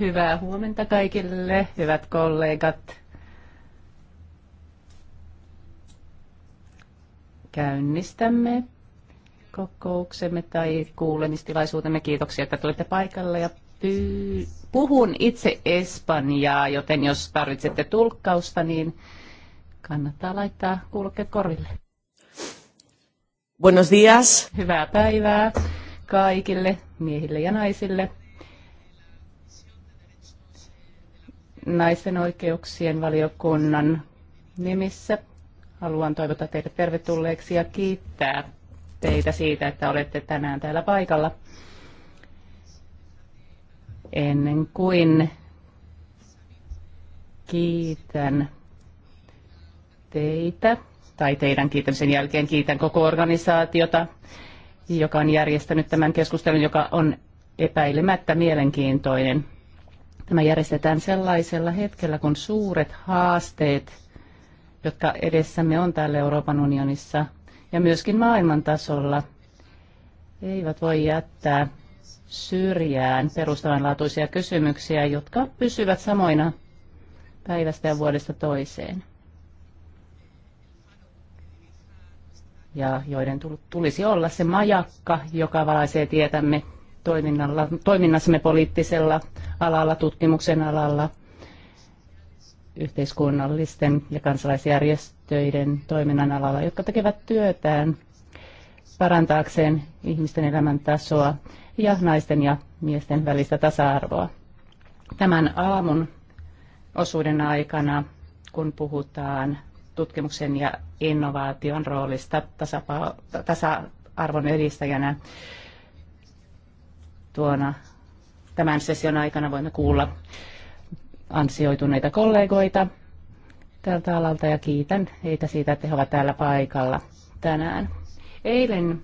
Hyvää huomenta kaikille, hyvät kollegat. Käynnistämme kokouksemme tai kuulemistilaisuutemme. Kiitoksia, että tulitte paikalle ja pyy- Puhun itse espanjaa, joten jos tarvitsette tulkkausta, niin kannattaa laittaa kuulokke korville. Buenos días. Hyvää päivää kaikille miehille ja naisille. Naisten oikeuksien valiokunnan nimissä haluan toivottaa teidät tervetulleeksi ja kiittää teitä siitä, että olette tänään täällä paikalla. Ennen kuin kiitän teitä, tai teidän kiitämisen jälkeen kiitän koko organisaatiota, joka on järjestänyt tämän keskustelun, joka on epäilemättä mielenkiintoinen. Tämä järjestetään sellaisella hetkellä, kun suuret haasteet, jotka edessämme on täällä Euroopan unionissa ja myöskin maailman tasolla, eivät voi jättää syrjään perustavanlaatuisia kysymyksiä, jotka pysyvät samoina päivästä ja vuodesta toiseen. Ja joiden tulisi olla se majakka, joka valaisee tietämme toiminnalla, toiminnassamme poliittisella alalla, tutkimuksen alalla, yhteiskunnallisten ja kansalaisjärjestöiden toiminnan alalla, jotka tekevät työtään parantaakseen ihmisten elämäntasoa ja naisten ja miesten välistä tasa-arvoa. Tämän aamun osuuden aikana, kun puhutaan tutkimuksen ja innovaation roolista tasa-arvon edistäjänä, tuona tämän session aikana voimme kuulla ansioituneita kollegoita tältä alalta ja kiitän heitä siitä, että he ovat täällä paikalla tänään. Eilen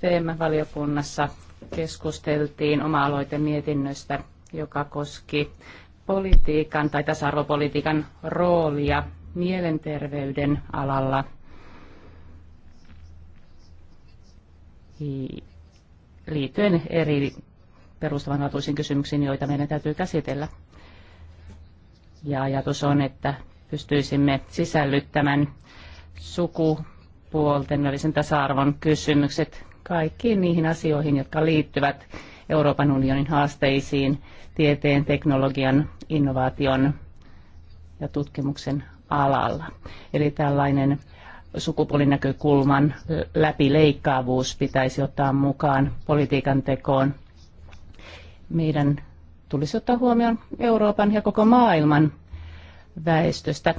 FEM-valiokunnassa keskusteltiin oma-aloitemietinnöstä, joka koski politiikan tai tasa-arvopolitiikan roolia mielenterveyden alalla. liittyen eri perustavanlaatuisiin kysymyksiin, joita meidän täytyy käsitellä. Ja ajatus on, että pystyisimme sisällyttämään sukupuolten välisen tasa-arvon kysymykset kaikkiin niihin asioihin, jotka liittyvät Euroopan unionin haasteisiin tieteen, teknologian, innovaation ja tutkimuksen alalla. Eli tällainen sukupuolinäkökulman läpileikkaavuus pitäisi ottaa mukaan politiikan tekoon. Meidän tulisi ottaa huomioon Euroopan ja koko maailman väestöstä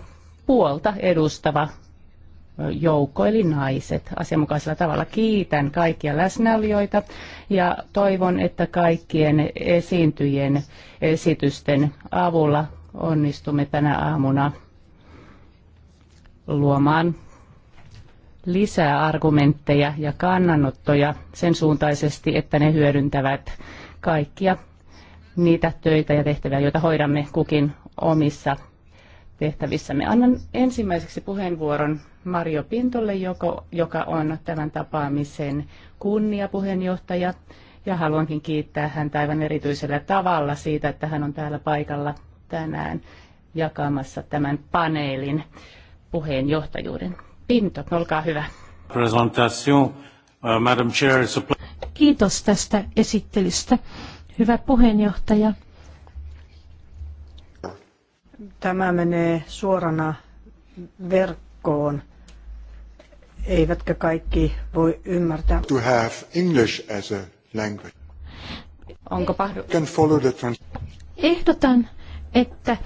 puolta edustava joukko, eli naiset, asianmukaisella tavalla. Kiitän kaikkia läsnäolijoita ja toivon, että kaikkien esiintyjien esitysten avulla onnistumme tänä aamuna luomaan lisää argumentteja ja kannanottoja sen suuntaisesti, että ne hyödyntävät kaikkia niitä töitä ja tehtäviä, joita hoidamme kukin omissa tehtävissämme. Annan ensimmäiseksi puheenvuoron Mario Pintolle, joka on tämän tapaamisen kunniapuheenjohtaja. Ja haluankin kiittää häntä aivan erityisellä tavalla siitä, että hän on täällä paikalla tänään jakamassa tämän paneelin puheenjohtajuuden. Pinto, olkaa hyvä. Uh, Kiitos tästä esittelystä. Hyvä puheenjohtaja. Tämä menee suorana verkkoon eivätkä kaikki voi ymmärtää. To have English as a language. Onko pahdu? Can follow the trans- Ehdotan, että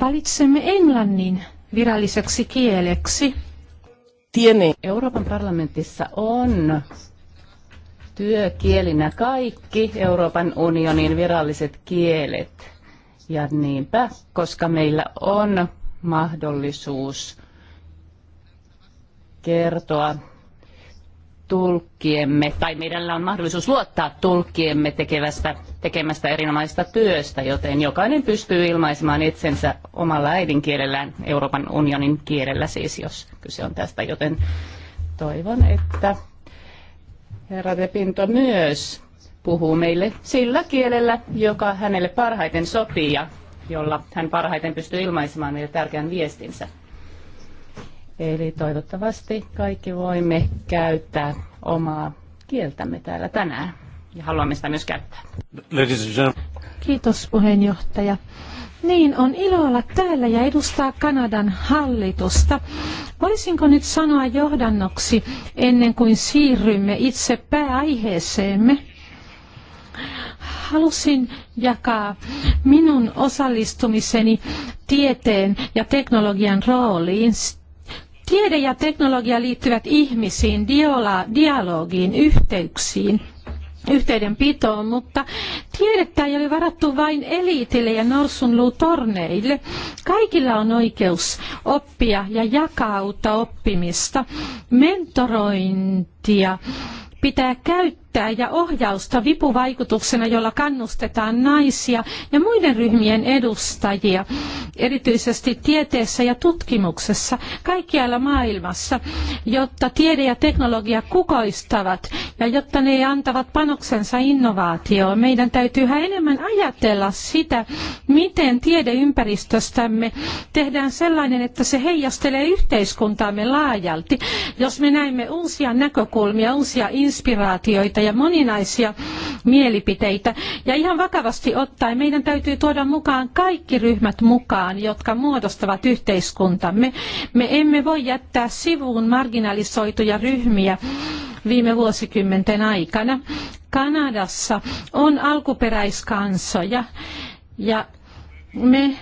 valitsemme englannin viralliseksi kieleksi. Tieni. Euroopan parlamentissa on työkielinä kaikki Euroopan unionin viralliset kielet. Ja niinpä, koska meillä on mahdollisuus kertoa tulkkiemme, tai meillä on mahdollisuus luottaa tulkkiemme tekevästä, tekemästä erinomaista työstä, joten jokainen pystyy ilmaisemaan itsensä omalla äidinkielellään, Euroopan unionin kielellä siis, jos kyse on tästä, joten toivon, että herra Depinto myös puhuu meille sillä kielellä, joka hänelle parhaiten sopii ja jolla hän parhaiten pystyy ilmaisemaan meille tärkeän viestinsä. Eli toivottavasti kaikki voimme käyttää omaa kieltämme täällä tänään ja haluamme sitä myös käyttää. Kiitos puheenjohtaja. Niin, on ilo olla täällä ja edustaa Kanadan hallitusta. Voisinko nyt sanoa johdannoksi ennen kuin siirrymme itse pääaiheeseemme? Halusin jakaa minun osallistumiseni tieteen ja teknologian rooliin Tiede ja teknologia liittyvät ihmisiin, diola, dialogiin, yhteyksiin, yhteydenpitoon, mutta tiedettä ei ole varattu vain eliitille ja norsunluutorneille. Kaikilla on oikeus oppia ja jakaa uutta oppimista, mentorointia, pitää käyttää kehittää ja ohjausta vipuvaikutuksena, jolla kannustetaan naisia ja muiden ryhmien edustajia, erityisesti tieteessä ja tutkimuksessa kaikkialla maailmassa, jotta tiede ja teknologia kukoistavat ja jotta ne antavat panoksensa innovaatioon. Meidän täytyy yhä enemmän ajatella sitä, miten tiedeympäristöstämme tehdään sellainen, että se heijastelee yhteiskuntaamme laajalti. Jos me näemme uusia näkökulmia, uusia inspiraatioita ja moninaisia mielipiteitä. Ja ihan vakavasti ottaen meidän täytyy tuoda mukaan kaikki ryhmät mukaan, jotka muodostavat yhteiskuntamme. Me emme voi jättää sivuun marginalisoituja ryhmiä viime vuosikymmenten aikana. Kanadassa on alkuperäiskansoja ja me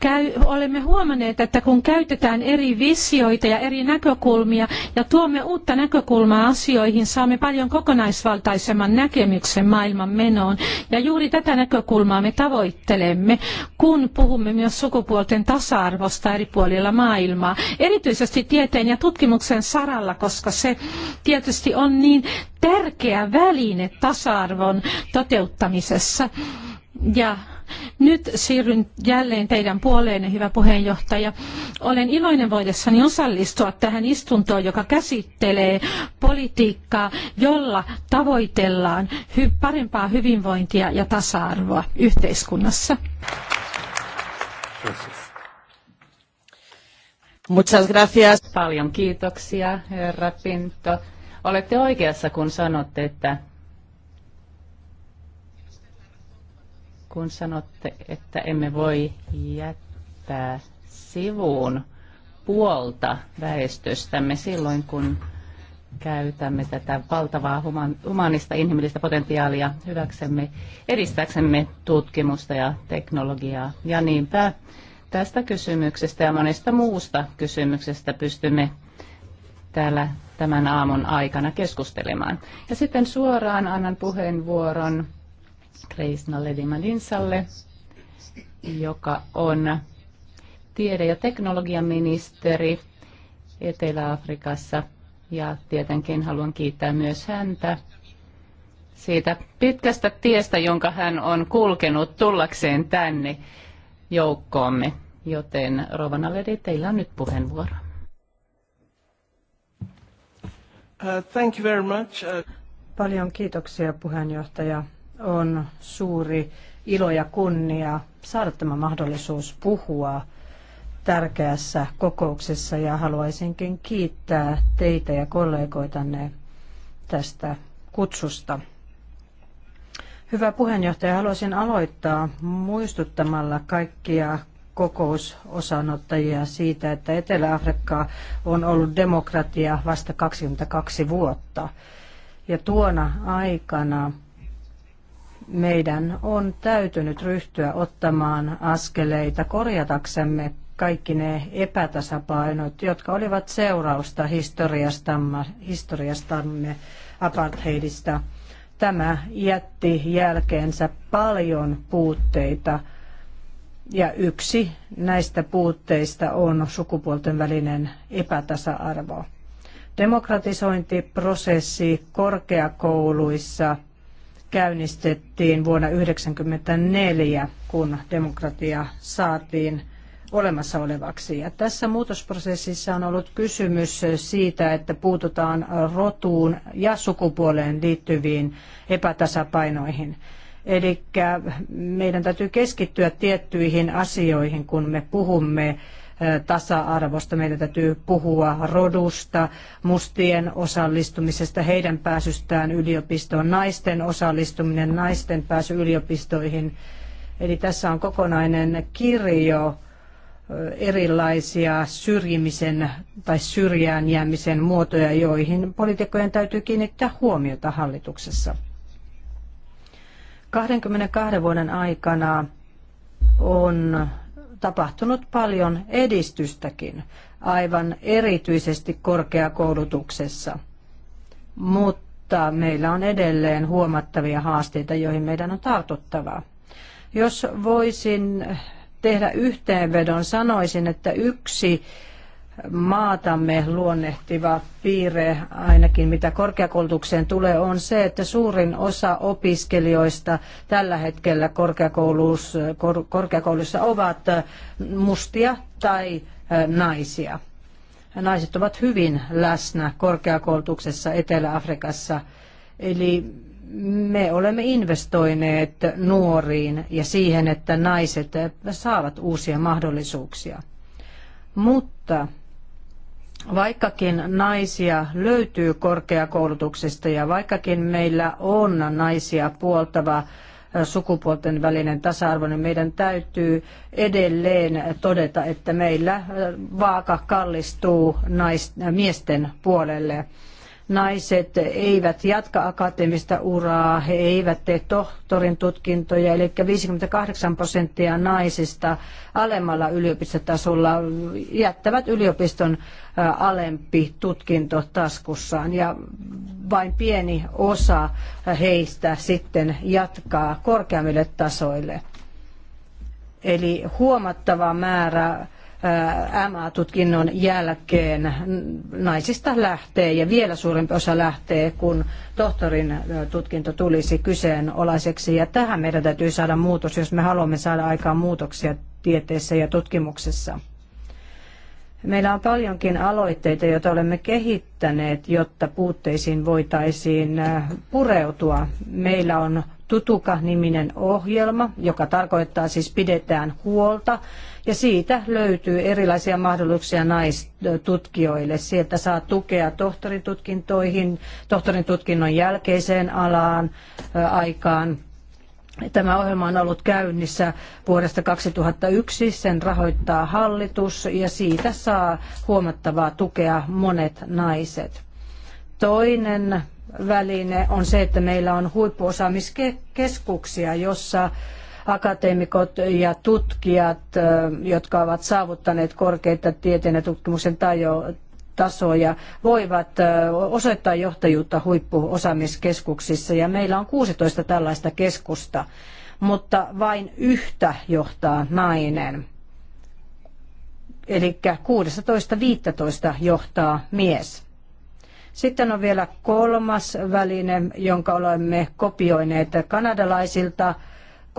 käy, olemme huomanneet, että kun käytetään eri visioita ja eri näkökulmia ja tuomme uutta näkökulmaa asioihin, saamme paljon kokonaisvaltaisemman näkemyksen maailman menoon. Ja juuri tätä näkökulmaa me tavoittelemme, kun puhumme myös sukupuolten tasa-arvosta eri puolilla maailmaa. Erityisesti tieteen ja tutkimuksen saralla, koska se tietysti on niin tärkeä väline tasa-arvon toteuttamisessa. Ja nyt siirryn jälleen teidän puoleenne, hyvä puheenjohtaja. Olen iloinen voidessani osallistua tähän istuntoon, joka käsittelee politiikkaa, jolla tavoitellaan parempaa hyvinvointia ja tasa-arvoa yhteiskunnassa. Muchas gracias. Paljon kiitoksia, herra Pinto. Olette oikeassa, kun sanotte, että kun sanotte, että emme voi jättää sivuun puolta väestöstämme silloin, kun käytämme tätä valtavaa humanista inhimillistä potentiaalia hyväksemme, edistäksemme tutkimusta ja teknologiaa. Ja niinpä tästä kysymyksestä ja monesta muusta kysymyksestä pystymme täällä tämän aamun aikana keskustelemaan. Ja sitten suoraan annan puheenvuoron Kreisnalle Dimadinsalle, joka on tiede- ja teknologiaministeri Etelä-Afrikassa. Ja tietenkin haluan kiittää myös häntä siitä pitkästä tiestä, jonka hän on kulkenut tullakseen tänne joukkoomme. Joten Rovana Ledi, teillä on nyt puheenvuoro. Uh, thank you very much. Uh... Paljon kiitoksia puheenjohtaja on suuri ilo ja kunnia saada tämä mahdollisuus puhua tärkeässä kokouksessa ja haluaisinkin kiittää teitä ja kollegoitanne tästä kutsusta. Hyvä puheenjohtaja, haluaisin aloittaa muistuttamalla kaikkia kokousosanottajia siitä, että Etelä-Afrikka on ollut demokratia vasta 22 vuotta. Ja tuona aikana meidän on täytynyt ryhtyä ottamaan askeleita korjataksemme kaikki ne epätasapainot, jotka olivat seurausta historiastamme, historiastamme apartheidista. Tämä jätti jälkeensä paljon puutteita ja yksi näistä puutteista on sukupuolten välinen epätasa-arvo. Demokratisointiprosessi korkeakouluissa – käynnistettiin vuonna 1994, kun demokratia saatiin olemassa olevaksi. Ja tässä muutosprosessissa on ollut kysymys siitä, että puututaan rotuun ja sukupuoleen liittyviin epätasapainoihin. Eli meidän täytyy keskittyä tiettyihin asioihin, kun me puhumme tasa-arvosta, meidän täytyy puhua rodusta, mustien osallistumisesta, heidän pääsystään yliopistoon, naisten osallistuminen, naisten pääsy yliopistoihin. Eli tässä on kokonainen kirjo erilaisia syrjimisen tai syrjään jäämisen muotoja, joihin poliitikkojen täytyy kiinnittää huomiota hallituksessa. 22 vuoden aikana on tapahtunut paljon edistystäkin, aivan erityisesti korkeakoulutuksessa. Mutta meillä on edelleen huomattavia haasteita, joihin meidän on tartuttava. Jos voisin tehdä yhteenvedon, sanoisin, että yksi maatamme luonnehtiva piirre, ainakin mitä korkeakoulutukseen tulee, on se, että suurin osa opiskelijoista tällä hetkellä korkeakoulussa, ovat mustia tai naisia. Naiset ovat hyvin läsnä korkeakoulutuksessa Etelä-Afrikassa. Eli me olemme investoineet nuoriin ja siihen, että naiset saavat uusia mahdollisuuksia. Mutta Vaikkakin naisia löytyy korkeakoulutuksesta ja vaikkakin meillä on naisia puoltava sukupuolten välinen tasa-arvo, niin meidän täytyy edelleen todeta, että meillä vaaka kallistuu nais, miesten puolelle naiset eivät jatka akateemista uraa, he eivät tee tohtorin tutkintoja, eli 58 prosenttia naisista alemmalla yliopistotasolla jättävät yliopiston alempi tutkinto taskussaan ja vain pieni osa heistä sitten jatkaa korkeammille tasoille. Eli huomattava määrä MA-tutkinnon jälkeen naisista lähtee ja vielä suurempi osa lähtee, kun tohtorin tutkinto tulisi kyseenalaiseksi. Ja tähän meidän täytyy saada muutos, jos me haluamme saada aikaan muutoksia tieteessä ja tutkimuksessa. Meillä on paljonkin aloitteita, joita olemme kehittäneet, jotta puutteisiin voitaisiin pureutua. Meillä on Tutuka-niminen ohjelma, joka tarkoittaa siis pidetään huolta ja siitä löytyy erilaisia mahdollisuuksia naistutkijoille. Sieltä saa tukea tutkintoihin, tohtorin tutkinnon jälkeiseen alaan, aikaan. Tämä ohjelma on ollut käynnissä vuodesta 2001, sen rahoittaa hallitus ja siitä saa huomattavaa tukea monet naiset. Toinen väline on se, että meillä on huippuosaamiskeskuksia, jossa akateemikot ja tutkijat, jotka ovat saavuttaneet korkeita tieteen ja tutkimuksen tajo, tasoja, voivat osoittaa johtajuutta huippuosaamiskeskuksissa. Ja meillä on 16 tällaista keskusta, mutta vain yhtä johtaa nainen. Eli 16-15 johtaa mies. Sitten on vielä kolmas väline, jonka olemme kopioineet kanadalaisilta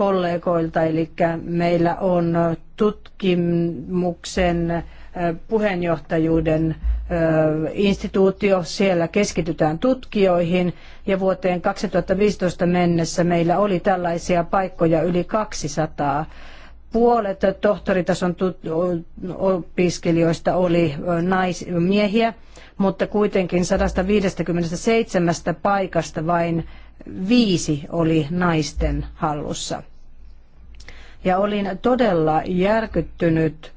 kollegoilta, eli meillä on tutkimuksen puheenjohtajuuden instituutio. Siellä keskitytään tutkijoihin ja vuoteen 2015 mennessä meillä oli tällaisia paikkoja yli 200. Puolet tohtoritason opiskelijoista oli nais- miehiä, mutta kuitenkin 157 paikasta vain viisi oli naisten hallussa. Ja olin todella järkyttynyt,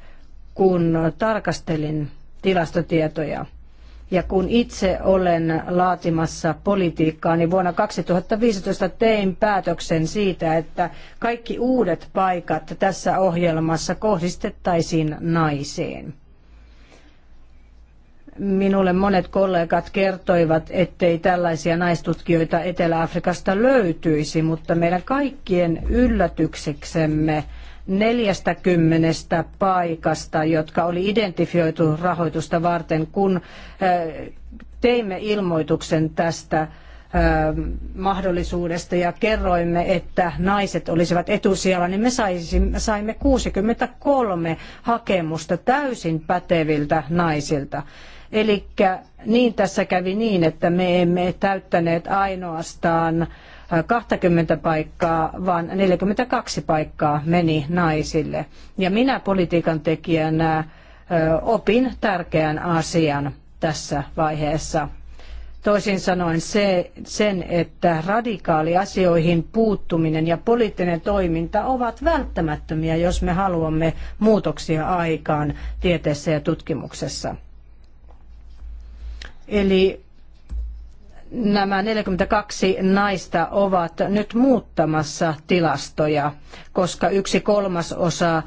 kun tarkastelin tilastotietoja. Ja kun itse olen laatimassa politiikkaa, niin vuonna 2015 tein päätöksen siitä, että kaikki uudet paikat tässä ohjelmassa kohdistettaisiin naisiin. Minulle monet kollegat kertoivat, ettei tällaisia naistutkijoita Etelä-Afrikasta löytyisi, mutta meidän kaikkien yllätykseksemme 40 paikasta, jotka oli identifioitu rahoitusta varten, kun äh, teimme ilmoituksen tästä äh, mahdollisuudesta ja kerroimme, että naiset olisivat etusijalla, niin me saimme 63 hakemusta täysin päteviltä naisilta. Eli niin tässä kävi niin, että me emme täyttäneet ainoastaan 20 paikkaa, vaan 42 paikkaa meni naisille. Ja minä politiikan tekijänä opin tärkeän asian tässä vaiheessa. Toisin sanoen se, sen, että radikaali asioihin puuttuminen ja poliittinen toiminta ovat välttämättömiä, jos me haluamme muutoksia aikaan tieteessä ja tutkimuksessa. Eli nämä 42 naista ovat nyt muuttamassa tilastoja, koska yksi kolmasosa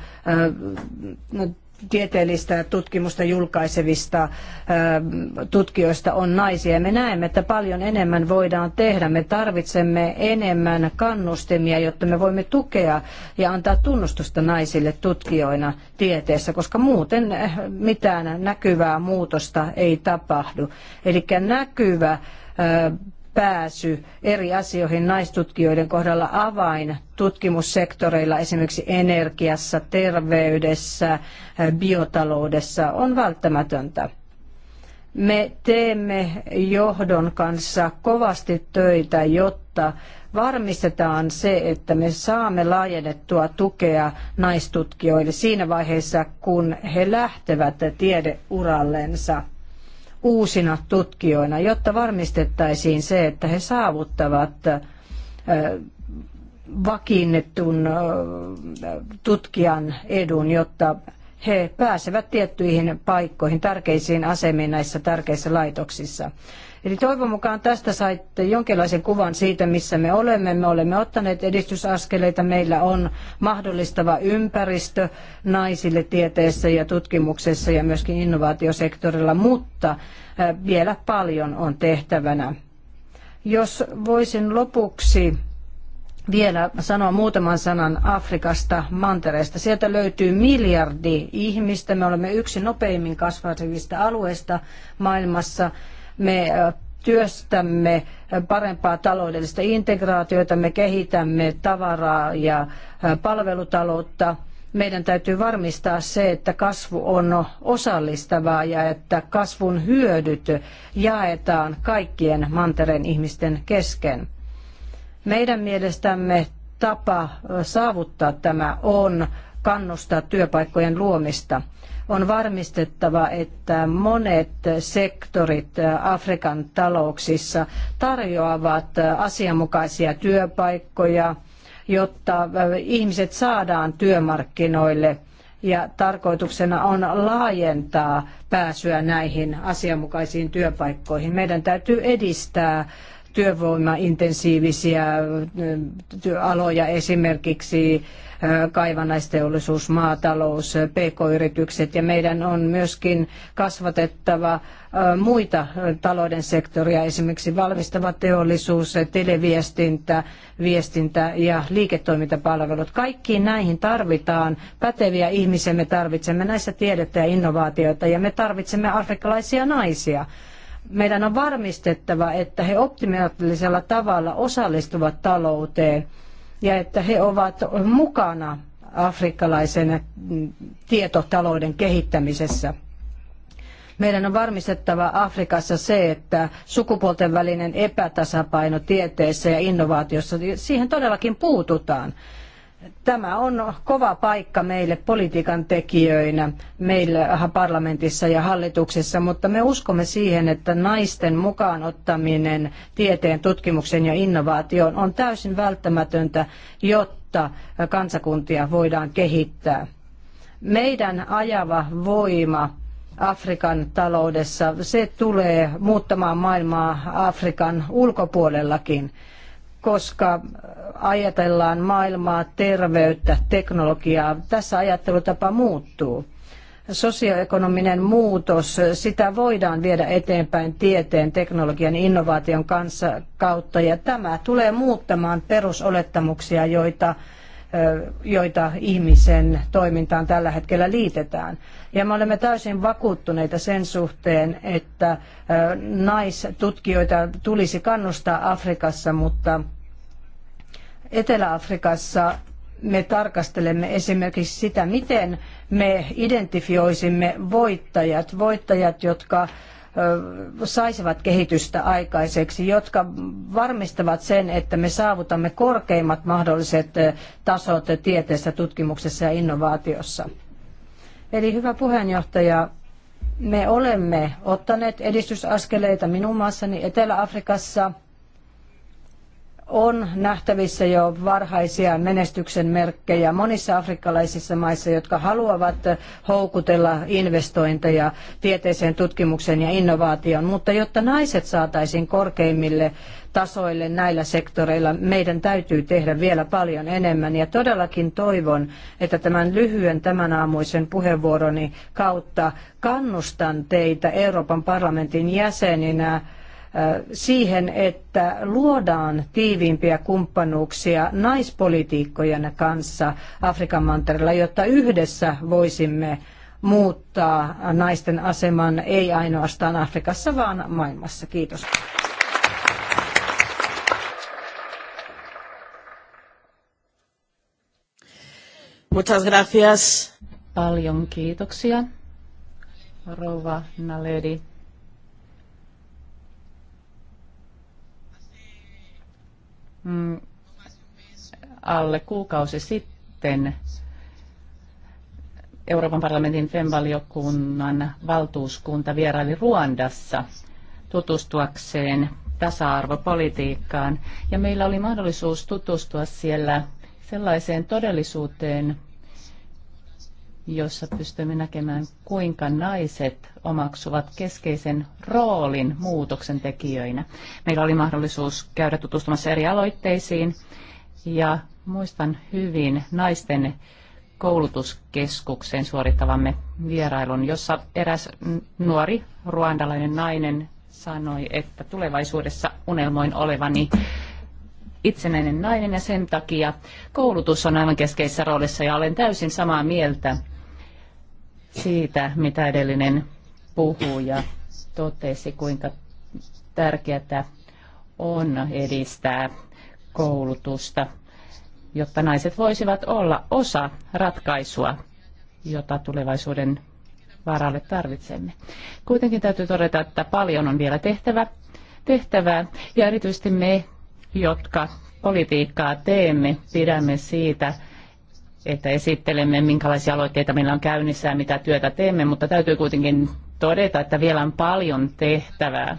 tieteellistä tutkimusta julkaisevista tutkijoista on naisia. Me näemme, että paljon enemmän voidaan tehdä. Me tarvitsemme enemmän kannustimia, jotta me voimme tukea ja antaa tunnustusta naisille tutkijoina tieteessä, koska muuten eh, mitään näkyvää muutosta ei tapahdu. Eli näkyvä pääsy eri asioihin naistutkijoiden kohdalla avain tutkimussektoreilla, esimerkiksi energiassa, terveydessä, biotaloudessa, on välttämätöntä. Me teemme johdon kanssa kovasti töitä, jotta varmistetaan se, että me saamme laajennettua tukea naistutkijoille siinä vaiheessa, kun he lähtevät tiedeurallensa uusina tutkijoina, jotta varmistettaisiin se, että he saavuttavat vakiinnetun tutkijan edun, jotta he pääsevät tiettyihin paikkoihin, tärkeisiin asemiin näissä tärkeissä laitoksissa. Eli toivon mukaan tästä saitte jonkinlaisen kuvan siitä, missä me olemme. Me olemme ottaneet edistysaskeleita. Meillä on mahdollistava ympäristö naisille tieteessä ja tutkimuksessa ja myöskin innovaatiosektorilla, mutta vielä paljon on tehtävänä. Jos voisin lopuksi vielä sanoa muutaman sanan Afrikasta, mantereesta. Sieltä löytyy miljardi ihmistä. Me olemme yksi nopeimmin kasvavista alueista maailmassa me työstämme parempaa taloudellista integraatiota, me kehitämme tavaraa ja palvelutaloutta. Meidän täytyy varmistaa se, että kasvu on osallistavaa ja että kasvun hyödyt jaetaan kaikkien mantereen ihmisten kesken. Meidän mielestämme tapa saavuttaa tämä on kannustaa työpaikkojen luomista. On varmistettava, että monet sektorit Afrikan talouksissa tarjoavat asianmukaisia työpaikkoja, jotta ihmiset saadaan työmarkkinoille – ja tarkoituksena on laajentaa pääsyä näihin asianmukaisiin työpaikkoihin. Meidän täytyy edistää työvoimaintensiivisiä aloja, esimerkiksi kaivannaisteollisuus, maatalous, pk-yritykset ja meidän on myöskin kasvatettava muita talouden sektoria, esimerkiksi valmistava teollisuus, televiestintä, viestintä ja liiketoimintapalvelut. Kaikkiin näihin tarvitaan päteviä ihmisiä, me tarvitsemme näissä tiedettä ja innovaatioita ja me tarvitsemme afrikkalaisia naisia meidän on varmistettava, että he optimaalisella tavalla osallistuvat talouteen ja että he ovat mukana afrikkalaisen tietotalouden kehittämisessä. Meidän on varmistettava Afrikassa se, että sukupuolten välinen epätasapaino tieteessä ja innovaatiossa, siihen todellakin puututaan. Tämä on kova paikka meille politiikan tekijöinä, meillä parlamentissa ja hallituksessa, mutta me uskomme siihen, että naisten mukaan ottaminen tieteen, tutkimuksen ja innovaatioon on täysin välttämätöntä, jotta kansakuntia voidaan kehittää. Meidän ajava voima Afrikan taloudessa, se tulee muuttamaan maailmaa Afrikan ulkopuolellakin koska ajatellaan maailmaa, terveyttä, teknologiaa. Tässä ajattelutapa muuttuu. Sosioekonominen muutos, sitä voidaan viedä eteenpäin tieteen, teknologian, innovaation kanssa, kautta, ja tämä tulee muuttamaan perusolettamuksia, joita joita ihmisen toimintaan tällä hetkellä liitetään. Ja me olemme täysin vakuuttuneita sen suhteen, että naistutkijoita tulisi kannustaa Afrikassa, mutta Etelä-Afrikassa me tarkastelemme esimerkiksi sitä, miten me identifioisimme voittajat, voittajat, jotka saisivat kehitystä aikaiseksi, jotka varmistavat sen, että me saavutamme korkeimmat mahdolliset tasot tieteessä, tutkimuksessa ja innovaatiossa. Eli hyvä puheenjohtaja, me olemme ottaneet edistysaskeleita minun maassani Etelä-Afrikassa – on nähtävissä jo varhaisia menestyksen merkkejä monissa afrikkalaisissa maissa, jotka haluavat houkutella investointeja tieteeseen, tutkimukseen ja innovaatioon. Mutta jotta naiset saataisiin korkeimmille tasoille näillä sektoreilla, meidän täytyy tehdä vielä paljon enemmän. Ja todellakin toivon, että tämän lyhyen tämän aamuisen puheenvuoroni kautta kannustan teitä Euroopan parlamentin jäseninä siihen, että luodaan tiiviimpiä kumppanuuksia naispolitiikkojen kanssa Afrikan mantereella, jotta yhdessä voisimme muuttaa naisten aseman ei ainoastaan Afrikassa, vaan maailmassa. Kiitos. Muchas gracias. Paljon kiitoksia, rouva Naledi. Mm, alle kuukausi sitten Euroopan parlamentin FEM-valiokunnan valtuuskunta vieraili Ruandassa tutustuakseen tasa-arvopolitiikkaan. Ja meillä oli mahdollisuus tutustua siellä sellaiseen todellisuuteen, jossa pystymme näkemään, kuinka naiset omaksuvat keskeisen roolin muutoksen tekijöinä. Meillä oli mahdollisuus käydä tutustumassa eri aloitteisiin ja muistan hyvin naisten koulutuskeskukseen suorittavamme vierailun, jossa eräs nuori ruandalainen nainen sanoi, että tulevaisuudessa unelmoin olevani itsenäinen nainen ja sen takia koulutus on aivan keskeisessä roolissa ja olen täysin samaa mieltä siitä, mitä edellinen puhuja totesi, kuinka tärkeää on edistää koulutusta, jotta naiset voisivat olla osa ratkaisua, jota tulevaisuuden varalle tarvitsemme. Kuitenkin täytyy todeta, että paljon on vielä tehtävä, tehtävää ja erityisesti me, jotka politiikkaa teemme, pidämme siitä että esittelemme, minkälaisia aloitteita meillä on käynnissä ja mitä työtä teemme, mutta täytyy kuitenkin todeta, että vielä on paljon tehtävää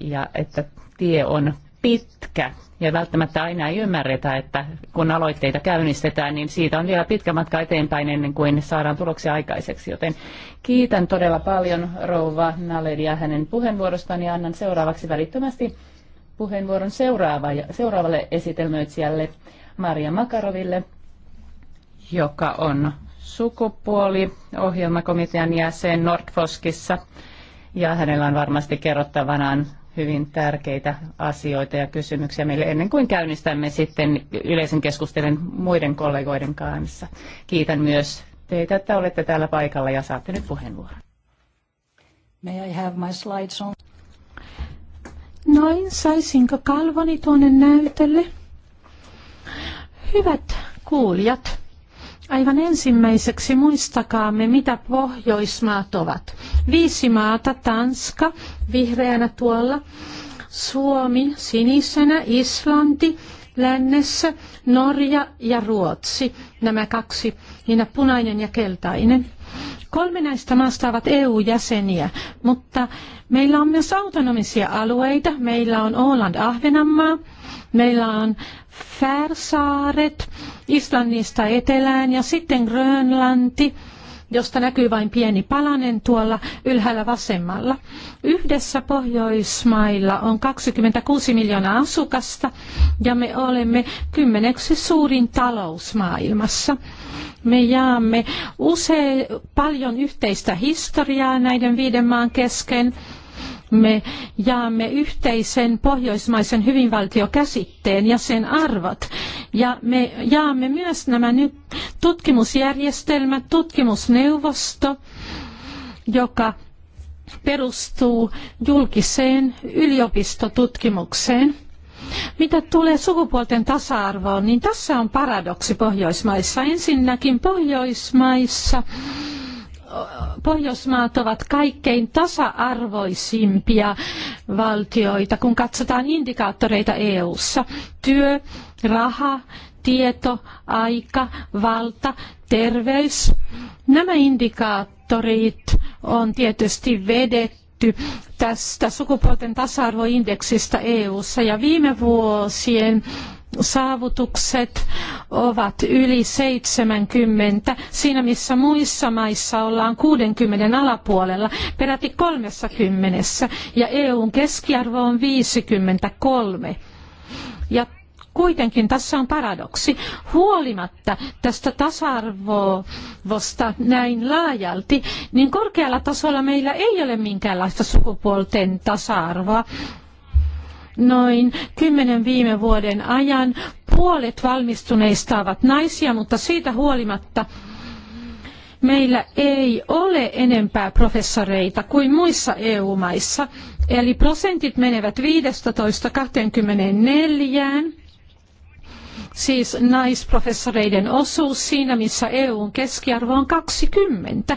ja että tie on pitkä ja välttämättä aina ei ymmärretä, että kun aloitteita käynnistetään, niin siitä on vielä pitkä matka eteenpäin ennen kuin saadaan tuloksia aikaiseksi. Joten kiitän todella paljon rouva Naledia hänen puheenvuorostaan ja annan seuraavaksi välittömästi puheenvuoron seuraava, seuraavalle esitelmöitsijälle Maria Makaroville joka on sukupuoli ohjelmakomitean jäsen Nordfoskissa. Ja hänellä on varmasti kerrottavanaan hyvin tärkeitä asioita ja kysymyksiä meille ennen kuin käynnistämme sitten yleisen keskustelun muiden kollegoiden kanssa. Kiitän myös teitä, että olette täällä paikalla ja saatte nyt puheenvuoron. May I have my slides on? Noin, saisinko kalvoni tuonne näytölle? Hyvät kuulijat, Aivan ensimmäiseksi muistakaamme, mitä Pohjoismaat ovat. Viisi maata, Tanska vihreänä tuolla, Suomi sinisenä, Islanti lännessä, Norja ja Ruotsi, nämä kaksi, niinä punainen ja keltainen. Kolme näistä maista ovat EU-jäseniä, mutta meillä on myös autonomisia alueita. Meillä on Åland Ahvenanmaa, meillä on Färsaaret, Islannista etelään ja sitten Grönlanti – josta näkyy vain pieni palanen tuolla ylhäällä vasemmalla. Yhdessä Pohjoismailla on 26 miljoonaa asukasta ja me olemme kymmeneksi suurin talous maailmassa. Me jaamme usein paljon yhteistä historiaa näiden viiden maan kesken me jaamme yhteisen pohjoismaisen hyvinvaltiokäsitteen ja sen arvot. Ja me jaamme myös nämä nyt tutkimusjärjestelmät, tutkimusneuvosto, joka perustuu julkiseen yliopistotutkimukseen. Mitä tulee sukupuolten tasa-arvoon, niin tässä on paradoksi Pohjoismaissa. Ensinnäkin Pohjoismaissa Pohjoismaat ovat kaikkein tasa-arvoisimpia valtioita, kun katsotaan indikaattoreita EU:ssa. Työ, raha, tieto, aika, valta, terveys. Nämä indikaattorit on tietysti vedetty tästä sukupuolten tasa-arvoindeksistä EU:ssa ja viime vuosien saavutukset ovat yli 70, siinä missä muissa maissa ollaan 60 alapuolella, peräti 30, ja EUn keskiarvo on 53. Ja kuitenkin tässä on paradoksi. Huolimatta tästä tasa-arvosta näin laajalti, niin korkealla tasolla meillä ei ole minkäänlaista sukupuolten tasa-arvoa noin kymmenen viime vuoden ajan. Puolet valmistuneista ovat naisia, mutta siitä huolimatta meillä ei ole enempää professoreita kuin muissa EU-maissa. Eli prosentit menevät 15-24, siis naisprofessoreiden osuus siinä, missä EUn keskiarvo on 20.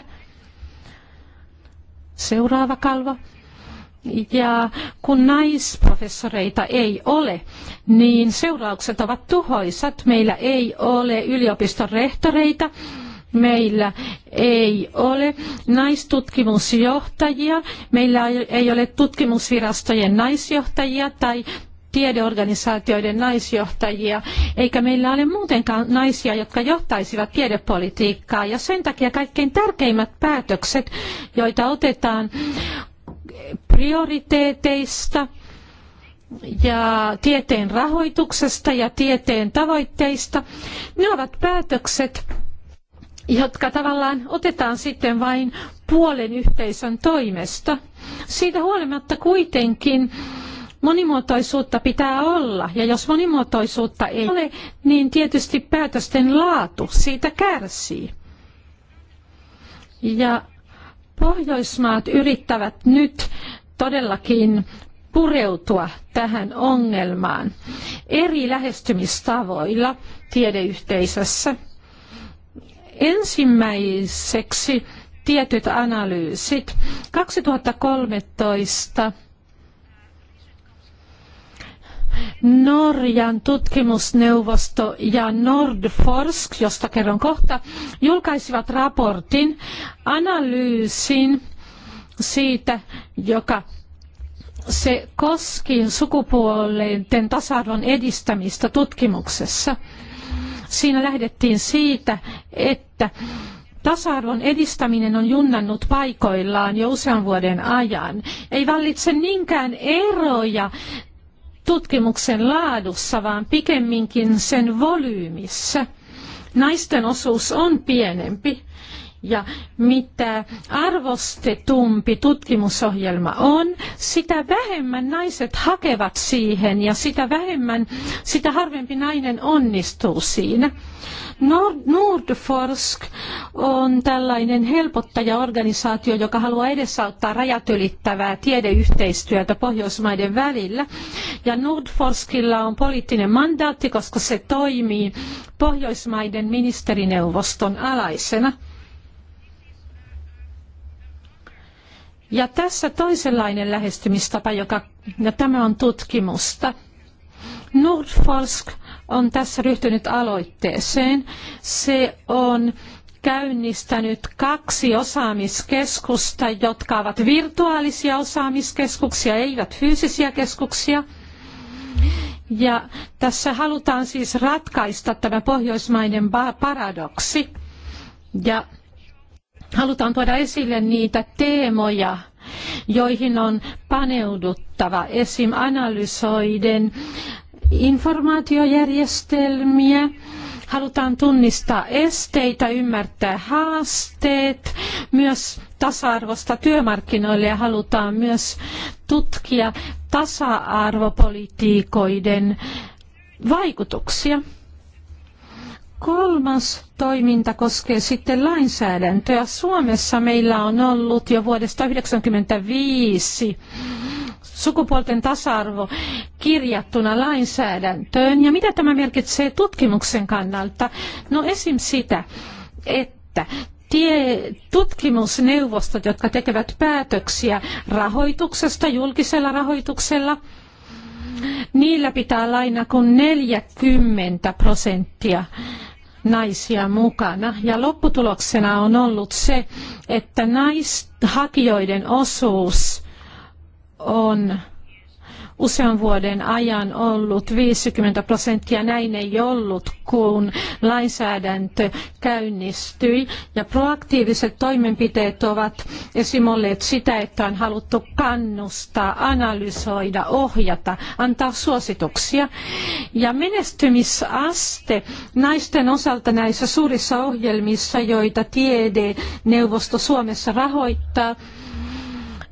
Seuraava kalvo. Ja kun naisprofessoreita ei ole, niin seuraukset ovat tuhoisat. Meillä ei ole yliopiston rehtoreita, meillä ei ole naistutkimusjohtajia, meillä ei ole tutkimusvirastojen naisjohtajia tai tiedeorganisaatioiden naisjohtajia, eikä meillä ole muutenkaan naisia, jotka johtaisivat tiedepolitiikkaa. Ja sen takia kaikkein tärkeimmät päätökset, joita otetaan prioriteeteista ja tieteen rahoituksesta ja tieteen tavoitteista. Ne ovat päätökset, jotka tavallaan otetaan sitten vain puolen yhteisön toimesta. Siitä huolimatta kuitenkin monimuotoisuutta pitää olla, ja jos monimuotoisuutta ei ole, niin tietysti päätösten laatu siitä kärsii. Ja Pohjoismaat yrittävät nyt todellakin pureutua tähän ongelmaan eri lähestymistavoilla tiedeyhteisössä. Ensimmäiseksi tietyt analyysit. 2013 Norjan tutkimusneuvosto ja Nordforsk, josta kerron kohta, julkaisivat raportin analyysin siitä, joka se koski sukupuolten tasa-arvon edistämistä tutkimuksessa. Siinä lähdettiin siitä, että Tasa-arvon edistäminen on junnannut paikoillaan jo usean vuoden ajan. Ei vallitse niinkään eroja tutkimuksen laadussa, vaan pikemminkin sen volyymissä. Naisten osuus on pienempi ja mitä arvostetumpi tutkimusohjelma on, sitä vähemmän naiset hakevat siihen ja sitä vähemmän, sitä harvempi nainen onnistuu siinä. Nord, Nordforsk on tällainen helpottajaorganisaatio, joka haluaa edesauttaa rajat ylittävää tiedeyhteistyötä Pohjoismaiden välillä. Ja Nordforskilla on poliittinen mandaatti, koska se toimii Pohjoismaiden ministerineuvoston alaisena. Ja tässä toisenlainen lähestymistapa, joka, ja tämä on tutkimusta. Nordforsk on tässä ryhtynyt aloitteeseen. Se on käynnistänyt kaksi osaamiskeskusta, jotka ovat virtuaalisia osaamiskeskuksia, eivät fyysisiä keskuksia. Ja tässä halutaan siis ratkaista tämä pohjoismainen paradoksi. Ja halutaan tuoda esille niitä teemoja, joihin on paneuduttava esim. analysoiden informaatiojärjestelmiä, halutaan tunnistaa esteitä, ymmärtää haasteet, myös tasa-arvosta työmarkkinoille ja halutaan myös tutkia tasa-arvopolitiikoiden vaikutuksia. Kolmas toiminta koskee sitten lainsäädäntöä. Suomessa meillä on ollut jo vuodesta 1995 sukupuolten tasa-arvo kirjattuna lainsäädäntöön. Ja mitä tämä merkitsee tutkimuksen kannalta? No esim. sitä, että tie, tutkimusneuvostot, jotka tekevät päätöksiä rahoituksesta, julkisella rahoituksella, niillä pitää olla aina kuin 40 prosenttia naisia mukana. Ja lopputuloksena on ollut se, että naishakijoiden osuus on usean vuoden ajan ollut 50 prosenttia. Näin ei ollut, kun lainsäädäntö käynnistyi. Ja proaktiiviset toimenpiteet ovat esim. olleet sitä, että on haluttu kannustaa, analysoida, ohjata, antaa suosituksia. Ja menestymisaste naisten osalta näissä suurissa ohjelmissa, joita tiede neuvosto Suomessa rahoittaa,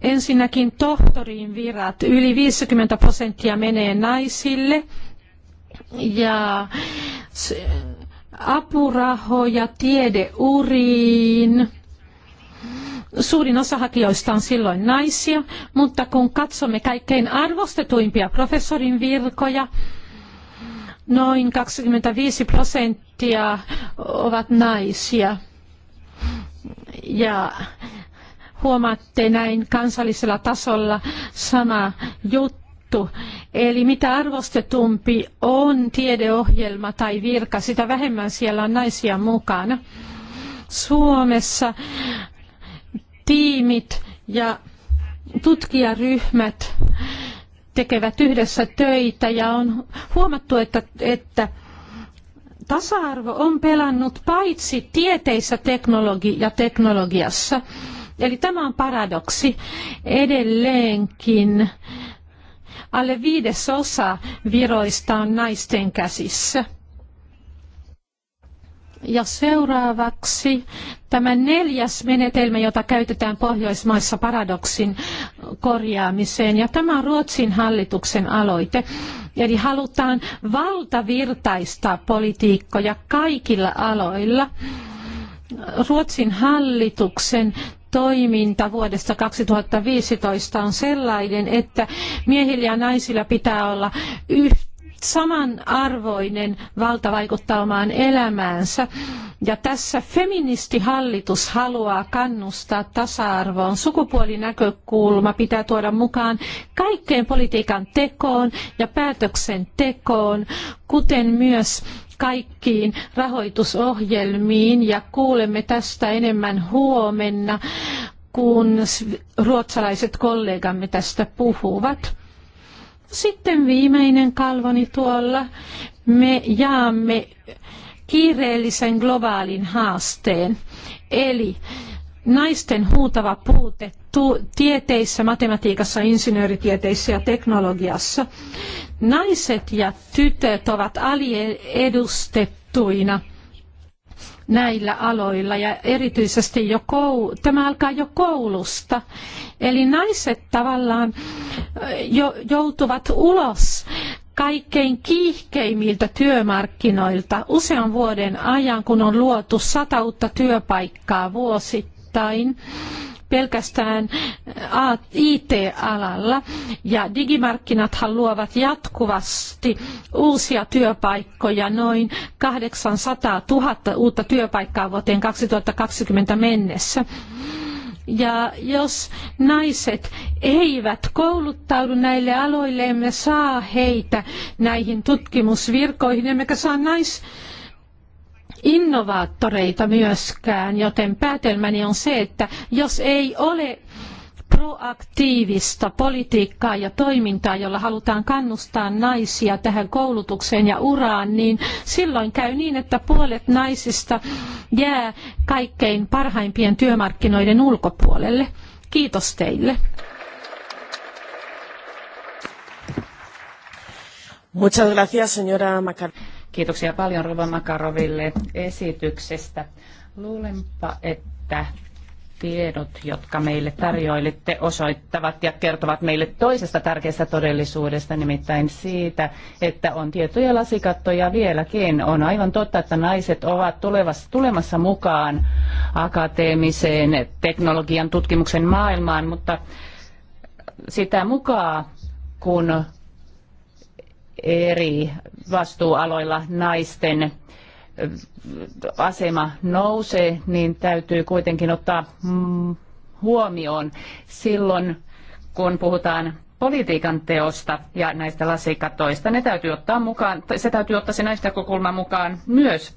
Ensinnäkin tohtoriin virat, yli 50 prosenttia menee naisille ja apurahoja tiedeuriin. Suurin osa hakijoista on silloin naisia, mutta kun katsomme kaikkein arvostetuimpia professorin virkoja, noin 25 prosenttia ovat naisia. Ja Huomaatte näin kansallisella tasolla sama juttu Eli mitä arvostetumpi on tiedeohjelma tai virka, sitä vähemmän siellä on naisia mukana. Suomessa tiimit ja tutkijaryhmät tekevät yhdessä töitä ja on huomattu, että, että tasa-arvo on pelannut paitsi tieteissä teknologi- ja teknologiassa – Eli tämä on paradoksi. Edelleenkin alle viidesosa viroista on naisten käsissä. Ja seuraavaksi tämä neljäs menetelmä, jota käytetään Pohjoismaissa paradoksin korjaamiseen. Ja tämä on Ruotsin hallituksen aloite. Eli halutaan valtavirtaistaa politiikkoja kaikilla aloilla. Ruotsin hallituksen toiminta vuodesta 2015 on sellainen, että miehillä ja naisilla pitää olla yhtä samanarvoinen valta vaikuttaa omaan elämäänsä. Ja tässä feministihallitus haluaa kannustaa tasa-arvoon. Sukupuolinäkökulma pitää tuoda mukaan kaikkeen politiikan tekoon ja päätöksentekoon, kuten myös kaikkiin rahoitusohjelmiin ja kuulemme tästä enemmän huomenna, kun ruotsalaiset kollegamme tästä puhuvat. Sitten viimeinen kalvoni tuolla. Me jaamme kiireellisen globaalin haasteen. Eli naisten huutava puute tieteissä, matematiikassa, insinööritieteissä ja teknologiassa. Naiset ja tytöt ovat aliedustettuina näillä aloilla ja erityisesti jo kou- tämä alkaa jo koulusta. Eli naiset tavallaan jo- joutuvat ulos kaikkein kiihkeimmiltä työmarkkinoilta usean vuoden ajan, kun on luotu sata uutta työpaikkaa vuosittain vuosittain pelkästään IT-alalla. Ja digimarkkinathan luovat jatkuvasti uusia työpaikkoja, noin 800 000 uutta työpaikkaa vuoteen 2020 mennessä. Ja jos naiset eivät kouluttaudu näille aloille, emme saa heitä näihin tutkimusvirkoihin, emmekä saa nais innovaattoreita myöskään, joten päätelmäni on se, että jos ei ole proaktiivista politiikkaa ja toimintaa, jolla halutaan kannustaa naisia tähän koulutukseen ja uraan, niin silloin käy niin, että puolet naisista jää kaikkein parhaimpien työmarkkinoiden ulkopuolelle. Kiitos teille. Muchas gracias, señora Macar. Kiitoksia paljon Rova Makaroville esityksestä. Luulenpa, että tiedot, jotka meille tarjoilitte, osoittavat ja kertovat meille toisesta tärkeästä todellisuudesta, nimittäin siitä, että on tietoja lasikattoja vieläkin. On aivan totta, että naiset ovat tulevassa tulemassa mukaan akateemiseen teknologian tutkimuksen maailmaan, mutta sitä mukaan, kun eri vastuualoilla naisten asema nousee, niin täytyy kuitenkin ottaa mm, huomioon silloin, kun puhutaan politiikan teosta ja näistä lasikatoista. Ne täytyy ottaa mukaan, se täytyy ottaa se naisnäkökulma mukaan myös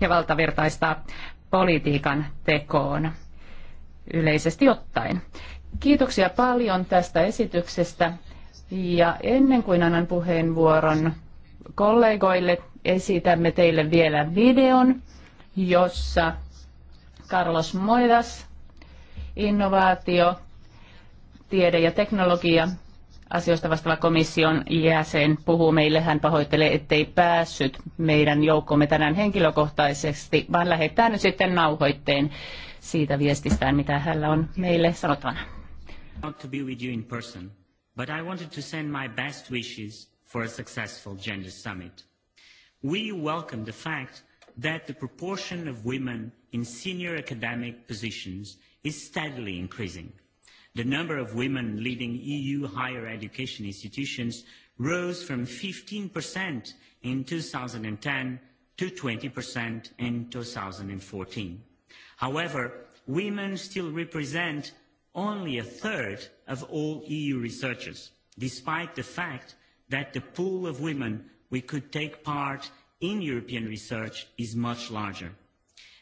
ja valtavirtaistaa politiikan tekoon yleisesti ottaen. Kiitoksia paljon tästä esityksestä ja ennen kuin annan puheenvuoron kollegoille, esitämme teille vielä videon, jossa Carlos Moedas, innovaatio, tiede ja teknologia asioista vastaava komission jäsen puhuu meille. Hän pahoittelee, ettei päässyt meidän joukkomme tänään henkilökohtaisesti, vaan lähettää nyt sitten nauhoitteen siitä viestistään, mitä hänellä on meille sanottavana. to be with you in person but I wanted to send my best wishes for a successful gender summit. We welcome the fact that the proportion of women in senior academic positions is steadily increasing. The number of women leading EU higher education institutions rose from 15% in 2010 to 20% in 2014. However, women still represent only a third of all EU researchers, despite the fact that the pool of women we could take part in European research is much larger.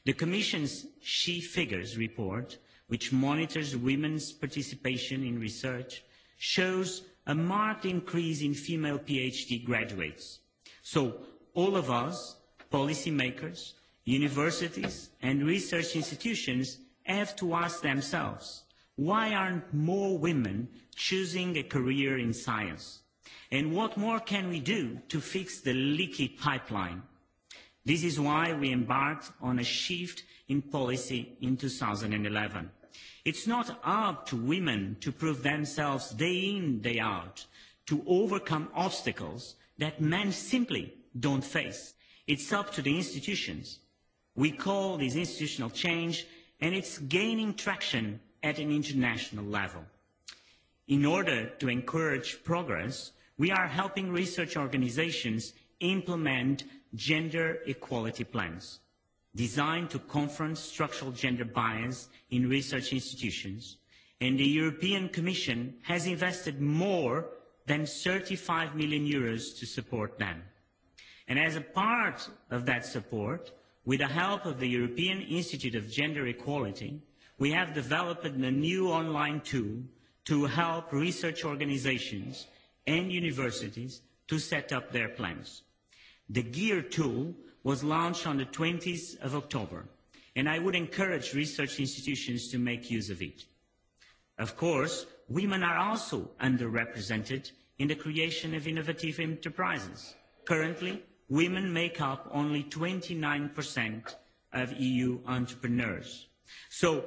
The Commission's She Figures report, which monitors women's participation in research, shows a marked increase in female PhD graduates. So all of us, policymakers, universities and research institutions have to ask themselves, Why aren't more women choosing a career in science? And what more can we do to fix the leaky pipeline? This is why we embarked on a shift in policy in 2011. It's not up to women to prove themselves day in, day out, to overcome obstacles that men simply don't face. It's up to the institutions. We call this institutional change, and it's gaining traction at an international level. In order to encourage progress, we are helping research organizations implement gender equality plans designed to confront structural gender bias in research institutions, and the European Commission has invested more than 35 million euros to support them. And as a part of that support, with the help of the European Institute of Gender Equality, we have developed a new online tool to help research organizations and universities to set up their plans. The GEAR tool was launched on the 20th of October, and I would encourage research institutions to make use of it. Of course, women are also underrepresented in the creation of innovative enterprises. Currently, women make up only 29% of EU entrepreneurs. So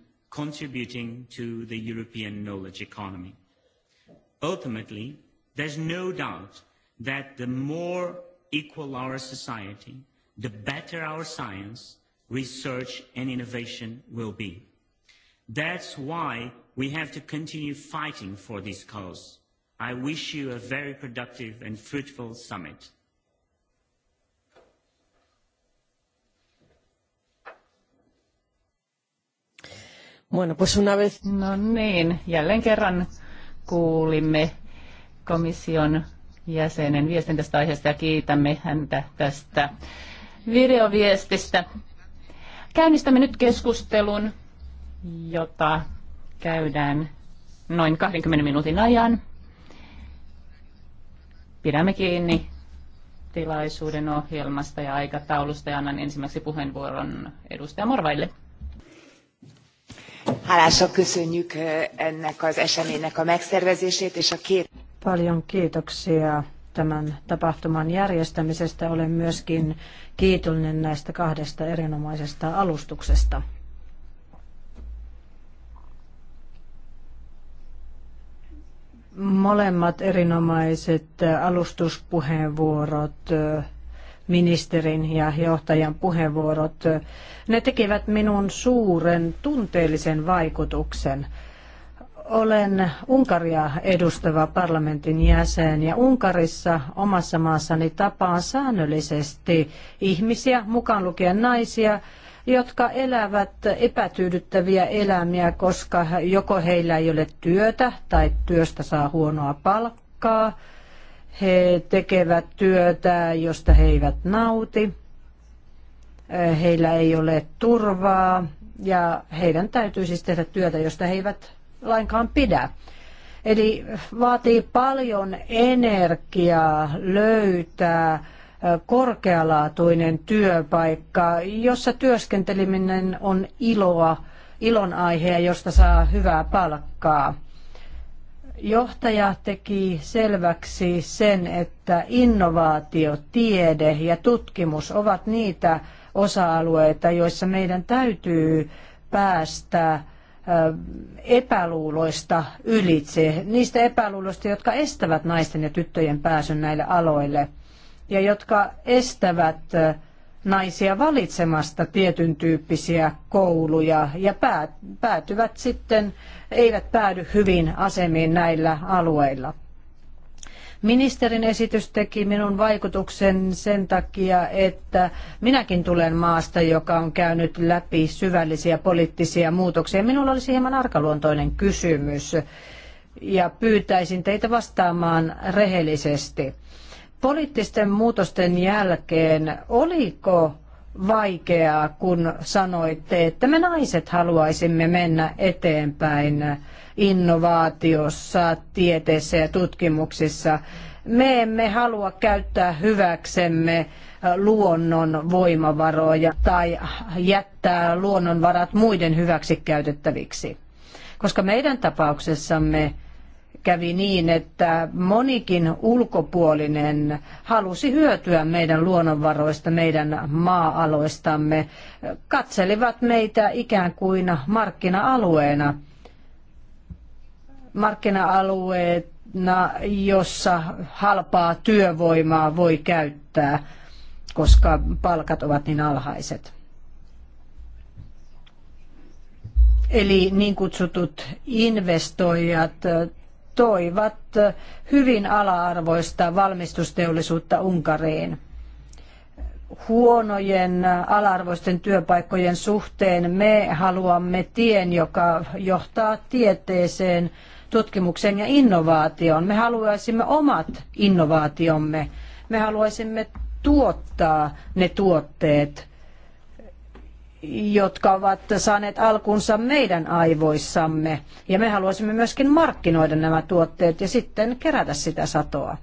contributing to the European knowledge economy. Ultimately, there's no doubt that the more equal our society, the better our science, research and innovation will be. That's why we have to continue fighting for this cause. I wish you a very productive and fruitful summit. Bueno, pues una vez... No niin, jälleen kerran kuulimme komission jäsenen viestin tästä aiheesta ja kiitämme häntä tästä videoviestistä. Käynnistämme nyt keskustelun, jota käydään noin 20 minuutin ajan. Pidämme kiinni tilaisuuden ohjelmasta ja aikataulusta ja annan ensimmäiseksi puheenvuoron edustaja Morvaille. Hálásan köszönjük ennek az eseménynek a megszervezését, és a két... Paljon kiitoksia tämän tapahtuman järjestämisestä. Olen myöskin kiitollinen näistä kahdesta erinomaisesta alustuksesta. Molemmat erinomaiset alustuspuheenvuorot ministerin ja johtajan puheenvuorot, ne tekivät minun suuren tunteellisen vaikutuksen. Olen Unkaria edustava parlamentin jäsen ja Unkarissa omassa maassani tapaan säännöllisesti ihmisiä, mukaan lukien naisia, jotka elävät epätyydyttäviä elämiä, koska joko heillä ei ole työtä tai työstä saa huonoa palkkaa – he tekevät työtä, josta he eivät nauti. Eh, heillä ei ole turvaa ja heidän täytyy siis tehdä työtä, josta he eivät lainkaan pidä. Eli vaatii paljon energiaa löytää eh, korkealaatuinen työpaikka, jossa työskenteleminen on iloa, ilon aihe, josta saa hyvää palkkaa. Johtaja teki selväksi sen, että innovaatio, tiede ja tutkimus ovat niitä osa-alueita, joissa meidän täytyy päästä epäluuloista ylitse, niistä epäluuloista, jotka estävät naisten ja tyttöjen pääsyn näille aloille ja jotka estävät naisia valitsemasta tietyn tyyppisiä kouluja ja päätyvät sitten, eivät päädy hyvin asemiin näillä alueilla. Ministerin esitys teki minun vaikutuksen sen takia, että minäkin tulen maasta, joka on käynyt läpi syvällisiä poliittisia muutoksia. Minulla olisi hieman arkaluontoinen kysymys ja pyytäisin teitä vastaamaan rehellisesti poliittisten muutosten jälkeen, oliko vaikeaa, kun sanoitte, että me naiset haluaisimme mennä eteenpäin innovaatiossa, tieteessä ja tutkimuksissa. Me emme halua käyttää hyväksemme luonnon voimavaroja tai jättää luonnonvarat muiden hyväksi käytettäviksi. Koska meidän tapauksessamme kävi niin, että monikin ulkopuolinen halusi hyötyä meidän luonnonvaroista, meidän maa-aloistamme, katselivat meitä ikään kuin markkina-alueena. Markkina-alueena, jossa halpaa työvoimaa voi käyttää, koska palkat ovat niin alhaiset. Eli niin kutsutut investoijat toivat hyvin ala-arvoista valmistusteollisuutta Unkariin. Huonojen ala-arvoisten työpaikkojen suhteen me haluamme tien, joka johtaa tieteeseen, tutkimukseen ja innovaatioon. Me haluaisimme omat innovaatiomme. Me haluaisimme tuottaa ne tuotteet, jotka ovat saaneet alkunsa meidän aivoissamme. Ja me haluaisimme myöskin markkinoida nämä tuotteet ja sitten kerätä sitä satoa.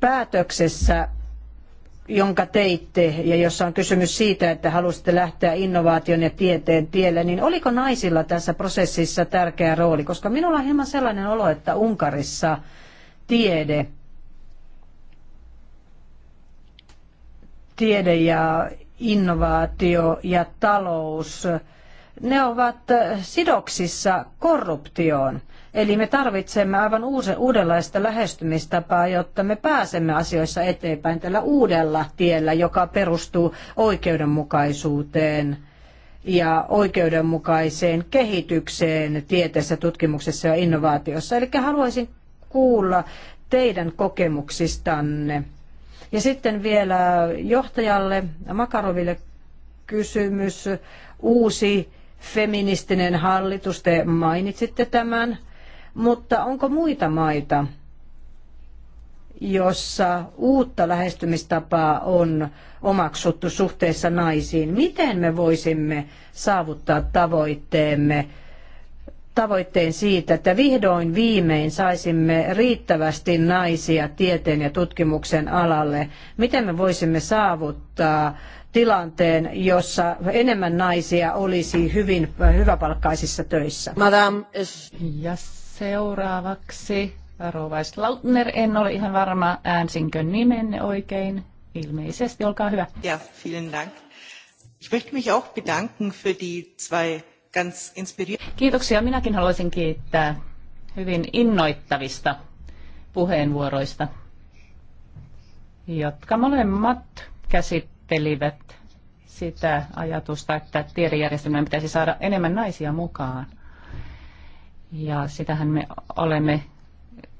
Päätöksessä, jonka teitte ja jossa on kysymys siitä, että halusitte lähteä innovaation ja tieteen tielle, niin oliko naisilla tässä prosessissa tärkeä rooli? Koska minulla on hieman sellainen olo, että Unkarissa tiede – tiede ja innovaatio ja talous, ne ovat sidoksissa korruptioon. Eli me tarvitsemme aivan uuden uudenlaista lähestymistapaa, jotta me pääsemme asioissa eteenpäin tällä uudella tiellä, joka perustuu oikeudenmukaisuuteen ja oikeudenmukaiseen kehitykseen tieteessä, tutkimuksessa ja innovaatiossa. Eli haluaisin kuulla teidän kokemuksistanne ja sitten vielä johtajalle Makaroville kysymys. Uusi feministinen hallitus, te mainitsitte tämän, mutta onko muita maita, jossa uutta lähestymistapaa on omaksuttu suhteessa naisiin? Miten me voisimme saavuttaa tavoitteemme? tavoitteen siitä, että vihdoin viimein saisimme riittävästi naisia tieteen ja tutkimuksen alalle. Miten me voisimme saavuttaa tilanteen, jossa enemmän naisia olisi hyvin hyväpalkkaisissa töissä? Madame. Ja seuraavaksi Rovais Lautner. En ole ihan varma, äänsinkö nimenne oikein. Ilmeisesti, olkaa hyvä. Ja, vielen dank. Ich möchte mich auch bedanken für die zwei Kiitoksia. Minäkin haluaisin kiittää hyvin innoittavista puheenvuoroista, jotka molemmat käsittelivät sitä ajatusta, että tiedejärjestelmään pitäisi saada enemmän naisia mukaan. Ja sitähän me olemme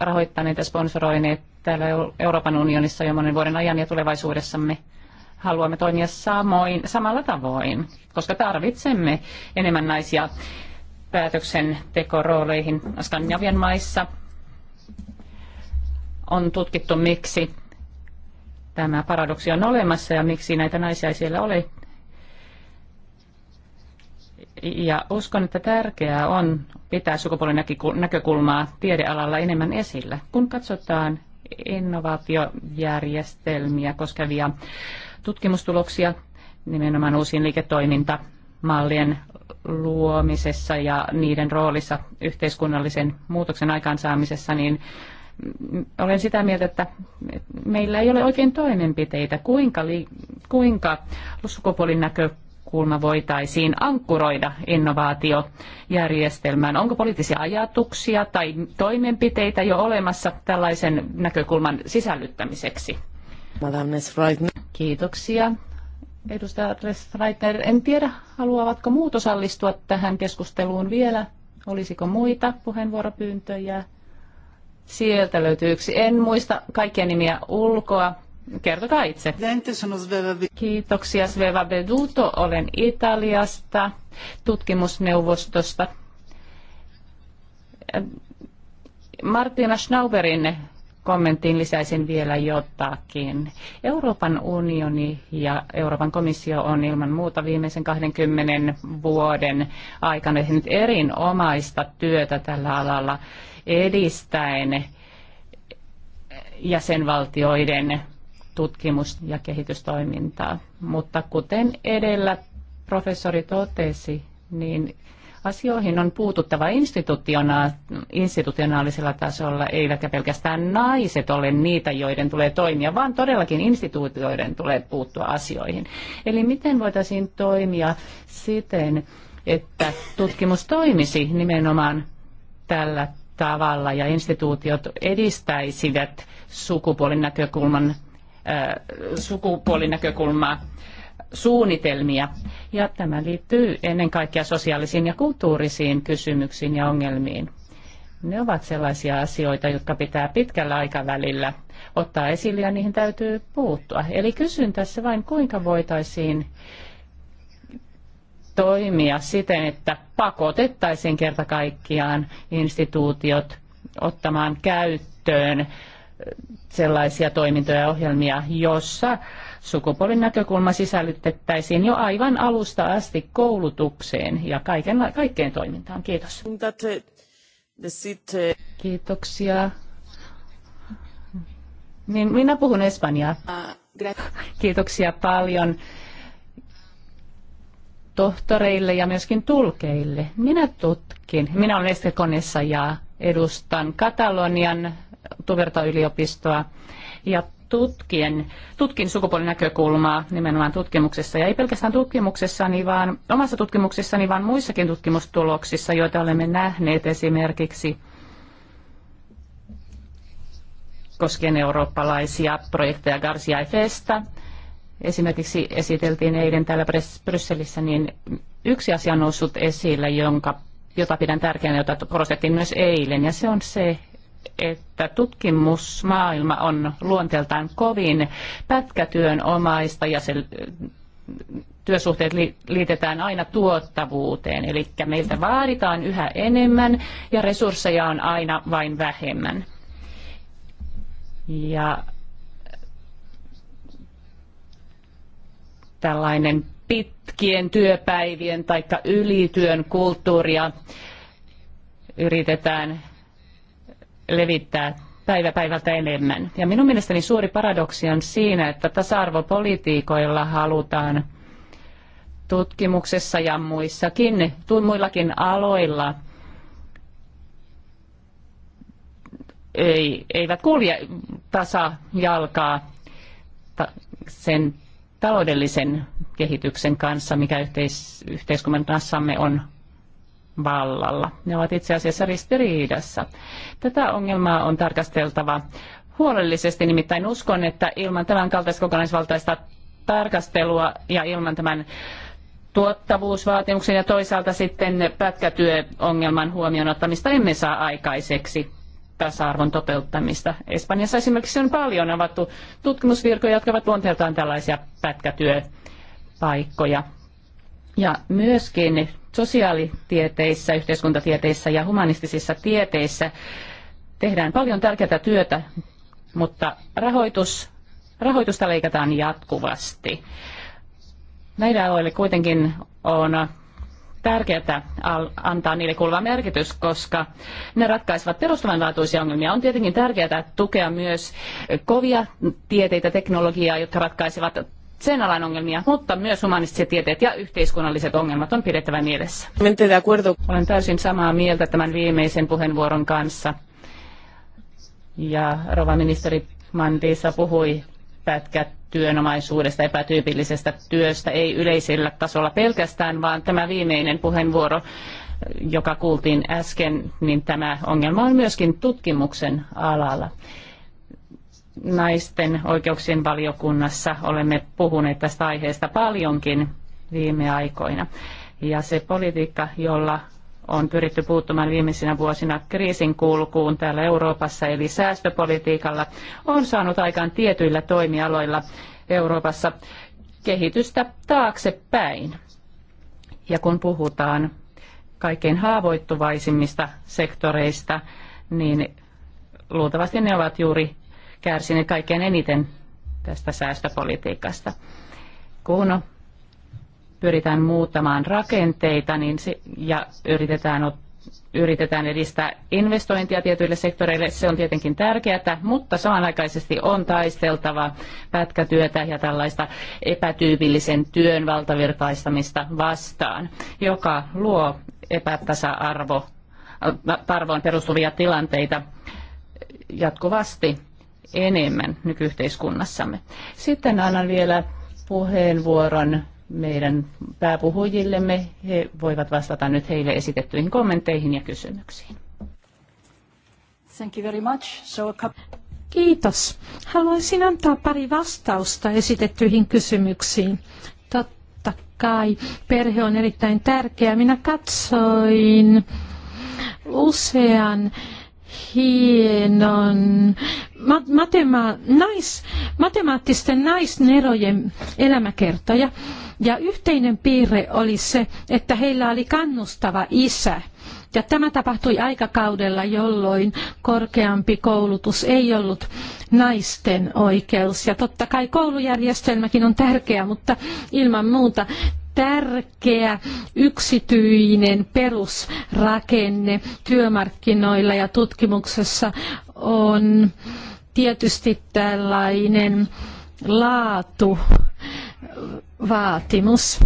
rahoittaneet ja sponsoroineet täällä Euroopan unionissa jo monen vuoden ajan ja tulevaisuudessamme haluamme toimia samoin, samalla tavoin, koska tarvitsemme enemmän naisia päätöksentekorooleihin Skandinavian maissa. On tutkittu, miksi tämä paradoksi on olemassa ja miksi näitä naisia ei siellä ole. Ja uskon, että tärkeää on pitää sukupuolen näkökulmaa tiedealalla enemmän esillä, kun katsotaan innovaatiojärjestelmiä koskevia tutkimustuloksia nimenomaan uusien liiketoimintamallien luomisessa ja niiden roolissa yhteiskunnallisen muutoksen aikaansaamisessa, niin olen sitä mieltä, että meillä ei ole oikein toimenpiteitä, kuinka, li, kuinka sukupuolin näkökulma voitaisiin ankkuroida innovaatiojärjestelmään. Onko poliittisia ajatuksia tai toimenpiteitä jo olemassa tällaisen näkökulman sisällyttämiseksi? Madame Kiitoksia. Edustaja Reitner, en tiedä, haluavatko muut osallistua tähän keskusteluun vielä? Olisiko muita puheenvuoropyyntöjä? Sieltä löytyy yksi. En muista kaikkia nimiä ulkoa. Kertokaa itse. Kiitoksia Sveva Beduto. Olen Italiasta, tutkimusneuvostosta. Martina Schnauberin kommenttiin lisäisin vielä jotakin. Euroopan unioni ja Euroopan komissio on ilman muuta viimeisen 20 vuoden aikana tehnyt erinomaista työtä tällä alalla edistäen jäsenvaltioiden tutkimus- ja kehitystoimintaa. Mutta kuten edellä professori totesi, niin Asioihin on puututtava institutiona- institutionaalisella tasolla, eivätkä pelkästään naiset ole niitä, joiden tulee toimia, vaan todellakin instituutioiden tulee puuttua asioihin. Eli miten voitaisiin toimia siten, että tutkimus toimisi nimenomaan tällä tavalla ja instituutiot edistäisivät sukupuolinäkökulman, äh, sukupuolinäkökulmaa suunnitelmia. Ja tämä liittyy ennen kaikkea sosiaalisiin ja kulttuurisiin kysymyksiin ja ongelmiin. Ne ovat sellaisia asioita, jotka pitää pitkällä aikavälillä ottaa esille ja niihin täytyy puuttua. Eli kysyn tässä vain, kuinka voitaisiin toimia siten, että pakotettaisiin kerta kaikkiaan instituutiot ottamaan käyttöön sellaisia toimintoja ja ohjelmia, jossa sukupuolen näkökulma sisällytettäisiin jo aivan alusta asti koulutukseen ja kaiken, kaikkeen toimintaan. Kiitos. Kiitoksia. Niin, minä puhun espanjaa. Kiitoksia paljon tohtoreille ja myöskin tulkeille. Minä tutkin. Minä olen Estekonessa ja edustan Katalonian yliopistoa Ja tutkien, tutkin sukupuolinäkökulmaa nimenomaan tutkimuksessa. Ja ei pelkästään tutkimuksessani, vaan omassa tutkimuksessani, vaan muissakin tutkimustuloksissa, joita olemme nähneet esimerkiksi koskien eurooppalaisia projekteja Garcia Festa. Esimerkiksi esiteltiin eilen täällä Brysselissä, niin yksi asia on noussut esille, jonka, jota pidän tärkeänä, jota korostettiin myös eilen, ja se on se, että tutkimusmaailma on luonteeltaan kovin pätkätyönomaista ja se työsuhteet liitetään aina tuottavuuteen. Eli meiltä vaaditaan yhä enemmän ja resursseja on aina vain vähemmän. Ja tällainen pitkien työpäivien tai ylityön kulttuuria yritetään levittää päivä päivältä enemmän. Ja minun mielestäni suuri paradoksi on siinä, että tasa-arvopolitiikoilla halutaan tutkimuksessa ja muissakin, muillakin aloilla ei, eivät kulje tasajalkaa sen taloudellisen kehityksen kanssa, mikä yhteis- yhteiskunnassamme on vallalla. Ne ovat itse asiassa ristiriidassa. Tätä ongelmaa on tarkasteltava huolellisesti, nimittäin uskon, että ilman tämän kaltaista kokonaisvaltaista tarkastelua ja ilman tämän tuottavuusvaatimuksen ja toisaalta sitten pätkätyöongelman huomioon ottamista emme saa aikaiseksi tasa-arvon toteuttamista. Espanjassa esimerkiksi on paljon avattu tutkimusvirkoja, jotka ovat luonteeltaan tällaisia pätkätyöpaikkoja. Ja myöskin sosiaalitieteissä, yhteiskuntatieteissä ja humanistisissa tieteissä tehdään paljon tärkeää työtä, mutta rahoitus, rahoitusta leikataan jatkuvasti. Näillä aloilla kuitenkin on tärkeää antaa niille kuuluva merkitys, koska ne ratkaisevat perustavanlaatuisia ongelmia. On tietenkin tärkeää tukea myös kovia tieteitä, teknologiaa, jotka ratkaisevat sen alan ongelmia, mutta myös humanistiset tieteet ja yhteiskunnalliset ongelmat on pidettävä mielessä. Olen täysin samaa mieltä tämän viimeisen puheenvuoron kanssa. Ja rova ministeri Mandisa puhui pätkät työnomaisuudesta, epätyypillisestä työstä, ei yleisellä tasolla pelkästään, vaan tämä viimeinen puheenvuoro, joka kuultiin äsken, niin tämä ongelma on myöskin tutkimuksen alalla naisten oikeuksien valiokunnassa olemme puhuneet tästä aiheesta paljonkin viime aikoina. Ja se politiikka, jolla on pyritty puuttumaan viimeisinä vuosina kriisin kulkuun täällä Euroopassa, eli säästöpolitiikalla, on saanut aikaan tietyillä toimialoilla Euroopassa kehitystä taaksepäin. Ja kun puhutaan kaikkein haavoittuvaisimmista sektoreista, niin luultavasti ne ovat juuri kärsineet kaikkein eniten tästä säästöpolitiikasta. Kun pyritään muuttamaan rakenteita niin se, ja yritetään yritetään edistää investointia tietyille sektoreille. Se on tietenkin tärkeää, mutta samanaikaisesti on taisteltava pätkätyötä ja tällaista epätyypillisen työn valtavirtaistamista vastaan, joka luo epätasa-arvoon perustuvia tilanteita jatkuvasti enemmän nykyyhteiskunnassamme. Sitten annan vielä puheenvuoron meidän pääpuhujillemme. He voivat vastata nyt heille esitettyihin kommentteihin ja kysymyksiin. Thank you very much. So a couple... Kiitos. Haluaisin antaa pari vastausta esitettyihin kysymyksiin. Totta kai perhe on erittäin tärkeä. Minä katsoin usean hienon matema- nais, matemaattisten naisnerojen elämäkertoja. Ja yhteinen piirre oli se, että heillä oli kannustava isä. Ja tämä tapahtui aikakaudella, jolloin korkeampi koulutus ei ollut naisten oikeus. Ja totta kai koulujärjestelmäkin on tärkeä, mutta ilman muuta tärkeä yksityinen perusrakenne työmarkkinoilla ja tutkimuksessa on tietysti tällainen laatu vaatimus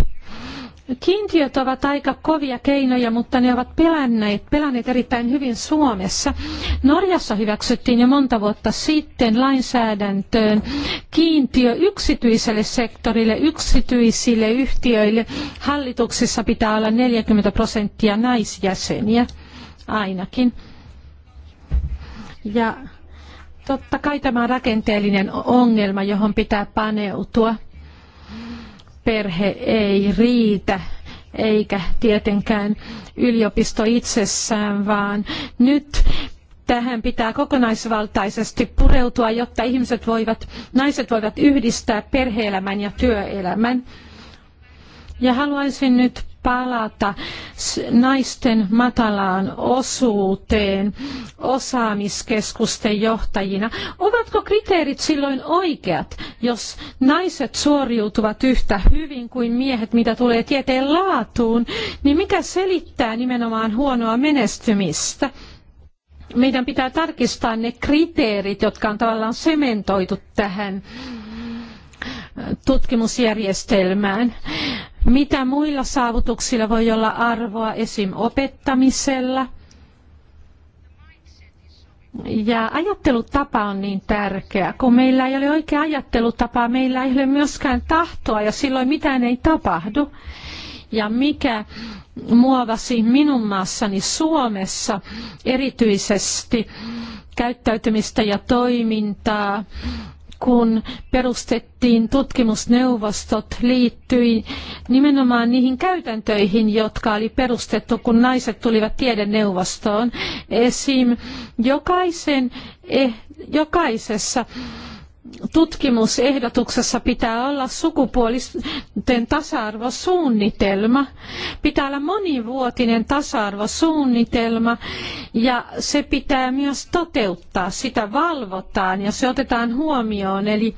Kiintiöt ovat aika kovia keinoja, mutta ne ovat pelänneet, pelänneet erittäin hyvin Suomessa. Norjassa hyväksyttiin jo monta vuotta sitten lainsäädäntöön kiintiö yksityiselle sektorille, yksityisille yhtiöille. Hallituksissa pitää olla 40 prosenttia naisjäseniä ainakin. Ja totta kai tämä on rakenteellinen ongelma, johon pitää paneutua perhe ei riitä eikä tietenkään yliopisto itsessään, vaan nyt tähän pitää kokonaisvaltaisesti pureutua, jotta ihmiset voivat, naiset voivat yhdistää perhe-elämän ja työelämän. Ja haluaisin nyt palata naisten matalaan osuuteen osaamiskeskusten johtajina. Ovatko kriteerit silloin oikeat, jos naiset suoriutuvat yhtä hyvin kuin miehet, mitä tulee tieteen laatuun, niin mikä selittää nimenomaan huonoa menestymistä? Meidän pitää tarkistaa ne kriteerit, jotka on tavallaan sementoitu tähän tutkimusjärjestelmään mitä muilla saavutuksilla voi olla arvoa esim. opettamisella. Ja ajattelutapa on niin tärkeä. Kun meillä ei ole oikea ajattelutapa, meillä ei ole myöskään tahtoa ja silloin mitään ei tapahdu. Ja mikä muovasi minun maassani Suomessa erityisesti käyttäytymistä ja toimintaa kun perustettiin tutkimusneuvostot, liittyi nimenomaan niihin käytäntöihin, jotka oli perustettu, kun naiset tulivat tiedeneuvostoon. Esim. jokaisen, eh, jokaisessa tutkimusehdotuksessa pitää olla sukupuolisten tasa-arvosuunnitelma. Pitää olla monivuotinen tasa-arvosuunnitelma ja se pitää myös toteuttaa. Sitä valvotaan ja se otetaan huomioon. Eli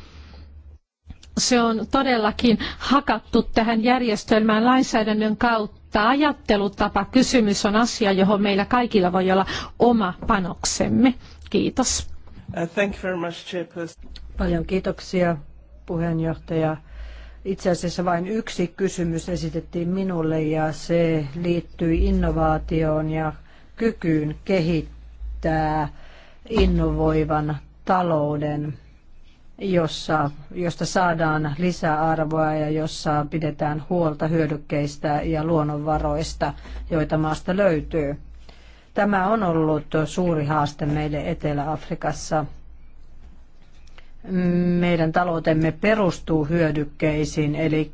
se on todellakin hakattu tähän järjestelmään lainsäädännön kautta. Ajattelutapa kysymys on asia, johon meillä kaikilla voi olla oma panoksemme. Kiitos. Uh, thank you very much, Paljon kiitoksia puheenjohtaja. Itse asiassa vain yksi kysymys esitettiin minulle ja se liittyy innovaatioon ja kykyyn kehittää innovoivan talouden, jossa, josta saadaan lisäarvoa ja jossa pidetään huolta hyödykkeistä ja luonnonvaroista, joita maasta löytyy. Tämä on ollut suuri haaste meille Etelä-Afrikassa meidän taloutemme perustuu hyödykkeisiin, eli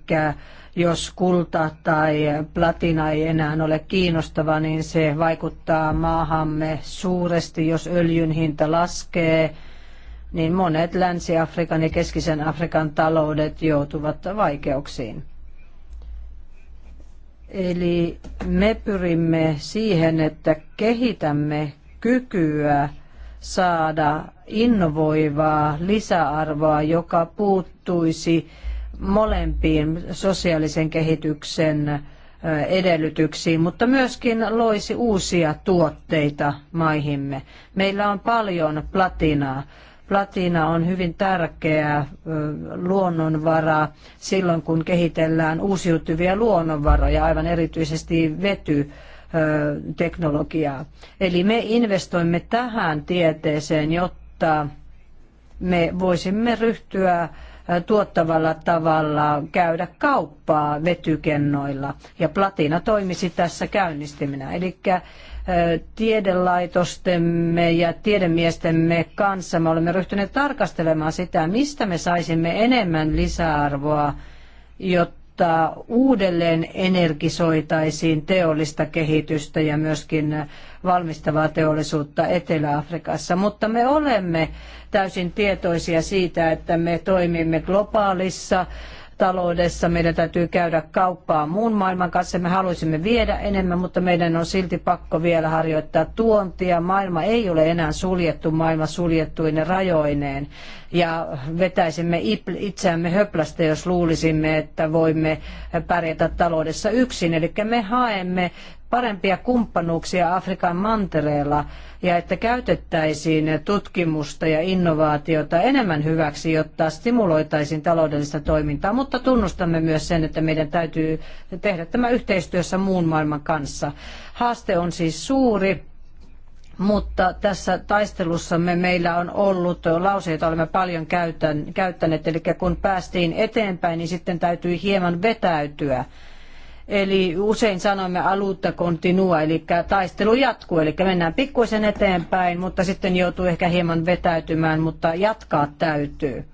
jos kulta tai platina ei enää ole kiinnostava, niin se vaikuttaa maahamme suuresti. Jos öljyn hinta laskee, niin monet Länsi-Afrikan ja Keskisen Afrikan taloudet joutuvat vaikeuksiin. Eli me pyrimme siihen, että kehitämme kykyä saada innovoivaa lisäarvoa, joka puuttuisi molempiin sosiaalisen kehityksen edellytyksiin, mutta myöskin loisi uusia tuotteita maihimme. Meillä on paljon platinaa. Platina on hyvin tärkeä luonnonvara silloin, kun kehitellään uusiutuvia luonnonvaroja, aivan erityisesti vetyteknologiaa. Eli me investoimme tähän tieteeseen, jotta mutta me voisimme ryhtyä tuottavalla tavalla käydä kauppaa vetykennoilla. Ja platina toimisi tässä käynnistiminä. Eli tiedelaitostemme ja tiedemiestemme kanssa me olemme ryhtyneet tarkastelemaan sitä, mistä me saisimme enemmän lisäarvoa, jotta jotta uudelleen energisoitaisiin teollista kehitystä ja myöskin valmistavaa teollisuutta Etelä-Afrikassa. Mutta me olemme täysin tietoisia siitä, että me toimimme globaalissa taloudessa. Meidän täytyy käydä kauppaa muun maailman kanssa. Me haluaisimme viedä enemmän, mutta meidän on silti pakko vielä harjoittaa tuontia. Maailma ei ole enää suljettu maailma suljettuinen rajoineen. Ja vetäisimme itseämme höplästä, jos luulisimme, että voimme pärjätä taloudessa yksin. Eli me haemme parempia kumppanuuksia Afrikan mantereella ja että käytettäisiin tutkimusta ja innovaatiota enemmän hyväksi, jotta stimuloitaisiin taloudellista toimintaa, mutta tunnustamme myös sen, että meidän täytyy tehdä tämä yhteistyössä muun maailman kanssa. Haaste on siis suuri, mutta tässä taistelussamme meillä on ollut lause, jota olemme paljon käyttäneet, eli kun päästiin eteenpäin, niin sitten täytyy hieman vetäytyä Eli usein sanomme alutta continua, eli taistelu jatkuu, eli mennään pikkuisen eteenpäin, mutta sitten joutuu ehkä hieman vetäytymään, mutta jatkaa täytyy.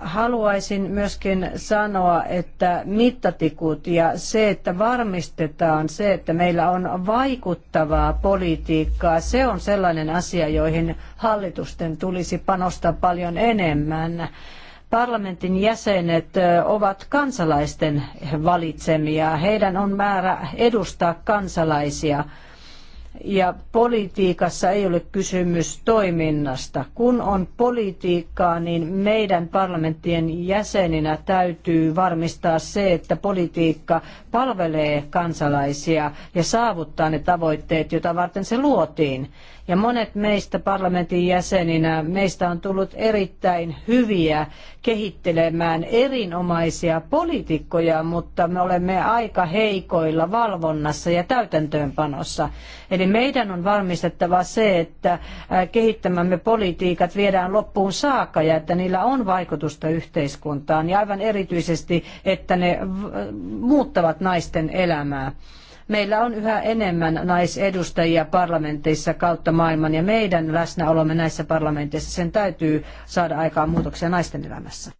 Haluaisin myöskin sanoa, että mittatikut ja se, että varmistetaan se, että meillä on vaikuttavaa politiikkaa, se on sellainen asia, joihin hallitusten tulisi panostaa paljon enemmän Parlamentin jäsenet ovat kansalaisten valitsemia. Heidän on määrä edustaa kansalaisia. Ja politiikassa ei ole kysymys toiminnasta. Kun on politiikkaa, niin meidän parlamenttien jäseninä täytyy varmistaa se, että politiikka palvelee kansalaisia ja saavuttaa ne tavoitteet, joita varten se luotiin. Ja monet meistä parlamentin jäseninä, meistä on tullut erittäin hyviä kehittelemään erinomaisia poliitikkoja, mutta me olemme aika heikoilla valvonnassa ja täytäntöönpanossa. Eli meidän on varmistettava se, että kehittämämme politiikat viedään loppuun saakka ja että niillä on vaikutusta yhteiskuntaan ja aivan erityisesti, että ne muuttavat naisten elämää. Meillä on yhä enemmän naisedustajia parlamenteissa kautta maailman ja meidän läsnäolomme näissä parlamenteissa sen täytyy saada aikaan muutoksia naisten elämässä.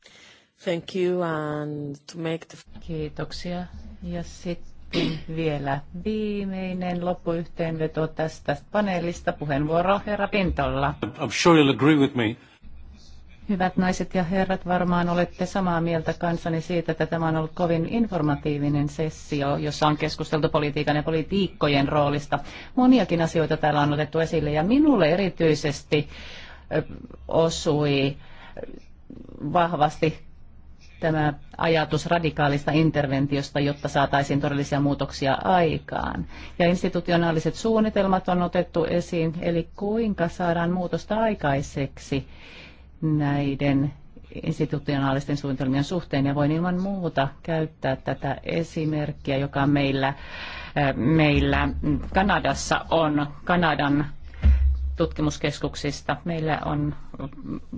Thank you and to make the... Kiitoksia. Ja sitten vielä viimeinen loppuyhteenveto tästä paneelista. Puheenvuoro herra Pintolla. I'm sure you'll agree with me Hyvät naiset ja herrat, varmaan olette samaa mieltä kanssani siitä, että tämä on ollut kovin informatiivinen sessio, jossa on keskusteltu politiikan ja politiikkojen roolista. Moniakin asioita täällä on otettu esille ja minulle erityisesti osui vahvasti tämä ajatus radikaalista interventiosta, jotta saataisiin todellisia muutoksia aikaan. Ja institutionaaliset suunnitelmat on otettu esiin, eli kuinka saadaan muutosta aikaiseksi näiden institutionaalisten suunnitelmien suhteen ja voin ilman muuta käyttää tätä esimerkkiä, joka meillä, eh, meillä Kanadassa on Kanadan tutkimuskeskuksista. Meillä on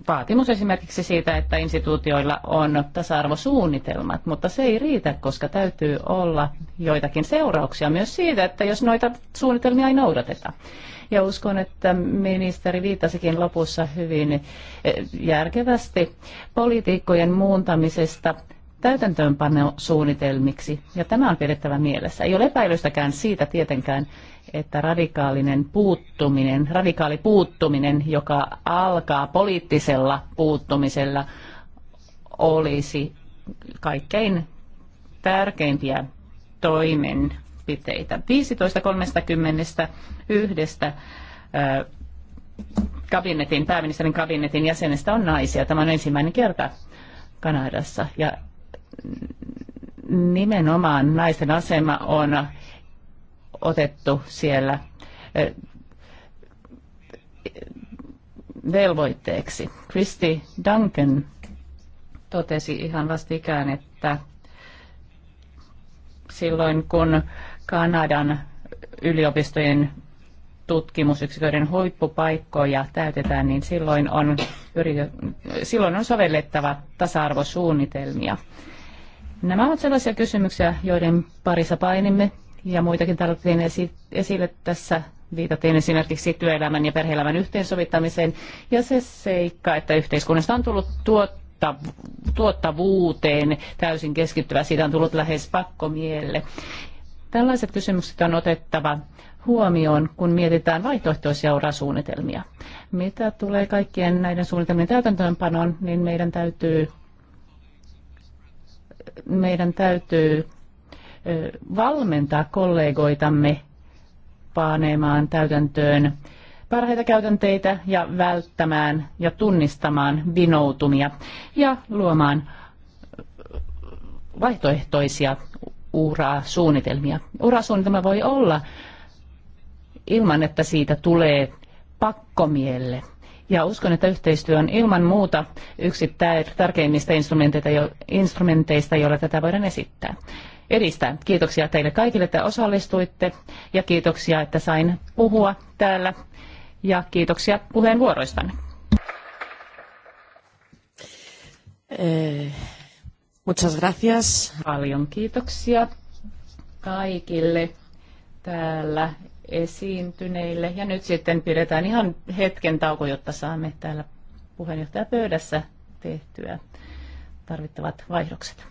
vaatimus esimerkiksi siitä, että instituutioilla on tasa-arvosuunnitelmat, mutta se ei riitä, koska täytyy olla joitakin seurauksia myös siitä, että jos noita suunnitelmia ei noudateta. Ja uskon, että ministeri viittasikin lopussa hyvin eh, järkevästi poliitikkojen muuntamisesta täytäntöönpanosuunnitelmiksi. Ja tämä on pidettävä mielessä. Ei ole epäilystäkään siitä tietenkään, että radikaalinen puuttuminen, radikaali puuttuminen, joka alkaa poliittisella puuttumisella, olisi kaikkein tärkeimpiä toimen mielipiteitä. 15 31 kabinetin, pääministerin kabinetin jäsenestä on naisia. Tämä on ensimmäinen kerta Kanadassa. Ja nimenomaan naisten asema on otettu siellä velvoitteeksi. Christy Duncan totesi ihan vastikään, että silloin kun Kanadan yliopistojen tutkimusyksiköiden huippupaikkoja täytetään, niin silloin on, silloin on sovellettava tasa-arvosuunnitelmia. Nämä ovat sellaisia kysymyksiä, joiden parissa painimme ja muitakin tarvittiin esille tässä. Viitattiin esimerkiksi työelämän ja perheelämän yhteensovittamiseen ja se seikka, että yhteiskunnasta on tullut tuotta, tuottavuuteen täysin keskittyvä. Siitä on tullut lähes pakkomielle. Tällaiset kysymykset on otettava huomioon, kun mietitään vaihtoehtoisia urasuunnitelmia. Mitä tulee kaikkien näiden suunnitelmien täytäntöönpanoon, niin meidän täytyy, meidän täytyy valmentaa kollegoitamme panemaan täytäntöön parhaita käytänteitä ja välttämään ja tunnistamaan vinoutumia ja luomaan vaihtoehtoisia urasuunnitelmia. Urasuunnitelma voi olla ilman, että siitä tulee pakkomielle. Ja uskon, että yhteistyö on ilman muuta yksi tärkeimmistä instrumenteista, joilla tätä voidaan esittää. Edistää. Kiitoksia teille kaikille, että osallistuitte ja kiitoksia, että sain puhua täällä ja kiitoksia puheenvuoroistanne. Eh, Muchas gracias. Paljon kiitoksia kaikille täällä esiintyneille. Ja nyt sitten pidetään ihan hetken tauko, jotta saamme täällä puheenjohtajapöydässä tehtyä tarvittavat vaihdokset.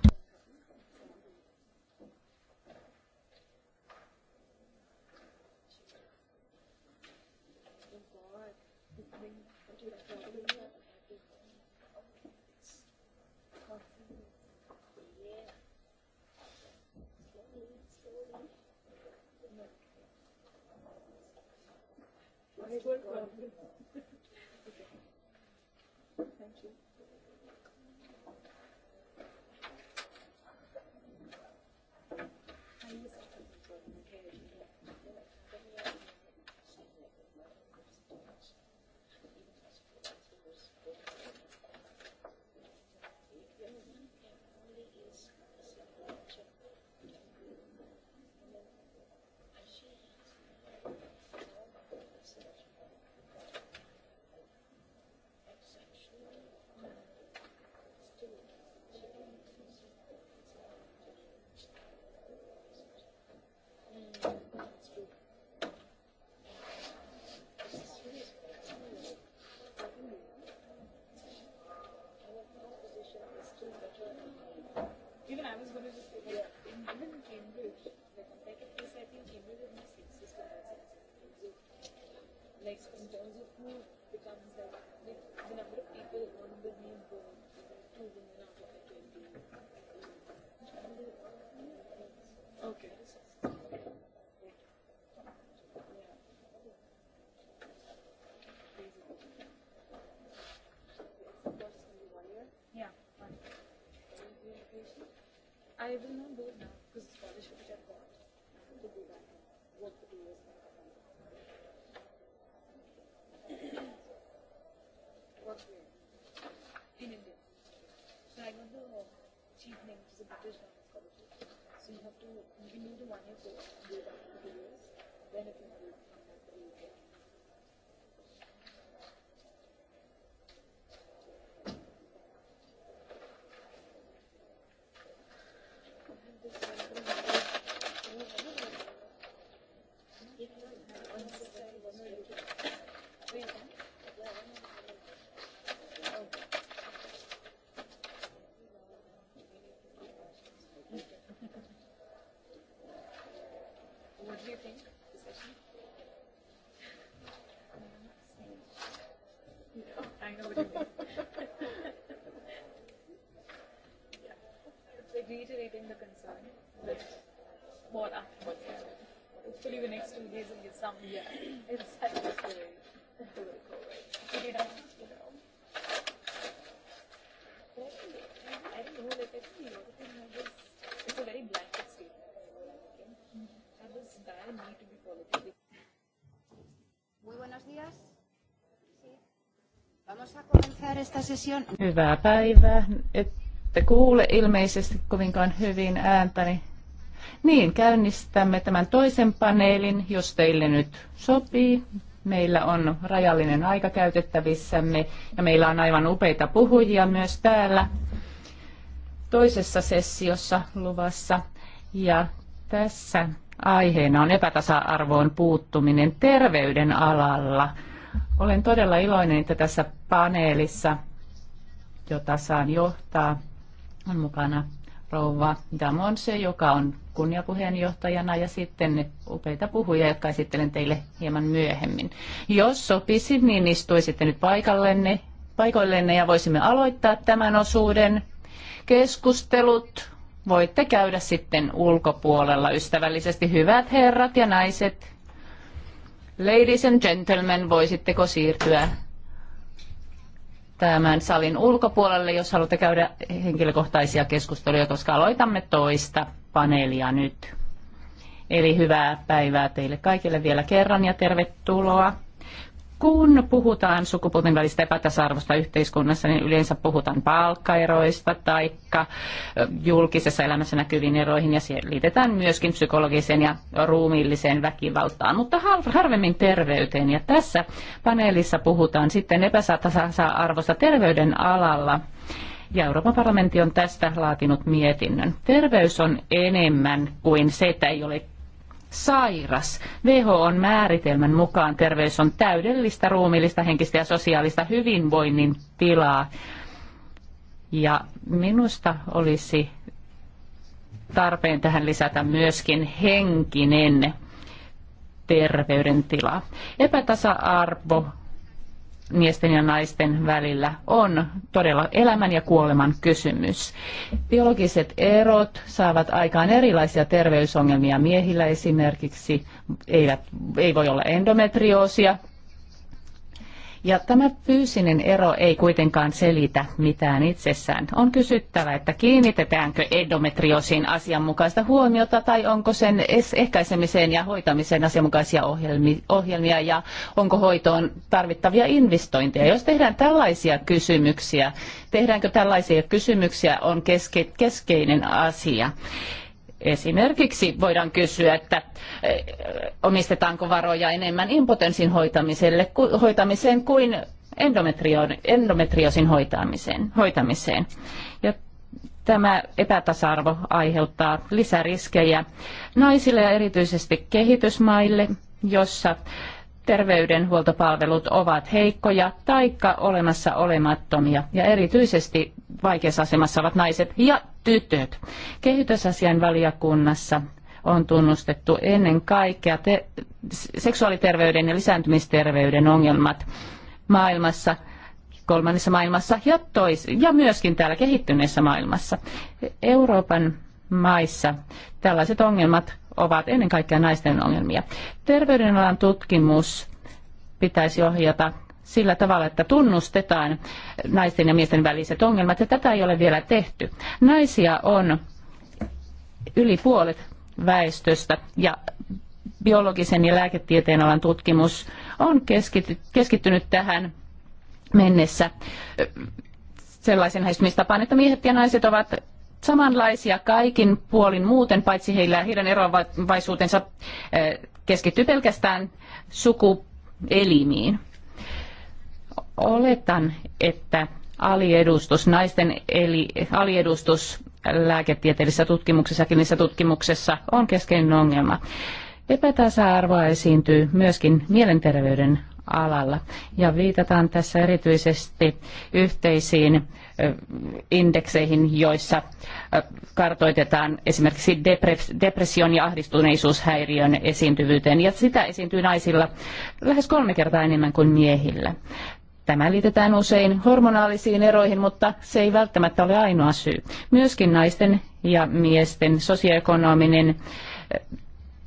I will not do it now because the scholarship which I got to go back, work for two years. Work here in India. So I got the chief name, which is a British Lion scholarship. So you have to, you can do the one year course, go back for two years, then if you be. some yeah. insight political race. you know. I don't know, of it's a very statement, need to be political. Muy buenos días. Hyvää päivää. Ette kuule ilmeisesti kovinkaan hyvin ääntäni. Niin, käynnistämme tämän toisen paneelin, jos teille nyt sopii. Meillä on rajallinen aika käytettävissämme ja meillä on aivan upeita puhujia myös täällä toisessa sessiossa luvassa. Ja tässä aiheena on epätasa-arvoon puuttuminen terveyden alalla. Olen todella iloinen, että tässä paneelissa, jota saan johtaa, on mukana rouva Damon se, joka on kunniapuheenjohtajana ja sitten upeita puhuja, jotka esittelen teille hieman myöhemmin. Jos sopisi, niin istuisitte nyt paikallenne, paikoillenne ja voisimme aloittaa tämän osuuden. Keskustelut voitte käydä sitten ulkopuolella ystävällisesti. Hyvät herrat ja naiset, ladies and gentlemen, voisitteko siirtyä tämän salin ulkopuolelle, jos haluatte käydä henkilökohtaisia keskusteluja, koska aloitamme toista paneelia nyt. Eli hyvää päivää teille kaikille vielä kerran ja tervetuloa. Kun puhutaan sukupuolten välistä epätasa-arvosta yhteiskunnassa, niin yleensä puhutaan palkkaeroista tai julkisessa elämässä näkyviin eroihin ja siihen liitetään myöskin psykologiseen ja ruumiilliseen väkivaltaan, mutta harvemmin terveyteen. Ja tässä paneelissa puhutaan sitten epätasa-arvosta terveyden alalla ja Euroopan parlamentti on tästä laatinut mietinnön. Terveys on enemmän kuin se, että ei ole sairas. WHOn määritelmän mukaan terveys on täydellistä ruumiillista, henkistä ja sosiaalista hyvinvoinnin tilaa. Ja minusta olisi tarpeen tähän lisätä myöskin henkinen terveydentila. Epätasa-arvo miesten ja naisten välillä on todella elämän ja kuoleman kysymys. Biologiset erot saavat aikaan erilaisia terveysongelmia miehillä esimerkiksi. Eivät, ei voi olla endometrioosia, ja tämä fyysinen ero ei kuitenkaan selitä mitään itsessään. On kysyttävä, että kiinnitetäänkö endometriosiin asianmukaista huomiota tai onko sen ehkäisemiseen ja hoitamiseen asianmukaisia ohjelmia ja onko hoitoon tarvittavia investointeja. Jos tehdään tällaisia kysymyksiä, tehdäänkö tällaisia kysymyksiä on keske, keskeinen asia. Esimerkiksi voidaan kysyä, että eh, omistetaanko varoja enemmän impotenssin hoitamiselle, hoitamiseen kuin endometriosin hoitamiseen. hoitamiseen. Ja tämä epätasa-arvo aiheuttaa lisäriskejä naisille ja erityisesti kehitysmaille, jossa terveydenhuoltopalvelut ovat heikkoja taikka olemassa olemattomia ja erityisesti vaikeassa asemassa ovat naiset ja tytöt. Kehitysasian valiokunnassa on tunnustettu ennen kaikkea te- seksuaaliterveyden ja lisääntymisterveyden ongelmat maailmassa, kolmannessa maailmassa ja, tois- ja myöskin täällä kehittyneessä maailmassa. Euroopan maissa tällaiset ongelmat ovat ennen kaikkea naisten ongelmia. Terveydenalan tutkimus pitäisi ohjata sillä tavalla, että tunnustetaan naisten ja miesten väliset ongelmat, ja tätä ei ole vielä tehty. Naisia on yli puolet väestöstä, ja biologisen ja lääketieteen alan tutkimus on keskittynyt tähän mennessä sellaisen lähestymistapaan, että miehet ja naiset ovat samanlaisia kaikin puolin muuten, paitsi heillä, heidän eroavaisuutensa keskittyy pelkästään sukuelimiin. Oletan, että aliedustus, naisten eli aliedustus lääketieteellisissä tutkimuksessa, klinisessä tutkimuksessa on keskeinen ongelma. Epätasa-arvoa esiintyy myöskin mielenterveyden alalla. Ja viitataan tässä erityisesti yhteisiin indekseihin, joissa kartoitetaan esimerkiksi depression ja ahdistuneisuushäiriön esiintyvyyteen. Ja sitä esiintyy naisilla lähes kolme kertaa enemmän kuin miehillä. Tämä liitetään usein hormonaalisiin eroihin, mutta se ei välttämättä ole ainoa syy. Myöskin naisten ja miesten sosioekonominen eh,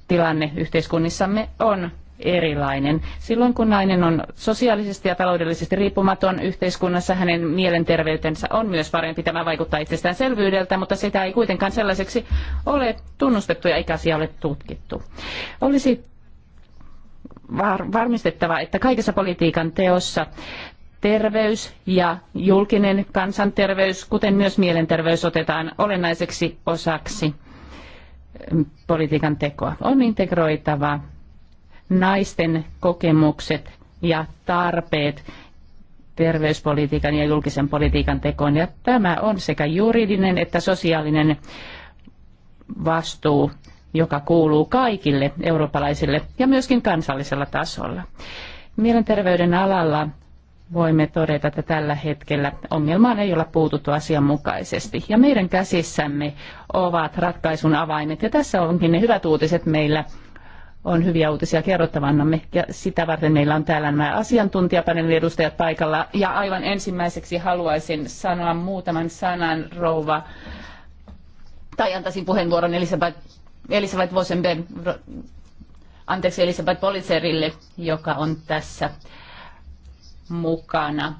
tilanne yhteiskunnissamme on erilainen. Silloin kun nainen on sosiaalisesti ja taloudellisesti riippumaton yhteiskunnassa, hänen mielenterveytensä on myös parempi. Tämä vaikuttaa selvyydeltä, mutta sitä ei kuitenkaan sellaiseksi ole tunnustettu ja ikäisiä ole tutkittu. Olisi varmistettava, että kaikessa politiikan teossa terveys ja julkinen kansanterveys, kuten myös mielenterveys, otetaan olennaiseksi osaksi politiikan tekoa. On integroitava naisten kokemukset ja tarpeet terveyspolitiikan ja julkisen politiikan tekoon. Ja tämä on sekä juridinen että sosiaalinen vastuu, joka kuuluu kaikille eurooppalaisille ja myöskin kansallisella tasolla. Mielenterveyden alalla voimme todeta, että tällä hetkellä ongelmaan ei olla puututtu asianmukaisesti. Ja meidän käsissämme ovat ratkaisun avaimet. Ja tässä onkin ne hyvät uutiset meillä on hyviä uutisia kerrottavannamme. Ja sitä varten meillä on täällä nämä asiantuntijapaneelin edustajat paikalla. Ja aivan ensimmäiseksi haluaisin sanoa muutaman sanan rouva, tai antaisin puheenvuoron Elisabeth, Elisabeth Vosenberg, anteeksi Elisabeth Politzerille, joka on tässä mukana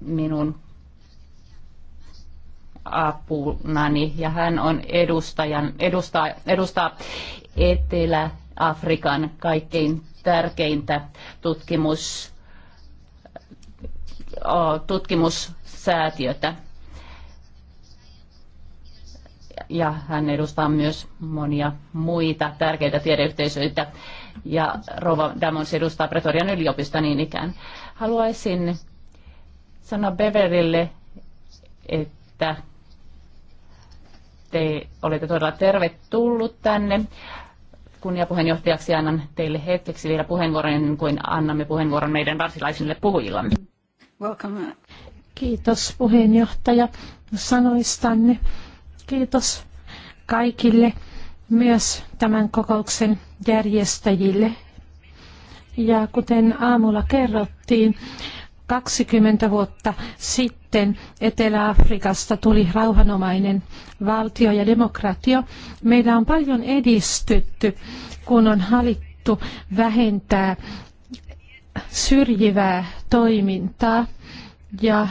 minun apunani ja hän on edustajan, edustaa, edustaa Etelä-Afrikan kaikkein tärkeintä tutkimus, tutkimussäätiötä. Ja hän edustaa myös monia muita tärkeitä tiedeyhteisöitä ja Rova Damons edustaa Pretorian yliopista niin ikään. Haluaisin sanoa Beverille, että te olette todella tervetullut tänne. Kunniapuheenjohtajaksi annan teille hetkeksi vielä puheenvuoron ennen kuin annamme puheenvuoron meidän varsinaisille puhujillamme. Welcome. Kiitos puheenjohtaja sanoistanne. Kiitos kaikille myös tämän kokouksen järjestäjille. Ja kuten aamulla kerrottiin, 20 vuotta sitten Etelä-Afrikasta tuli rauhanomainen valtio ja demokratio. Meillä on paljon edistytty, kun on halittu vähentää syrjivää toimintaa ja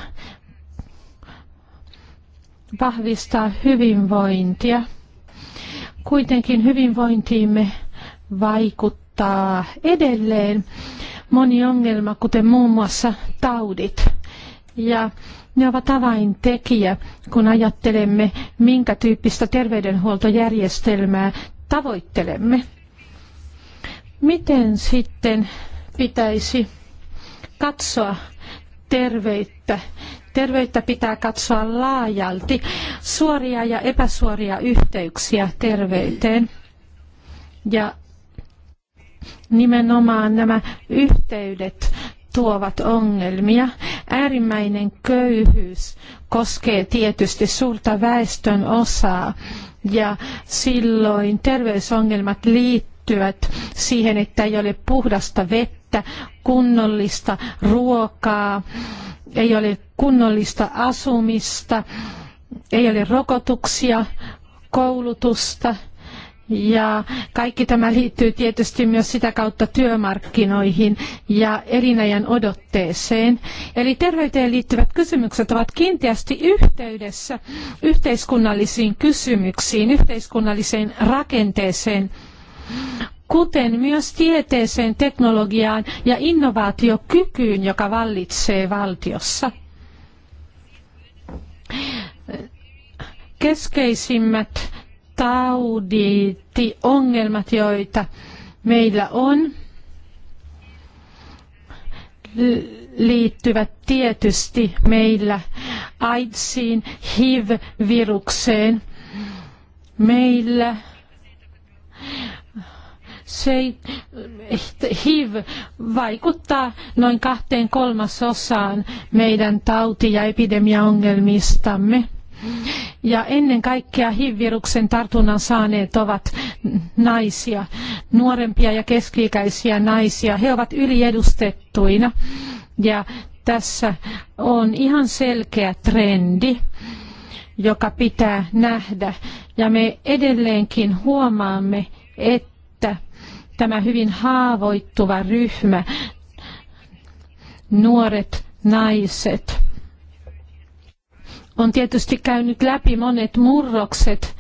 vahvistaa hyvinvointia. Kuitenkin hyvinvointiimme vaikuttaa edelleen moni ongelma, kuten muun muassa taudit. Ja ne ovat avaintekijä, kun ajattelemme, minkä tyyppistä terveydenhuoltojärjestelmää tavoittelemme. Miten sitten pitäisi katsoa terveyttä? Terveyttä pitää katsoa laajalti, suoria ja epäsuoria yhteyksiä terveyteen. Ja Nimenomaan nämä yhteydet tuovat ongelmia. Äärimmäinen köyhyys koskee tietysti suurta väestön osaa ja silloin terveysongelmat liittyvät siihen, että ei ole puhdasta vettä, kunnollista ruokaa, ei ole kunnollista asumista, ei ole rokotuksia, koulutusta – ja kaikki tämä liittyy tietysti myös sitä kautta työmarkkinoihin ja elinajan odotteeseen. Eli terveyteen liittyvät kysymykset ovat kiinteästi yhteydessä yhteiskunnallisiin kysymyksiin, yhteiskunnalliseen rakenteeseen kuten myös tieteeseen, teknologiaan ja innovaatiokykyyn, joka vallitsee valtiossa. Keskeisimmät taudit, ongelmat, joita meillä on, liittyvät tietysti meillä AIDSiin, HIV-virukseen. Meillä se HIV vaikuttaa noin kahteen kolmasosaan meidän tauti- ja epidemiaongelmistamme. Ja ennen kaikkea HIV-viruksen tartunnan saaneet ovat naisia, nuorempia ja keski-ikäisiä naisia. He ovat yliedustettuina ja tässä on ihan selkeä trendi joka pitää nähdä. Ja me edelleenkin huomaamme, että tämä hyvin haavoittuva ryhmä, nuoret naiset, on tietysti käynyt läpi monet murrokset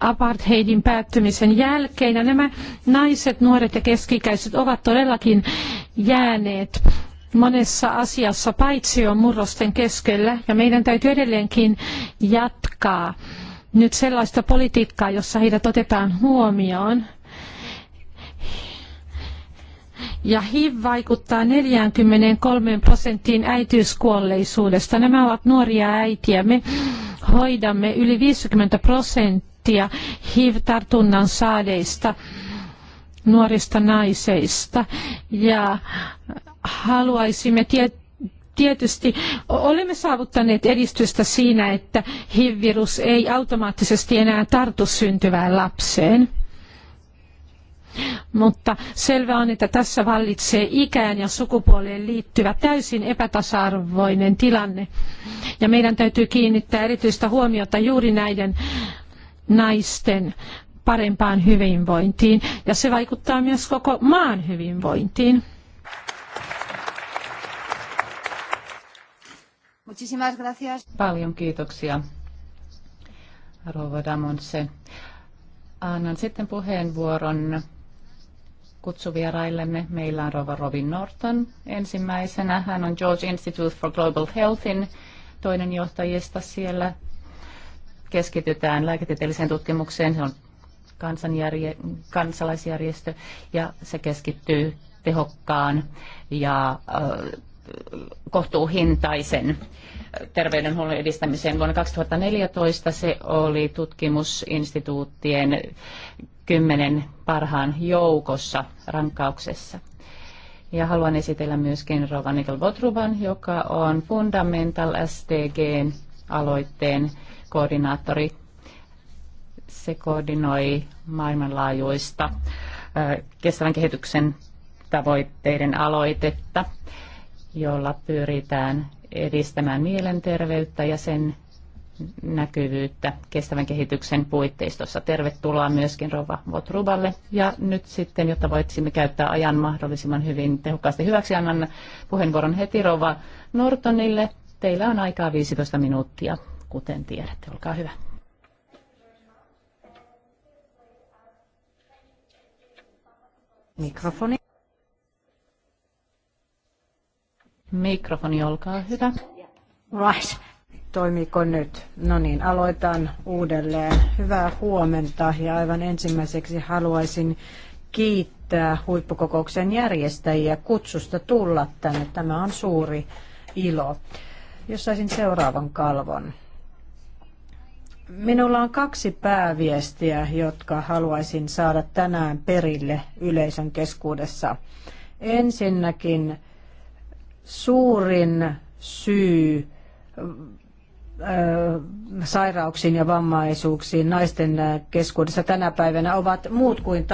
apartheidin päättymisen jälkeen. Ja nämä naiset, nuoret ja keskikäiset ovat todellakin jääneet monessa asiassa paitsi on murrosten keskellä ja meidän täytyy edelleenkin jatkaa nyt sellaista politiikkaa, jossa heidät otetaan huomioon ja HIV vaikuttaa 43 prosenttiin äitiyskuolleisuudesta. Nämä ovat nuoria äitiä. Me hoidamme yli 50 prosenttia HIV-tartunnan saadeista nuorista naiseista ja haluaisimme tietysti olemme saavuttaneet edistystä siinä, että HIV-virus ei automaattisesti enää tartu syntyvään lapseen. Mutta selvä on, että tässä vallitsee ikään ja sukupuoleen liittyvä täysin epätasa-arvoinen tilanne. Ja meidän täytyy kiinnittää erityistä huomiota juuri näiden naisten parempaan hyvinvointiin ja se vaikuttaa myös koko maan hyvinvointiin. Paljon kiitoksia, Rouva Damonse. Annan sitten puheenvuoron kutsuvieraillemme. Meillä on Rova Robin Norton ensimmäisenä. Hän on George Institute for Global Healthin toinen johtajista siellä. Keskitytään lääketieteelliseen tutkimukseen. Se on kansalaisjärjestö ja se keskittyy tehokkaan ja kohtuuhintaisen terveydenhuollon edistämiseen. Vuonna 2014 se oli tutkimusinstituuttien kymmenen parhaan joukossa rankauksessa. Ja haluan esitellä myöskin Rova Nicole Botruban, joka on Fundamental STGn aloitteen koordinaattori. Se koordinoi maailmanlaajuista kestävän kehityksen tavoitteiden aloitetta, jolla pyritään edistämään mielenterveyttä ja sen näkyvyyttä kestävän kehityksen puitteistossa. Tervetuloa myöskin Rova Votruballe. Ja nyt sitten, jotta voisimme käyttää ajan mahdollisimman hyvin tehokkaasti hyväksi, annan puheenvuoron heti Rova Nortonille. Teillä on aikaa 15 minuuttia, kuten tiedätte. Olkaa hyvä. Mikrofoni. Mikrofoni, olkaa hyvä. Right. Toimiko nyt? No niin, aloitan uudelleen. Hyvää huomenta ja aivan ensimmäiseksi haluaisin kiittää huippukokouksen järjestäjiä kutsusta tulla tänne. Tämä on suuri ilo. Jos saisin seuraavan kalvon. Minulla on kaksi pääviestiä, jotka haluaisin saada tänään perille yleisön keskuudessa. Ensinnäkin suurin syy sairauksiin ja vammaisuuksiin naisten keskuudessa tänä päivänä ovat muut kuin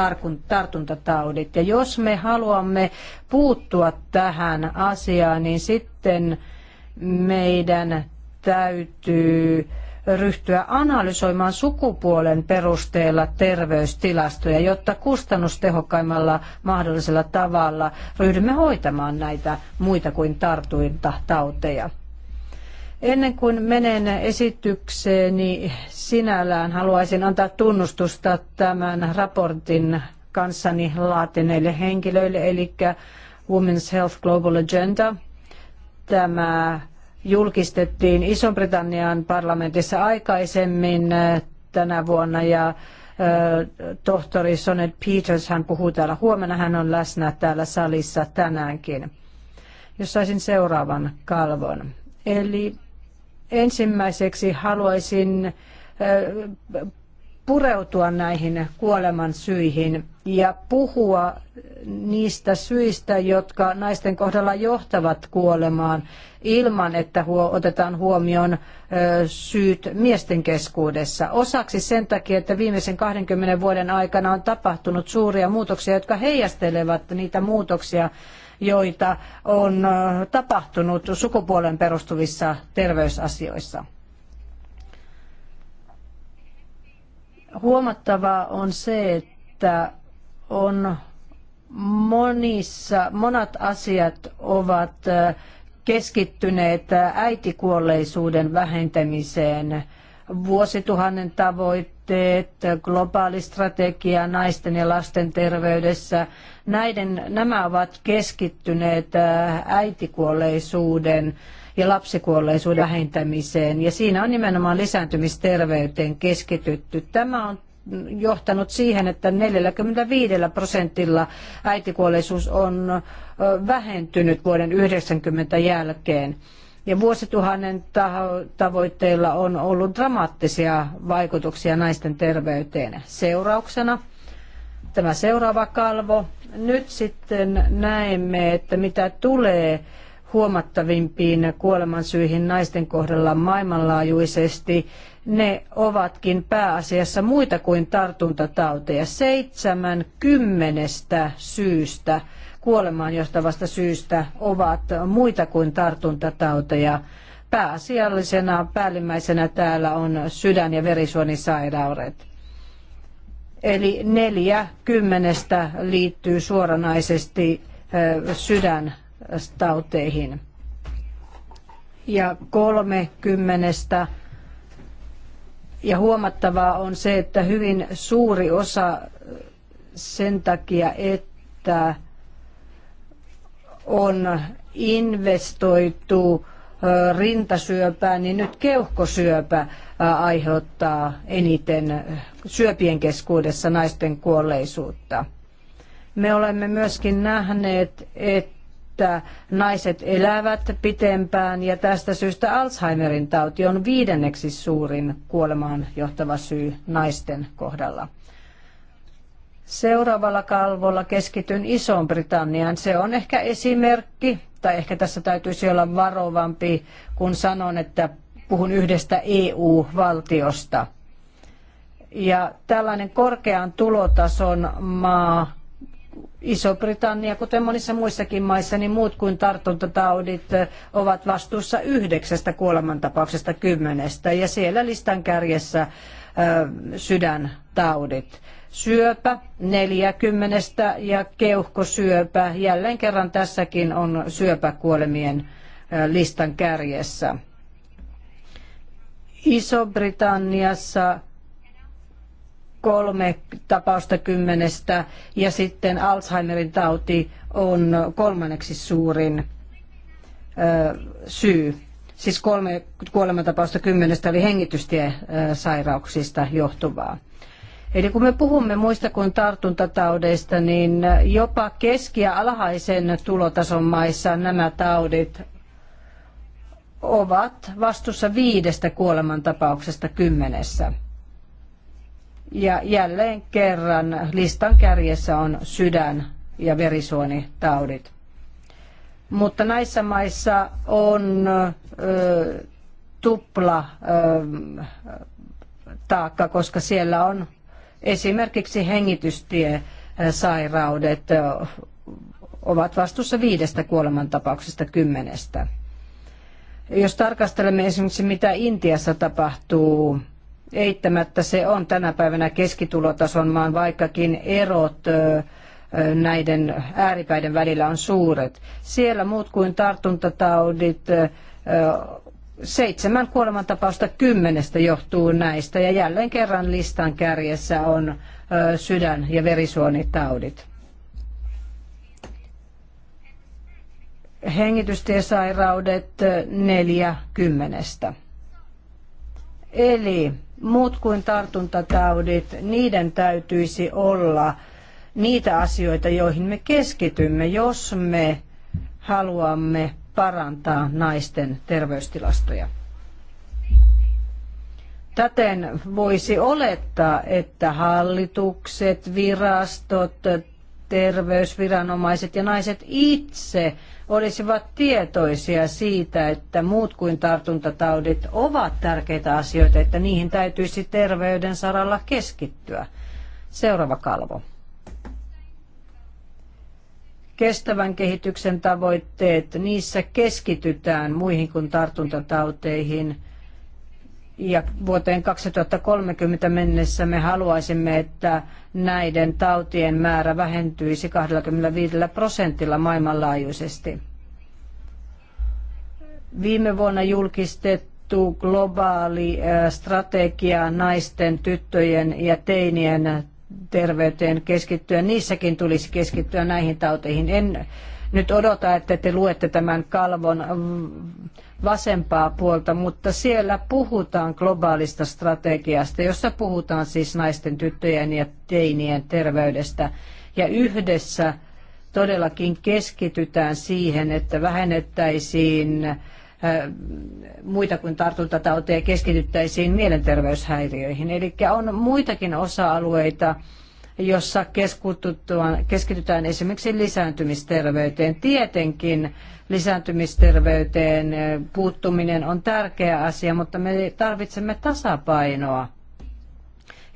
tartuntataudit. Ja jos me haluamme puuttua tähän asiaan, niin sitten meidän täytyy ryhtyä analysoimaan sukupuolen perusteella terveystilastoja, jotta kustannustehokkaimmalla mahdollisella tavalla ryhdymme hoitamaan näitä muita kuin tartuntatauteja. Ennen kuin menen esitykseeni sinällään, haluaisin antaa tunnustusta tämän raportin kanssani laatineille henkilöille, eli Women's Health Global Agenda. Tämä julkistettiin Iso-Britannian parlamentissa aikaisemmin tänä vuonna ja tohtori Sonet Peters, hän puhuu täällä huomenna, hän on läsnä täällä salissa tänäänkin. Jos saisin seuraavan kalvon. Eli Ensimmäiseksi haluaisin pureutua näihin kuoleman syihin ja puhua niistä syistä, jotka naisten kohdalla johtavat kuolemaan ilman, että otetaan huomioon syyt miesten keskuudessa. Osaksi sen takia, että viimeisen 20 vuoden aikana on tapahtunut suuria muutoksia, jotka heijastelevat niitä muutoksia, joita on tapahtunut sukupuolen perustuvissa terveysasioissa. Huomattavaa on se, että on monissa, monat asiat ovat keskittyneet äitikuolleisuuden vähentämiseen – vuosituhannen tavoitteet, globaali strategia naisten ja lasten terveydessä. Näiden, nämä ovat keskittyneet äh, äitikuolleisuuden ja lapsikuolleisuuden vähentämiseen. Ja siinä on nimenomaan lisääntymisterveyteen keskitytty. Tämä on johtanut siihen, että 45 prosentilla äitikuolleisuus on äh, vähentynyt vuoden 90 jälkeen. Ja vuosituhannen tavoitteilla on ollut dramaattisia vaikutuksia naisten terveyteen seurauksena. Tämä seuraava kalvo. Nyt sitten näemme, että mitä tulee huomattavimpiin kuolemansyihin naisten kohdalla maailmanlaajuisesti, ne ovatkin pääasiassa muita kuin tartuntatauteja. Seitsemän kymmenestä syystä – kuolemaan johtavasta syystä ovat muita kuin tartuntatauteja. Pääasiallisena päällimmäisenä täällä on sydän- ja verisuonisairaudet. Eli neljä kymmenestä liittyy suoranaisesti sydäntauteihin. Ja kolme kymmenestä ja huomattavaa on se, että hyvin suuri osa sen takia, että on investoitu rintasyöpää, niin nyt keuhkosyöpä aiheuttaa eniten syöpien keskuudessa naisten kuolleisuutta. Me olemme myöskin nähneet, että naiset elävät pitempään ja tästä syystä Alzheimerin tauti on viidenneksi suurin kuolemaan johtava syy naisten kohdalla. Seuraavalla kalvolla keskityn Isoon Britanniaan. Se on ehkä esimerkki, tai ehkä tässä täytyisi olla varovampi, kun sanon, että puhun yhdestä EU-valtiosta. Ja tällainen korkean tulotason maa, Iso-Britannia, kuten monissa muissakin maissa, niin muut kuin tartuntataudit ovat vastuussa yhdeksästä kuolemantapauksesta kymmenestä. Ja siellä listan kärjessä sydäntaudit syöpä 40 ja keuhkosyöpä. Jälleen kerran tässäkin on syöpäkuolemien listan kärjessä. Iso-Britanniassa kolme tapausta kymmenestä ja sitten Alzheimerin tauti on kolmanneksi suurin syy. Siis kolme kuolematapausta kymmenestä oli hengitystiesairauksista johtuvaa. Eli kun me puhumme muista kuin tartuntataudeista, niin jopa keski- ja alhaisen tulotason maissa nämä taudit ovat vastuussa viidestä kuolemantapauksesta kymmenessä. Ja jälleen kerran listan kärjessä on sydän- ja verisuonitaudit. Mutta näissä maissa on ö, tupla ö, taakka, koska siellä on Esimerkiksi hengitystiesairaudet ovat vastuussa viidestä kuolemantapauksesta kymmenestä. Jos tarkastelemme esimerkiksi mitä Intiassa tapahtuu, eittämättä se on tänä päivänä keskitulotason maan, vaikkakin erot näiden ääripäiden välillä on suuret. Siellä muut kuin tartuntataudit Seitsemän kuolemantapausta kymmenestä johtuu näistä ja jälleen kerran listan kärjessä on sydän- ja verisuonitaudit. Hengitystiesairaudet neljä kymmenestä. Eli muut kuin tartuntataudit, niiden täytyisi olla niitä asioita, joihin me keskitymme, jos me haluamme parantaa naisten terveystilastoja. Täten voisi olettaa, että hallitukset, virastot, terveysviranomaiset ja naiset itse olisivat tietoisia siitä, että muut kuin tartuntataudit ovat tärkeitä asioita, että niihin täytyisi terveyden saralla keskittyä. Seuraava kalvo kestävän kehityksen tavoitteet, niissä keskitytään muihin kuin tartuntatauteihin. Ja vuoteen 2030 mennessä me haluaisimme, että näiden tautien määrä vähentyisi 25 prosentilla maailmanlaajuisesti. Viime vuonna julkistettu globaali strategia naisten, tyttöjen ja teinien terveyteen keskittyä, niissäkin tulisi keskittyä näihin tauteihin. En nyt odota, että te luette tämän kalvon vasempaa puolta, mutta siellä puhutaan globaalista strategiasta, jossa puhutaan siis naisten, tyttöjen ja teinien terveydestä. Ja yhdessä todellakin keskitytään siihen, että vähennettäisiin muita kuin tartuntatauteja keskityttäisiin mielenterveyshäiriöihin. Eli on muitakin osa-alueita, jossa keskitytään esimerkiksi lisääntymisterveyteen. Tietenkin lisääntymisterveyteen puuttuminen on tärkeä asia, mutta me tarvitsemme tasapainoa.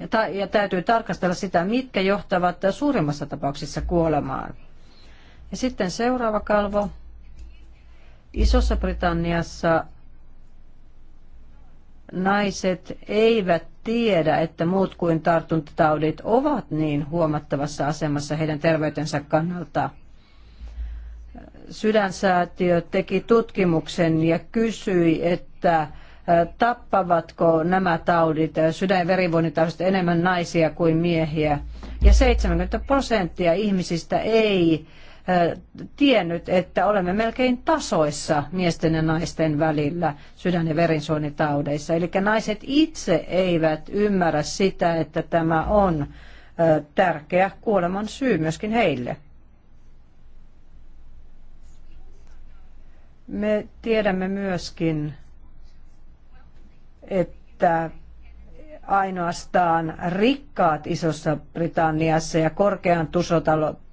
Ja, ta- ja täytyy tarkastella sitä, mitkä johtavat suurimmassa tapauksessa kuolemaan. Ja sitten seuraava kalvo. Isossa Britanniassa naiset eivät tiedä, että muut kuin tartuntataudit ovat niin huomattavassa asemassa heidän terveytensä kannalta. Sydänsäätiö teki tutkimuksen ja kysyi, että tappavatko nämä taudit, sydän- ja verivuonitaudit enemmän naisia kuin miehiä. Ja 70 prosenttia ihmisistä ei tiennyt, että olemme melkein tasoissa miesten ja naisten välillä sydän- ja verisuonitaudeissa. Eli naiset itse eivät ymmärrä sitä, että tämä on tärkeä kuoleman syy myöskin heille. Me tiedämme myöskin, että ainoastaan rikkaat Isossa Britanniassa ja korkean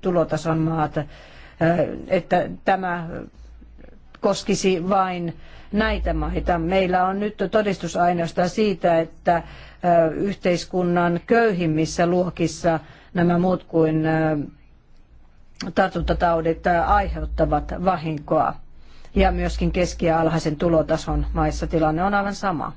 tulotason maat, että tämä koskisi vain näitä maita. Meillä on nyt todistusaineistoa siitä, että yhteiskunnan köyhimmissä luokissa nämä muut kuin tartuntataudit aiheuttavat vahinkoa. Ja myöskin keski- ja alhaisen tulotason maissa tilanne on aivan sama.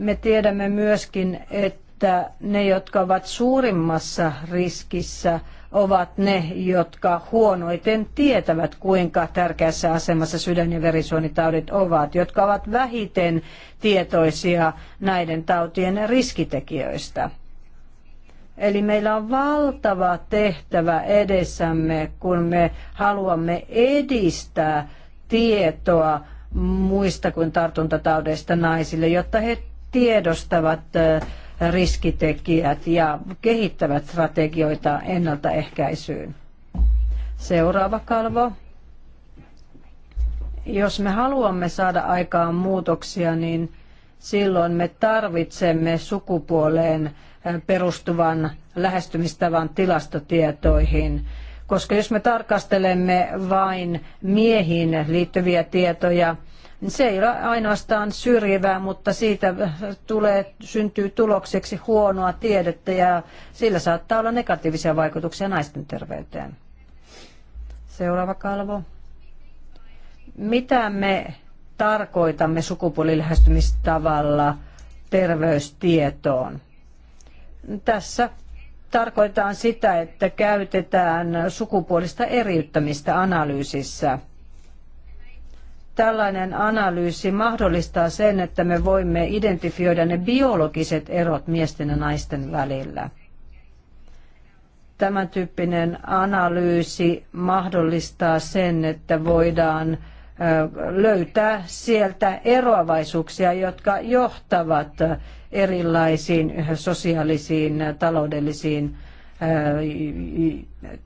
Me tiedämme myöskin, että ne, jotka ovat suurimmassa riskissä, ovat ne, jotka huonoiten tietävät, kuinka tärkeässä asemassa sydän- ja verisuonitaudit ovat, jotka ovat vähiten tietoisia näiden tautien riskitekijöistä. Eli meillä on valtava tehtävä edessämme, kun me haluamme edistää tietoa muista kuin tartuntataudeista naisille, jotta he tiedostavat riskitekijät ja kehittävät strategioita ennaltaehkäisyyn. Seuraava kalvo. Jos me haluamme saada aikaan muutoksia, niin silloin me tarvitsemme sukupuoleen perustuvan lähestymistavan tilastotietoihin koska jos me tarkastelemme vain miehiin liittyviä tietoja, se ei ole ainoastaan syrjivää, mutta siitä tulee, syntyy tulokseksi huonoa tiedettä ja sillä saattaa olla negatiivisia vaikutuksia naisten terveyteen. Seuraava kalvo. Mitä me tarkoitamme sukupuolilähestymistavalla terveystietoon? Tässä tarkoitaan sitä, että käytetään sukupuolista eriyttämistä analyysissä – Tällainen analyysi mahdollistaa sen, että me voimme identifioida ne biologiset erot miesten ja naisten välillä. Tämän tyyppinen analyysi mahdollistaa sen, että voidaan löytää sieltä eroavaisuuksia, jotka johtavat erilaisiin sosiaalisiin, taloudellisiin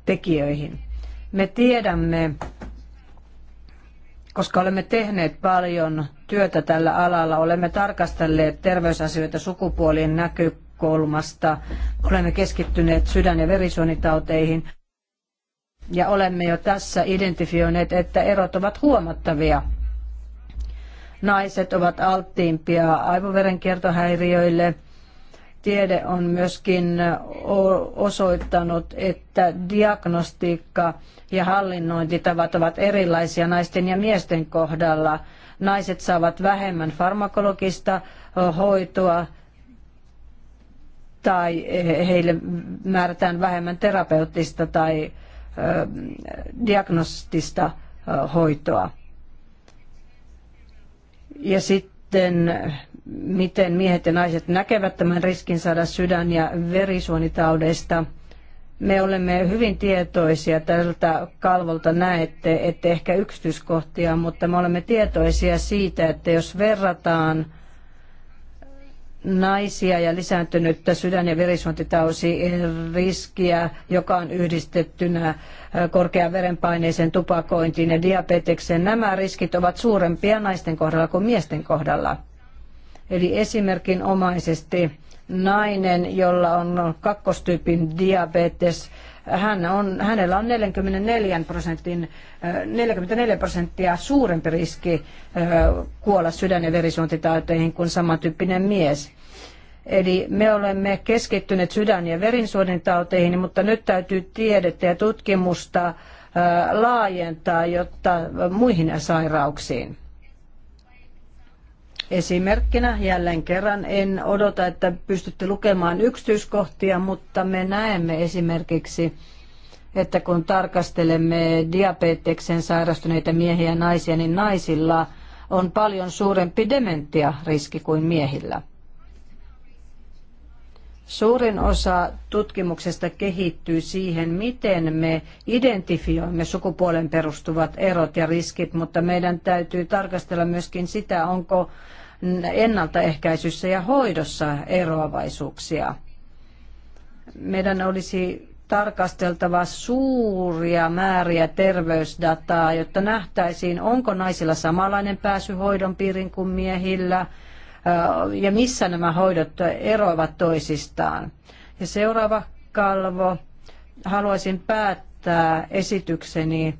tekijöihin. Me tiedämme, koska olemme tehneet paljon työtä tällä alalla, olemme tarkastelleet terveysasioita sukupuolien näkökulmasta, olemme keskittyneet sydän- ja verisuonitauteihin ja olemme jo tässä identifioineet, että erot ovat huomattavia. Naiset ovat alttiimpia aivoverenkiertohäiriöille – tiede on myöskin osoittanut, että diagnostiikka ja hallinnointitavat ovat erilaisia naisten ja miesten kohdalla. Naiset saavat vähemmän farmakologista hoitoa tai heille määrätään vähemmän terapeuttista tai diagnostista hoitoa. Ja sitten miten miehet ja naiset näkevät tämän riskin saada sydän- ja verisuonitaudeista. Me olemme hyvin tietoisia tältä kalvolta näette, ette ehkä yksityiskohtia, mutta me olemme tietoisia siitä, että jos verrataan naisia ja lisääntynyttä sydän- ja riskiä, joka on yhdistettynä äh, korkean verenpaineeseen, tupakointiin ja diabetekseen. Nämä riskit ovat suurempia naisten kohdalla kuin miesten kohdalla. Eli esimerkinomaisesti nainen, jolla on kakkostyypin diabetes, hän on, hänellä on 44 prosentin, 44 prosenttia suurempi riski kuolla sydän- ja verisuonitauteihin kuin samantyyppinen mies. Eli me olemme keskittyneet sydän- ja verisuonitauteihin, mutta nyt täytyy tiedettä ja tutkimusta laajentaa, jotta muihin sairauksiin. Esimerkkinä jälleen kerran en odota, että pystytte lukemaan yksityiskohtia, mutta me näemme esimerkiksi, että kun tarkastelemme diabeteksen sairastuneita miehiä ja naisia, niin naisilla on paljon suurempi dementiariski kuin miehillä. Suurin osa tutkimuksesta kehittyy siihen, miten me identifioimme sukupuolen perustuvat erot ja riskit, mutta meidän täytyy tarkastella myöskin sitä, onko ennaltaehkäisyssä ja hoidossa eroavaisuuksia. Meidän olisi tarkasteltava suuria määriä terveysdataa, jotta nähtäisiin, onko naisilla samanlainen pääsy hoidon piirin kuin miehillä – ja missä nämä hoidot eroavat toisistaan. Ja seuraava kalvo. Haluaisin päättää esitykseni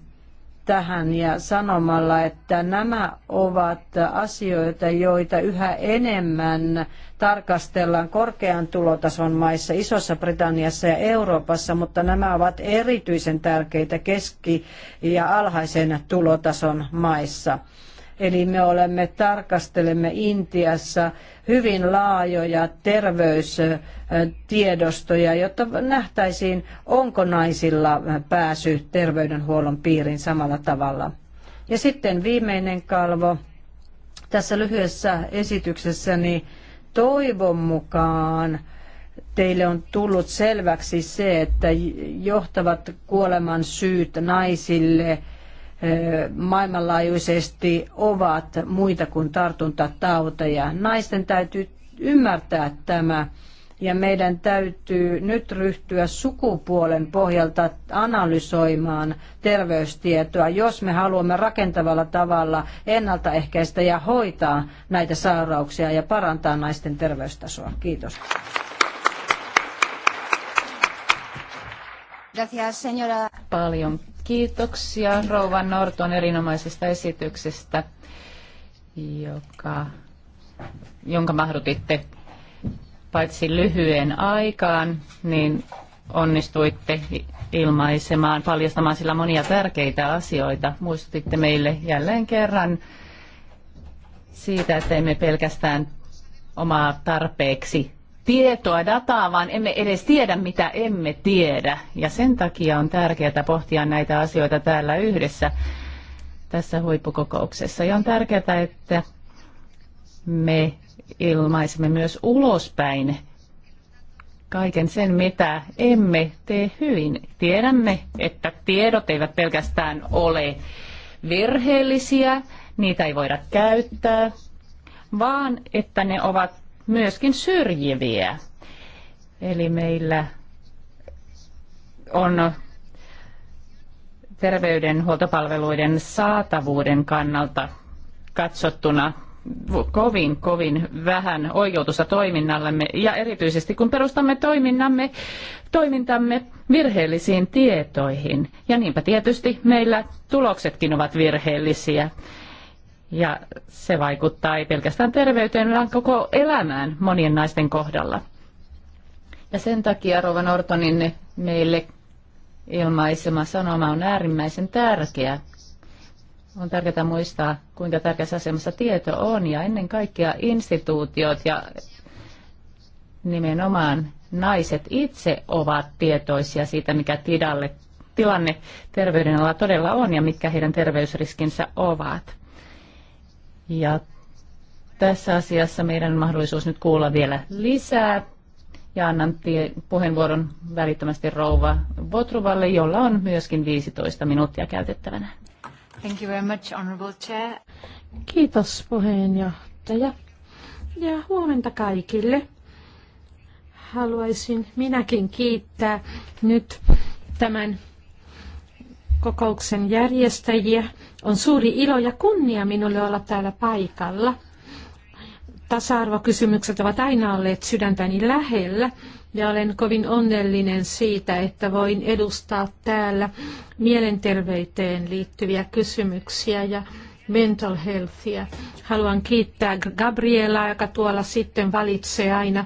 tähän ja sanomalla, että nämä ovat asioita, joita yhä enemmän tarkastellaan korkean tulotason maissa, Isossa Britanniassa ja Euroopassa, mutta nämä ovat erityisen tärkeitä keski- ja alhaisen tulotason maissa. Eli me olemme tarkastelemme Intiassa hyvin laajoja terveystiedostoja, jotta nähtäisiin, onko naisilla pääsy terveydenhuollon piiriin samalla tavalla. Ja sitten viimeinen kalvo. Tässä lyhyessä esityksessäni toivon mukaan teille on tullut selväksi se, että johtavat kuoleman syyt naisille – maailmanlaajuisesti ovat muita kuin tartuntatauteja. Naisten täytyy ymmärtää tämä ja meidän täytyy nyt ryhtyä sukupuolen pohjalta analysoimaan terveystietoa, jos me haluamme rakentavalla tavalla ennaltaehkäistä ja hoitaa näitä sairauksia ja parantaa naisten terveystasoa. Kiitos. Paljon Kiitoksia Rouva Norton erinomaisesta esityksestä, joka, jonka mahdutitte paitsi lyhyen aikaan, niin onnistuitte ilmaisemaan, paljastamaan sillä monia tärkeitä asioita. Muistutitte meille jälleen kerran siitä, että emme pelkästään omaa tarpeeksi tietoa, dataa, vaan emme edes tiedä, mitä emme tiedä. Ja sen takia on tärkeää pohtia näitä asioita täällä yhdessä tässä huippukokouksessa. Ja on tärkeää, että me ilmaisemme myös ulospäin kaiken sen, mitä emme tee hyvin. Tiedämme, että tiedot eivät pelkästään ole virheellisiä, niitä ei voida käyttää, vaan että ne ovat myöskin syrjiviä. Eli meillä on terveydenhuoltopalveluiden saatavuuden kannalta katsottuna kovin, kovin vähän oikeutusta toiminnallemme ja erityisesti kun perustamme toiminnamme, toimintamme virheellisiin tietoihin. Ja niinpä tietysti meillä tuloksetkin ovat virheellisiä. Ja se vaikuttaa ei pelkästään terveyteen, vaan koko elämään monien naisten kohdalla. Ja sen takia Rova Nortonin meille ilmaisema sanoma on äärimmäisen tärkeä. On tärkeää muistaa, kuinka tärkeässä asemassa tieto on ja ennen kaikkea instituutiot ja nimenomaan naiset itse ovat tietoisia siitä, mikä tidalle, tilanne terveydenala todella on ja mitkä heidän terveysriskinsä ovat. Ja tässä asiassa meidän on mahdollisuus nyt kuulla vielä lisää. Ja annan tie- puheenvuoron välittömästi rouva Botruvalle, jolla on myöskin 15 minuuttia käytettävänä. Thank you very much, honorable chair. Kiitos puheenjohtaja ja huomenta kaikille. Haluaisin minäkin kiittää nyt tämän kokouksen järjestäjiä on suuri ilo ja kunnia minulle olla täällä paikalla. Tasa-arvokysymykset ovat aina olleet sydäntäni lähellä ja olen kovin onnellinen siitä, että voin edustaa täällä mielenterveyteen liittyviä kysymyksiä ja mental healthia. Haluan kiittää Gabriela, joka tuolla sitten valitsee aina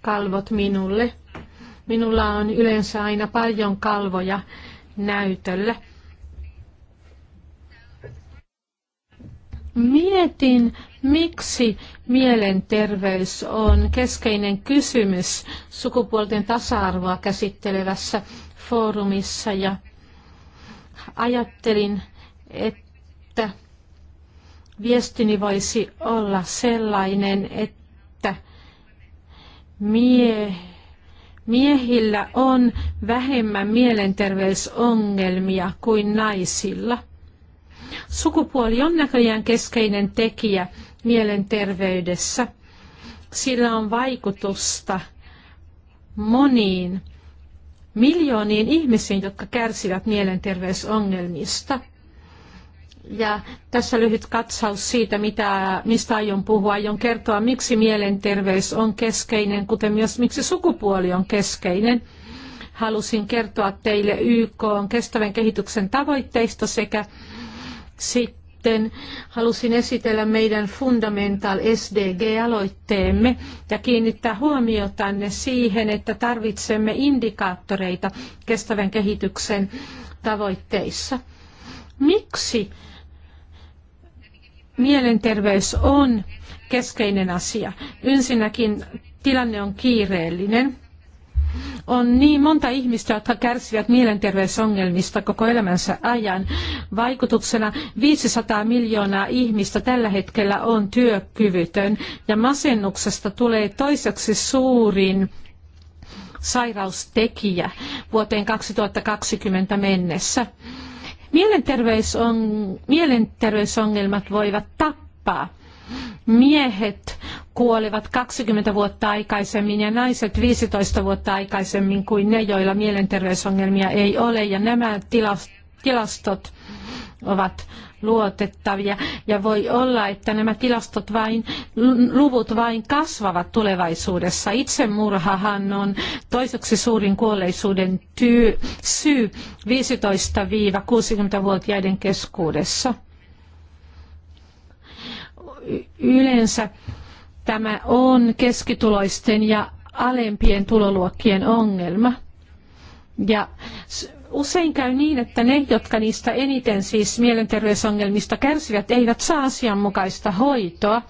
kalvot minulle. Minulla on yleensä aina paljon kalvoja näytöllä. Mietin, miksi mielenterveys on keskeinen kysymys sukupuolten tasa-arvoa käsittelevässä foorumissa ja ajattelin, että viestini voisi olla sellainen, että mie, miehillä on vähemmän mielenterveysongelmia kuin naisilla – Sukupuoli on näköjään keskeinen tekijä mielenterveydessä. Sillä on vaikutusta moniin miljooniin ihmisiin, jotka kärsivät mielenterveysongelmista. Ja tässä lyhyt katsaus siitä, mitä, mistä aion puhua. Aion kertoa, miksi mielenterveys on keskeinen, kuten myös miksi sukupuoli on keskeinen. Halusin kertoa teille YK on kestävän kehityksen tavoitteista sekä sitten halusin esitellä meidän Fundamental SDG-aloitteemme ja kiinnittää huomiotanne siihen, että tarvitsemme indikaattoreita kestävän kehityksen tavoitteissa. Miksi mielenterveys on keskeinen asia? Ensinnäkin tilanne on kiireellinen. On niin monta ihmistä, jotka kärsivät mielenterveysongelmista koko elämänsä ajan. Vaikutuksena 500 miljoonaa ihmistä tällä hetkellä on työkyvytön ja masennuksesta tulee toiseksi suurin sairaustekijä vuoteen 2020 mennessä. Mielenterveysongelmat voivat tappaa miehet kuolivat 20 vuotta aikaisemmin ja naiset 15 vuotta aikaisemmin kuin ne, joilla mielenterveysongelmia ei ole. Ja nämä tilastot ovat luotettavia ja voi olla, että nämä tilastot vain, luvut vain kasvavat tulevaisuudessa. Itsemurhahan on toiseksi suurin kuolleisuuden tyy, syy 15-60-vuotiaiden keskuudessa. Yleensä Tämä on keskituloisten ja alempien tuloluokkien ongelma. Ja usein käy niin, että ne, jotka niistä eniten siis mielenterveysongelmista kärsivät, eivät saa asianmukaista hoitoa.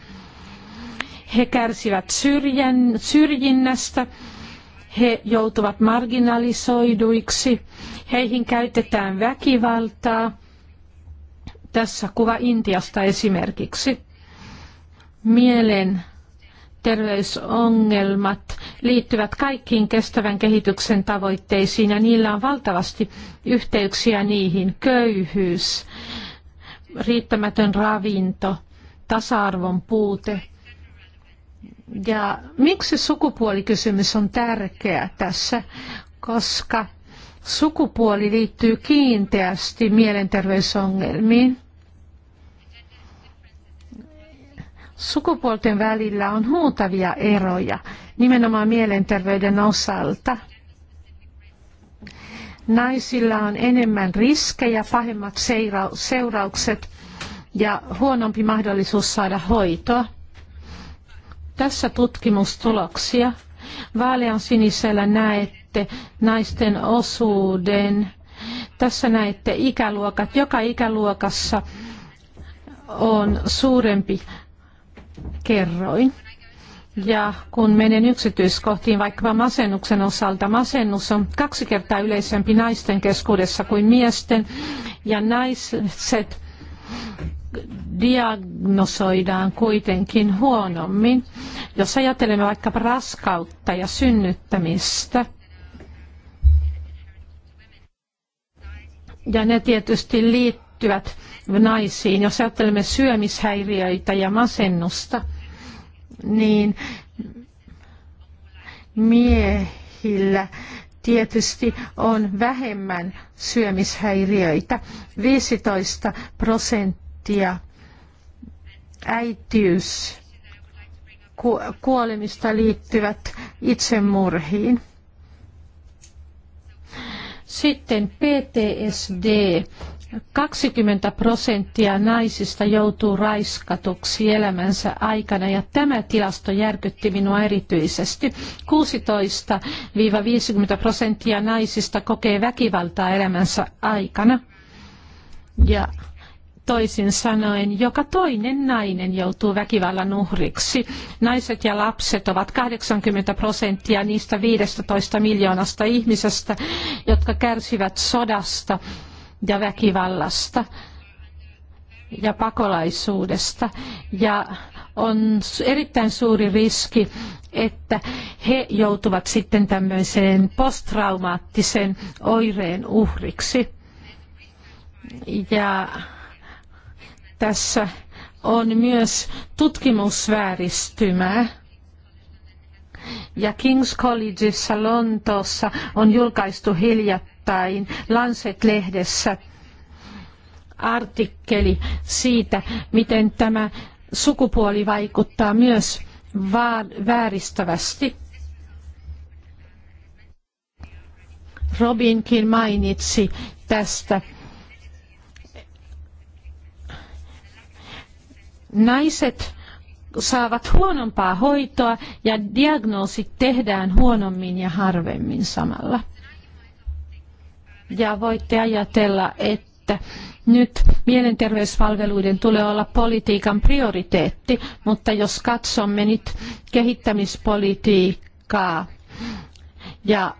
He kärsivät syrjän, syrjinnästä, he joutuvat marginalisoiduiksi, heihin käytetään väkivaltaa. Tässä kuva Intiasta esimerkiksi. Mielen terveysongelmat liittyvät kaikkiin kestävän kehityksen tavoitteisiin ja niillä on valtavasti yhteyksiä niihin. Köyhyys, riittämätön ravinto, tasa-arvon puute. Ja miksi sukupuolikysymys on tärkeä tässä? Koska sukupuoli liittyy kiinteästi mielenterveysongelmiin. Sukupuolten välillä on huutavia eroja, nimenomaan mielenterveyden osalta. Naisilla on enemmän riskejä, pahemmat seuraukset ja huonompi mahdollisuus saada hoitoa. Tässä tutkimustuloksia. Vaalean sinisellä näette naisten osuuden. Tässä näette ikäluokat. Joka ikäluokassa on suurempi kerroin. Ja kun menen yksityiskohtiin vaikkapa masennuksen osalta, masennus on kaksi kertaa yleisempi naisten keskuudessa kuin miesten. Ja naiset diagnosoidaan kuitenkin huonommin. Jos ajattelemme vaikkapa raskautta ja synnyttämistä, ja ne tietysti liittyvät naisiin. Jos ajattelemme syömishäiriöitä ja masennusta, niin miehillä tietysti on vähemmän syömishäiriöitä. 15 prosenttia äitiys kuolemista liittyvät itsemurhiin. Sitten PTSD 20 prosenttia naisista joutuu raiskatuksi elämänsä aikana ja tämä tilasto järkytti minua erityisesti. 16-50 prosenttia naisista kokee väkivaltaa elämänsä aikana. Ja toisin sanoen joka toinen nainen joutuu väkivallan uhriksi. Naiset ja lapset ovat 80 prosenttia niistä 15 miljoonasta ihmisestä, jotka kärsivät sodasta ja väkivallasta ja pakolaisuudesta. Ja on erittäin suuri riski, että he joutuvat sitten tämmöiseen posttraumaattisen oireen uhriksi. Ja tässä on myös tutkimusvääristymää. Ja King's Collegeissa Lontoossa on julkaistu hiljattain hiljattain Lancet-lehdessä artikkeli siitä, miten tämä sukupuoli vaikuttaa myös vääristävästi. Robinkin mainitsi tästä. Naiset saavat huonompaa hoitoa ja diagnoosit tehdään huonommin ja harvemmin samalla. Ja voitte ajatella, että nyt mielenterveyspalveluiden tulee olla politiikan prioriteetti, mutta jos katsomme nyt kehittämispolitiikkaa ja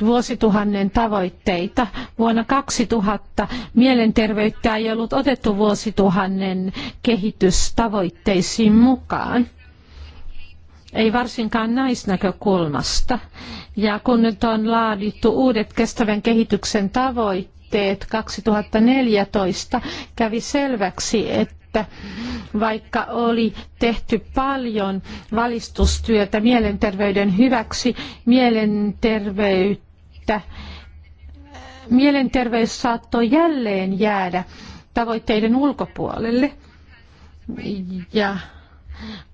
vuosituhannen tavoitteita. Vuonna 2000 mielenterveyttä ei ollut otettu vuosituhannen kehitystavoitteisiin mukaan ei varsinkaan naisnäkökulmasta. Ja kun nyt on laadittu uudet kestävän kehityksen tavoitteet 2014, kävi selväksi, että vaikka oli tehty paljon valistustyötä mielenterveyden hyväksi, mielenterveyttä, mielenterveys saattoi jälleen jäädä tavoitteiden ulkopuolelle. Ja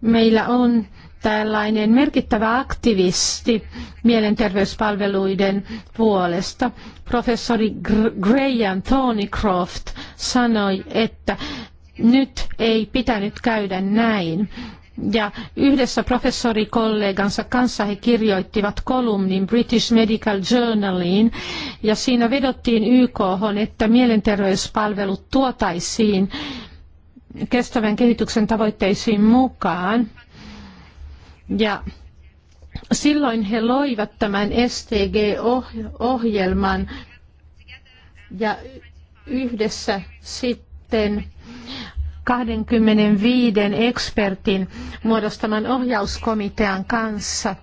meillä on tällainen merkittävä aktivisti mielenterveyspalveluiden puolesta. Professori Graham Thornycroft sanoi, että nyt ei pitänyt käydä näin. Ja yhdessä professorikollegansa kanssa he kirjoittivat kolumnin British Medical Journaliin ja siinä vedottiin YK, että mielenterveyspalvelut tuotaisiin kestävän kehityksen tavoitteisiin mukaan. Ja silloin he loivat tämän STG-ohjelman ja yhdessä sitten 25 ekspertin muodostaman ohjauskomitean kanssa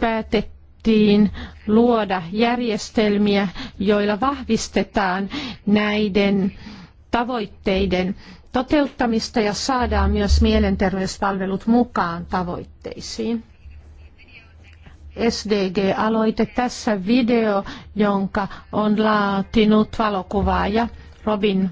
päätettiin luoda järjestelmiä, joilla vahvistetaan näiden tavoitteiden toteuttamista ja saadaan myös mielenterveyspalvelut mukaan tavoitteisiin. SDG-aloite tässä video, jonka on laatinut valokuvaaja Robin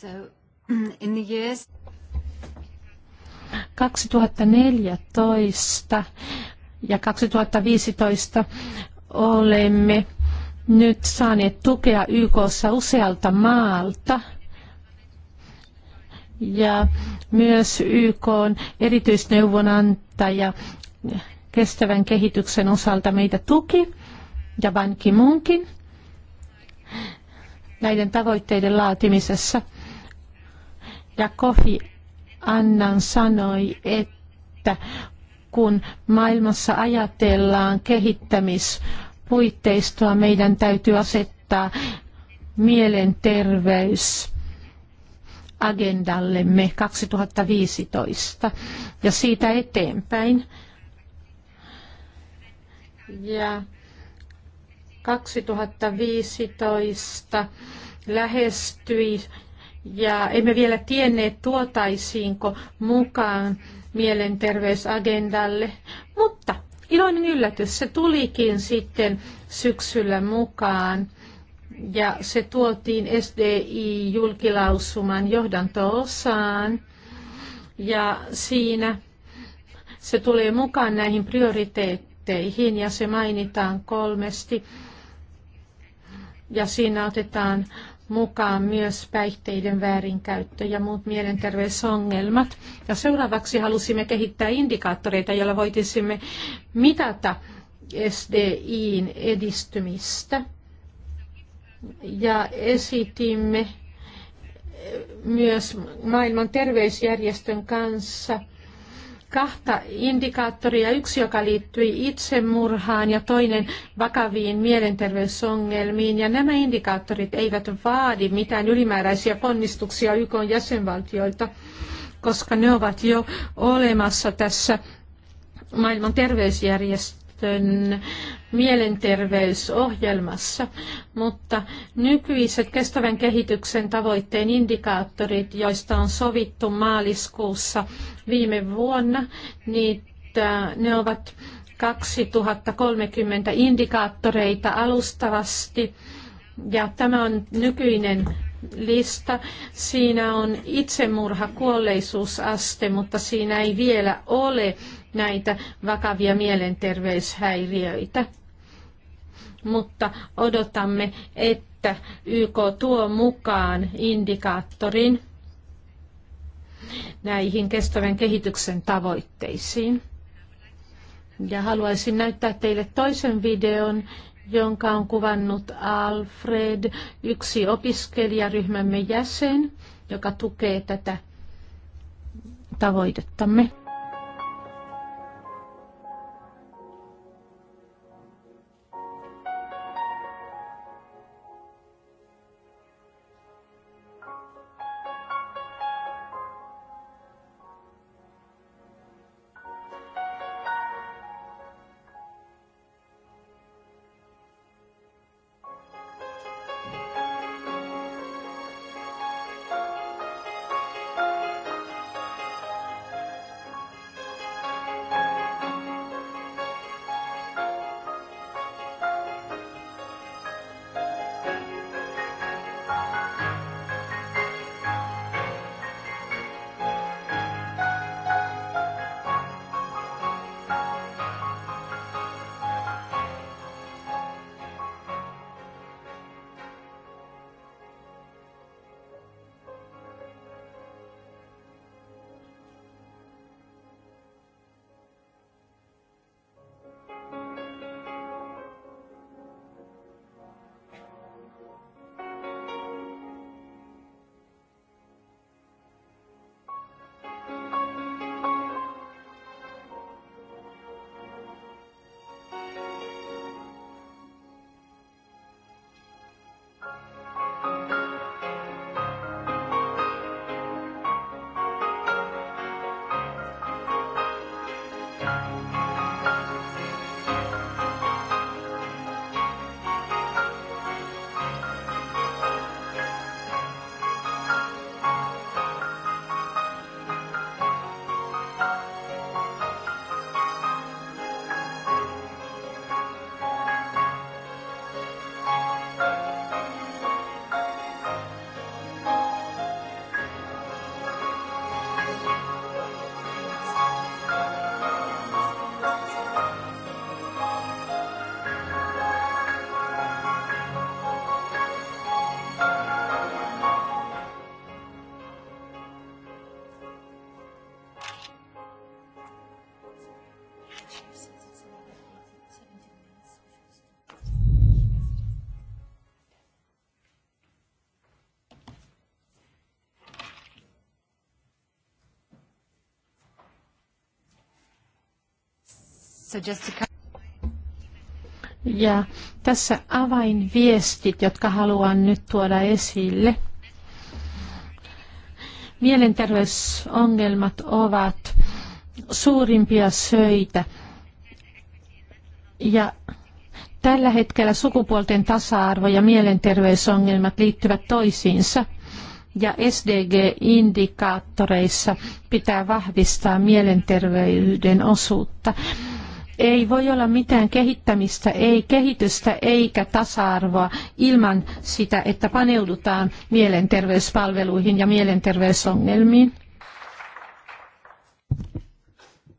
2014 ja 2015 olemme nyt saaneet tukea YKssa usealta maalta ja myös YK on erityisneuvonantaja kestävän kehityksen osalta meitä tuki ja Ban Ki-moonkin näiden tavoitteiden laatimisessa. Ja Kofi Annan sanoi, että kun maailmassa ajatellaan kehittämispuitteistoa, meidän täytyy asettaa mielenterveys agendallemme 2015 ja siitä eteenpäin. Ja 2015 lähestyi ja emme vielä tienneet tuotaisiinko mukaan mielenterveysagendalle, mutta iloinen yllätys, se tulikin sitten syksyllä mukaan ja se tuotiin SDI-julkilausuman johdanto-osaan ja siinä se tulee mukaan näihin prioriteetteihin ja se mainitaan kolmesti ja siinä otetaan mukaan myös päihteiden väärinkäyttö ja muut mielenterveysongelmat. Ja seuraavaksi halusimme kehittää indikaattoreita, joilla voitisimme mitata SDIin edistymistä. Ja esitimme myös maailman terveysjärjestön kanssa – kahta indikaattoria, yksi joka liittyi itsemurhaan ja toinen vakaviin mielenterveysongelmiin. Ja nämä indikaattorit eivät vaadi mitään ylimääräisiä ponnistuksia YK jäsenvaltioilta, koska ne ovat jo olemassa tässä maailman terveysjärjestön mielenterveysohjelmassa, mutta nykyiset kestävän kehityksen tavoitteen indikaattorit, joista on sovittu maaliskuussa viime vuonna. Niitä, ne ovat 2030 indikaattoreita alustavasti. Ja tämä on nykyinen lista. Siinä on itsemurhakuolleisuusaste, mutta siinä ei vielä ole näitä vakavia mielenterveyshäiriöitä. Mutta odotamme, että YK tuo mukaan indikaattorin näihin kestävän kehityksen tavoitteisiin. Ja haluaisin näyttää teille toisen videon, jonka on kuvannut Alfred, yksi opiskelijaryhmämme jäsen, joka tukee tätä tavoitettamme. Ja tässä avainviestit, jotka haluan nyt tuoda esille. Mielenterveysongelmat ovat suurimpia söitä. Ja tällä hetkellä sukupuolten tasa-arvo ja mielenterveysongelmat liittyvät toisiinsa. Ja SDG-indikaattoreissa pitää vahvistaa mielenterveyden osuutta. Ei voi olla mitään kehittämistä, ei kehitystä eikä tasa-arvoa ilman sitä, että paneudutaan mielenterveyspalveluihin ja mielenterveysongelmiin.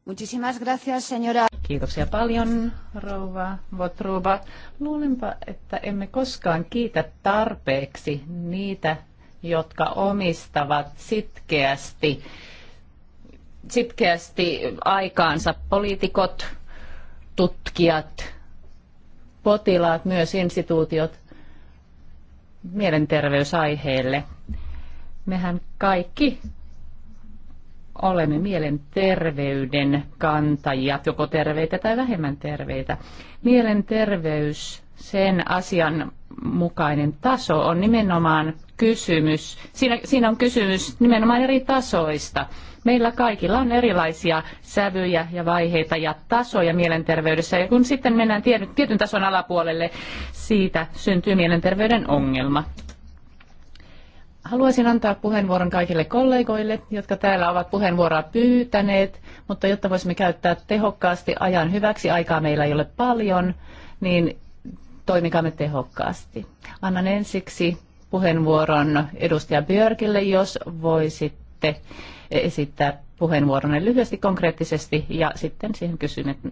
Muchísimas gracias, señora. Kiitoksia paljon, rouva Votruva. Luulenpa, että emme koskaan kiitä tarpeeksi niitä, jotka omistavat sitkeästi sitkeästi aikaansa poliitikot, tutkijat, potilaat, myös instituutiot mielenterveysaiheelle. Mehän kaikki olemme mielenterveyden kantajia, joko terveitä tai vähemmän terveitä. Mielenterveys, sen asian mukainen taso on nimenomaan kysymys, siinä, siinä on kysymys nimenomaan eri tasoista – Meillä kaikilla on erilaisia sävyjä ja vaiheita ja tasoja mielenterveydessä. Ja kun sitten mennään tietyn tason alapuolelle, siitä syntyy mielenterveyden ongelma. Haluaisin antaa puheenvuoron kaikille kollegoille, jotka täällä ovat puheenvuoroa pyytäneet, mutta jotta voisimme käyttää tehokkaasti ajan hyväksi, aikaa meillä ei ole paljon, niin toimikaamme tehokkaasti. Annan ensiksi puheenvuoron edustaja Björkille, jos voisitte esittää puheenvuoronne lyhyesti, konkreettisesti ja sitten siihen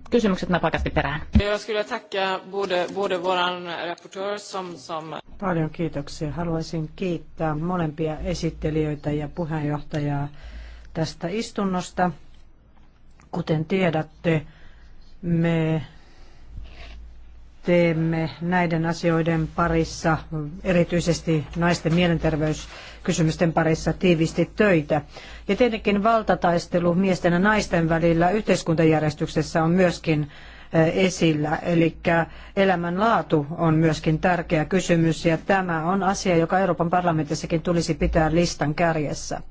kysymykset napakasti perään. Paljon kiitoksia. Haluaisin kiittää molempia esittelijöitä ja puheenjohtajaa tästä istunnosta. Kuten tiedätte, me teemme näiden asioiden parissa, erityisesti naisten mielenterveys- kysymysten parissa tiivisti töitä. Ja tietenkin valtataistelu miesten ja naisten välillä yhteiskuntajärjestyksessä on myöskin eh, esillä. Eli elämänlaatu on myöskin tärkeä kysymys ja tämä on asia, joka Euroopan parlamentissakin tulisi pitää listan kärjessä.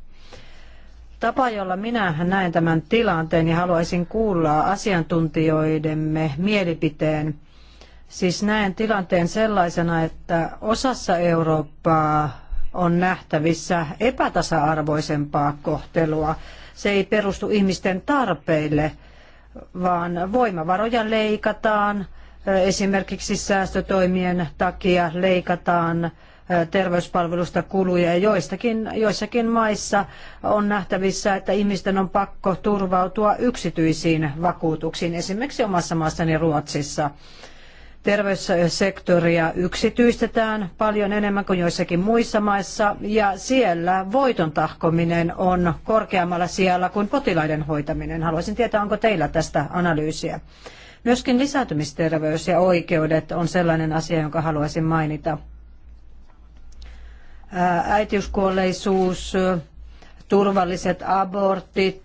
Tapa, jolla minä näen tämän tilanteen ja haluaisin kuulla asiantuntijoidemme mielipiteen, siis näen tilanteen sellaisena, että osassa Eurooppaa on nähtävissä epätasa-arvoisempaa kohtelua. Se ei perustu ihmisten tarpeille, vaan voimavaroja leikataan, esimerkiksi säästötoimien takia leikataan terveyspalvelusta kuluja. Joistakin, joissakin maissa on nähtävissä, että ihmisten on pakko turvautua yksityisiin vakuutuksiin, esimerkiksi omassa maassani Ruotsissa terveyssektoria yksityistetään paljon enemmän kuin joissakin muissa maissa ja siellä voiton tahkominen on korkeammalla sijalla kuin potilaiden hoitaminen. Haluaisin tietää, onko teillä tästä analyysiä. Myöskin lisääntymisterveys ja oikeudet on sellainen asia, jonka haluaisin mainita. Äitiyskuolleisuus, turvalliset abortit,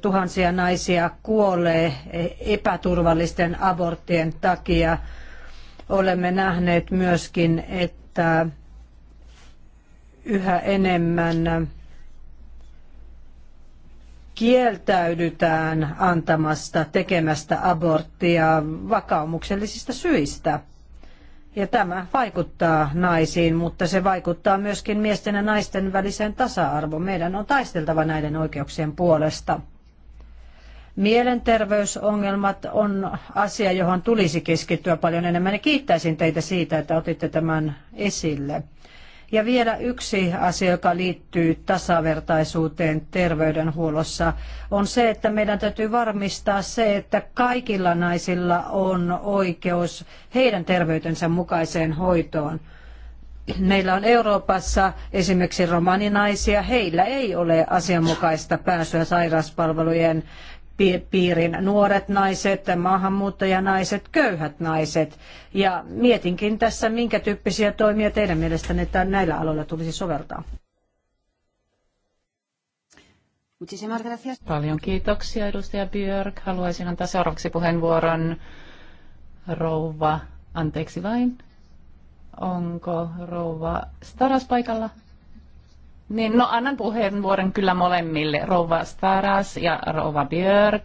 tuhansia naisia kuolee epäturvallisten aborttien takia Olemme nähneet myöskin, että yhä enemmän kieltäydytään antamasta tekemästä aborttia vakaumuksellisista syistä. Ja tämä vaikuttaa naisiin, mutta se vaikuttaa myöskin miesten ja naisten väliseen tasa-arvoon. Meidän on taisteltava näiden oikeuksien puolesta. Mielenterveysongelmat on asia, johon tulisi keskittyä paljon enemmän. Ja kiittäisin teitä siitä, että otitte tämän esille. Ja vielä yksi asia, joka liittyy tasavertaisuuteen terveydenhuollossa, on se, että meidän täytyy varmistaa se, että kaikilla naisilla on oikeus heidän terveytensä mukaiseen hoitoon. Meillä on Euroopassa esimerkiksi romaninaisia, heillä ei ole asianmukaista pääsyä sairauspalvelujen piirin nuoret naiset, maahanmuuttajanaiset, köyhät naiset. Ja mietinkin tässä, minkä tyyppisiä toimia teidän mielestänne että näillä aloilla tulisi soveltaa. Paljon kiitoksia edustaja Björk. Haluaisin antaa seuraavaksi puheenvuoron rouva, anteeksi vain, onko rouva Staras paikalla? Niin, no annan puheenvuoron kyllä molemmille. Rova Staras ja Rova Björk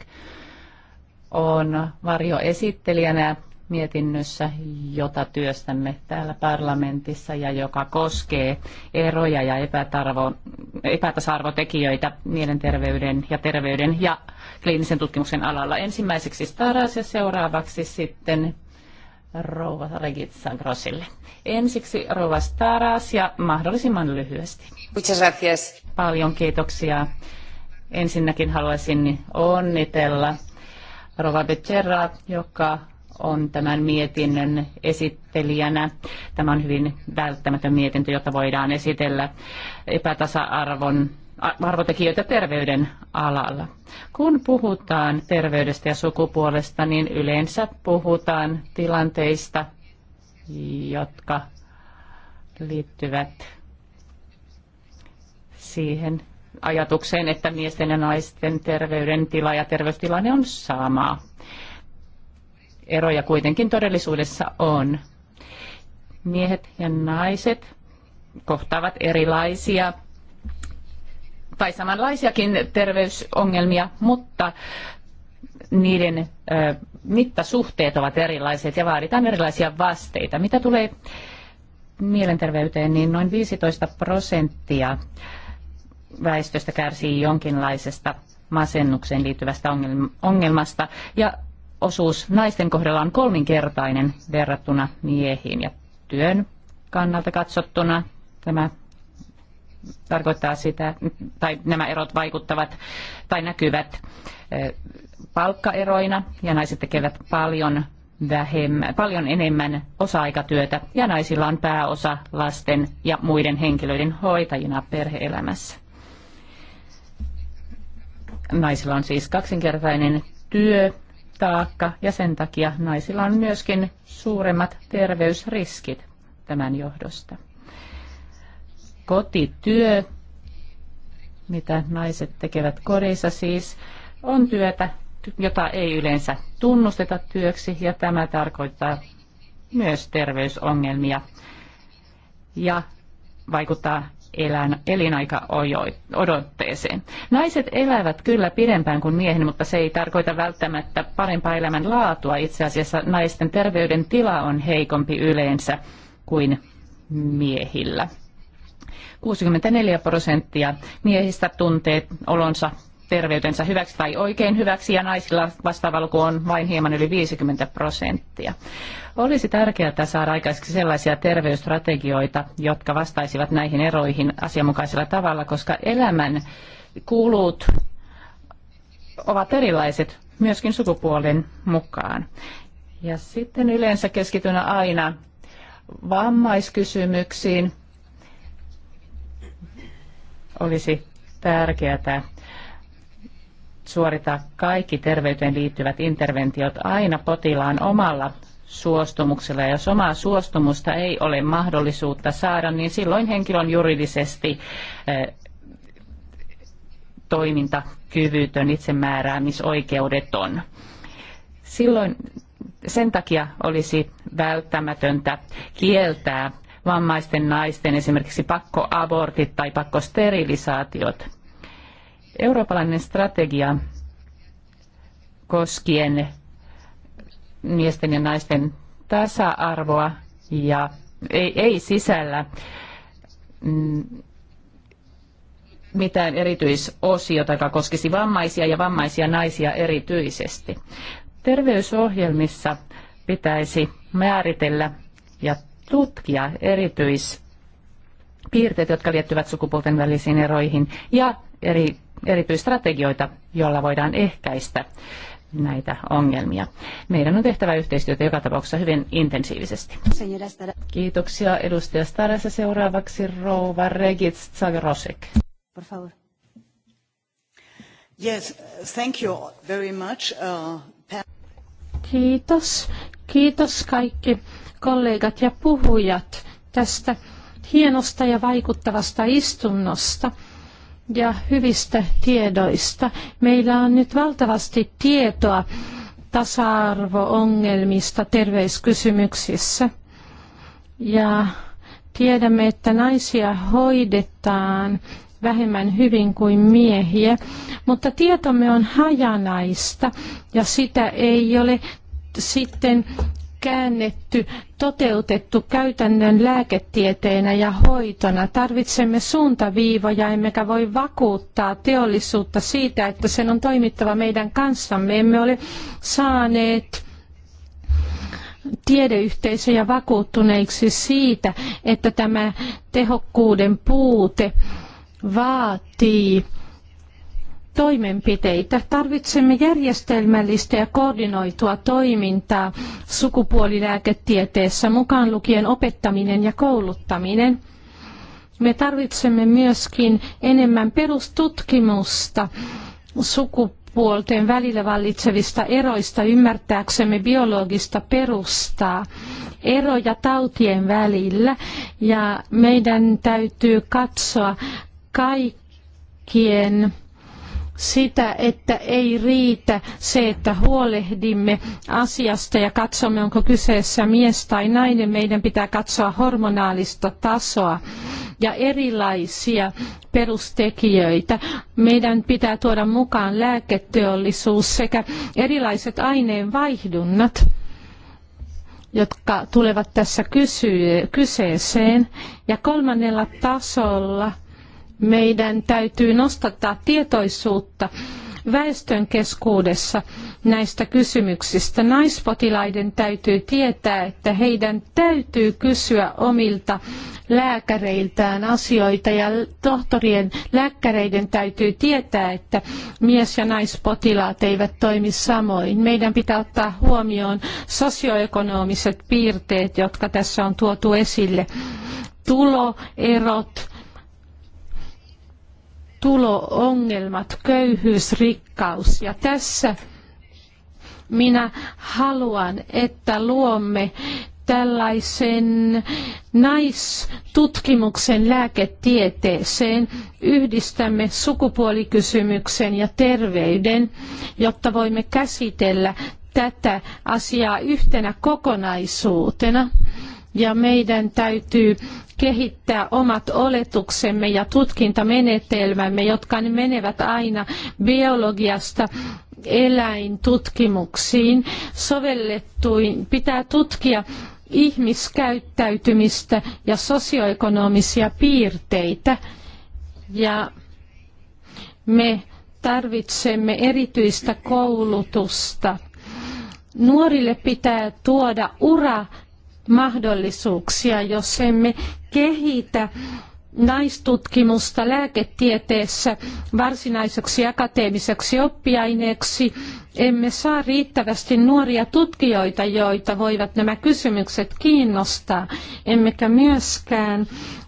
on varjoesittelijänä mietinnössä, jota työstämme täällä parlamentissa ja joka koskee eroja ja epätasa-arvotekijöitä mielenterveyden ja terveyden ja kliinisen tutkimuksen alalla. Ensimmäiseksi Staras ja seuraavaksi sitten rouva Regitsa Grossille. Ensiksi rouva Staras ja mahdollisimman lyhyesti. Muchas gracias. Paljon kiitoksia. Ensinnäkin haluaisin onnitella Rova Becerra, joka on tämän mietinnön esittelijänä. Tämä on hyvin välttämätön mietintö, jota voidaan esitellä epätasa-arvon arvotekijöitä terveyden alalla. Kun puhutaan terveydestä ja sukupuolesta, niin yleensä puhutaan tilanteista, jotka liittyvät siihen ajatukseen, että miesten ja naisten terveydentila ja terveystilanne on sama. Eroja kuitenkin todellisuudessa on. Miehet ja naiset kohtaavat erilaisia tai samanlaisiakin terveysongelmia, mutta niiden mittasuhteet ovat erilaiset ja vaaditaan erilaisia vasteita. Mitä tulee mielenterveyteen, niin noin 15 prosenttia väestöstä kärsii jonkinlaisesta masennukseen liittyvästä ongelmasta ja osuus naisten kohdalla on kolminkertainen verrattuna miehiin ja työn kannalta katsottuna tämä tarkoittaa sitä, tai nämä erot vaikuttavat tai näkyvät palkkaeroina ja naiset tekevät paljon vähemmän, paljon enemmän osa-aikatyötä ja naisilla on pääosa lasten ja muiden henkilöiden hoitajina perheelämässä. Naisilla on siis kaksinkertainen työtaakka ja sen takia naisilla on myöskin suuremmat terveysriskit tämän johdosta. Kotityö, mitä naiset tekevät kodissa siis, on työtä, jota ei yleensä tunnusteta työksi ja tämä tarkoittaa myös terveysongelmia ja vaikuttaa elinaika odotteeseen. Naiset elävät kyllä pidempään kuin miehen, mutta se ei tarkoita välttämättä parempaa elämän laatua. Itse asiassa naisten terveyden tila on heikompi yleensä kuin miehillä. 64 prosenttia miehistä tuntee olonsa terveytensä hyväksi tai oikein hyväksi ja naisilla vastaava luku on vain hieman yli 50 prosenttia. Olisi tärkeää saada aikaiseksi sellaisia terveysstrategioita, jotka vastaisivat näihin eroihin asianmukaisella tavalla, koska elämän kulut ovat erilaiset myöskin sukupuolen mukaan. Ja sitten yleensä keskityn aina vammaiskysymyksiin. Olisi tärkeää suorittaa kaikki terveyteen liittyvät interventiot aina potilaan omalla suostumuksella. Ja jos omaa suostumusta ei ole mahdollisuutta saada, niin silloin henkilön juridisesti eh, toimintakyvytön, itsemääräämisoikeudeton. Silloin sen takia olisi välttämätöntä kieltää vammaisten naisten esimerkiksi pakkoabortit tai pakkosterilisaatiot Eurooppalainen strategia koskien miesten ja naisten tasa-arvoa ja ei, ei sisällä mm, mitään erityisosiota, joka koskisi vammaisia ja vammaisia naisia erityisesti. Terveysohjelmissa pitäisi määritellä ja tutkia erityispiirteet, jotka liittyvät sukupuolten välisiin eroihin ja eri erityistrategioita, joilla voidaan ehkäistä näitä ongelmia. Meidän on tehtävä yhteistyötä joka tapauksessa hyvin intensiivisesti. Kiitoksia edustaja Starassa. Seuraavaksi rouva Regis Zagrosek. Por favor. Yes, thank you very much. Uh, Kiitos. Kiitos kaikki kollegat ja puhujat tästä hienosta ja vaikuttavasta istunnosta ja hyvistä tiedoista. Meillä on nyt valtavasti tietoa tasa-arvo-ongelmista terveyskysymyksissä. Ja tiedämme, että naisia hoidetaan vähemmän hyvin kuin miehiä, mutta tietomme on hajanaista ja sitä ei ole sitten käännetty, toteutettu käytännön lääketieteenä ja hoitona. Tarvitsemme suuntaviivoja, emmekä voi vakuuttaa teollisuutta siitä, että sen on toimittava meidän kanssamme. Emme ole saaneet tiedeyhteisöjä vakuuttuneiksi siitä, että tämä tehokkuuden puute vaatii toimenpiteitä. Tarvitsemme järjestelmällistä ja koordinoitua toimintaa sukupuolilääketieteessä, mukaan lukien opettaminen ja kouluttaminen. Me tarvitsemme myöskin enemmän perustutkimusta sukupuolten välillä vallitsevista eroista ymmärtääksemme biologista perustaa, eroja tautien välillä ja meidän täytyy katsoa kaikkien sitä, että ei riitä se, että huolehdimme asiasta ja katsomme, onko kyseessä mies tai nainen. Meidän pitää katsoa hormonaalista tasoa ja erilaisia perustekijöitä. Meidän pitää tuoda mukaan lääketeollisuus sekä erilaiset aineenvaihdunnat jotka tulevat tässä kyseeseen. Ja kolmannella tasolla meidän täytyy nostattaa tietoisuutta väestön keskuudessa näistä kysymyksistä. Naispotilaiden täytyy tietää, että heidän täytyy kysyä omilta lääkäreiltään asioita ja tohtorien lääkäreiden täytyy tietää, että mies- ja naispotilaat eivät toimi samoin. Meidän pitää ottaa huomioon sosioekonomiset piirteet, jotka tässä on tuotu esille. Tuloerot, tuloongelmat, köyhyys, rikkaus. Ja tässä minä haluan, että luomme tällaisen naistutkimuksen lääketieteeseen. Yhdistämme sukupuolikysymyksen ja terveyden, jotta voimme käsitellä tätä asiaa yhtenä kokonaisuutena ja meidän täytyy kehittää omat oletuksemme ja tutkintamenetelmämme, jotka menevät aina biologiasta eläintutkimuksiin sovellettuin. Pitää tutkia ihmiskäyttäytymistä ja sosioekonomisia piirteitä. Ja me tarvitsemme erityistä koulutusta. Nuorille pitää tuoda ura mahdollisuuksia, jos emme kehitä naistutkimusta lääketieteessä varsinaiseksi akateemiseksi oppiaineeksi. Emme saa riittävästi nuoria tutkijoita, joita voivat nämä kysymykset kiinnostaa, emmekä myöskään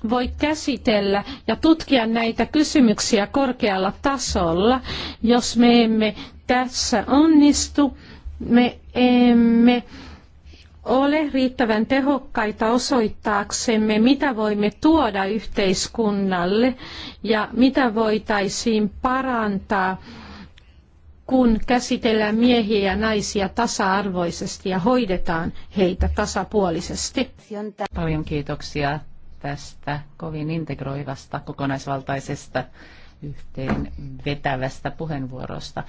voi käsitellä ja tutkia näitä kysymyksiä korkealla tasolla, jos me emme tässä onnistu, me emme ole riittävän tehokkaita osoittaaksemme, mitä voimme tuoda yhteiskunnalle ja mitä voitaisiin parantaa, kun käsitellään miehiä ja naisia tasa-arvoisesti ja hoidetaan heitä tasapuolisesti. Paljon kiitoksia tästä kovin integroivasta, kokonaisvaltaisesta yhteen vetävästä puheenvuorosta.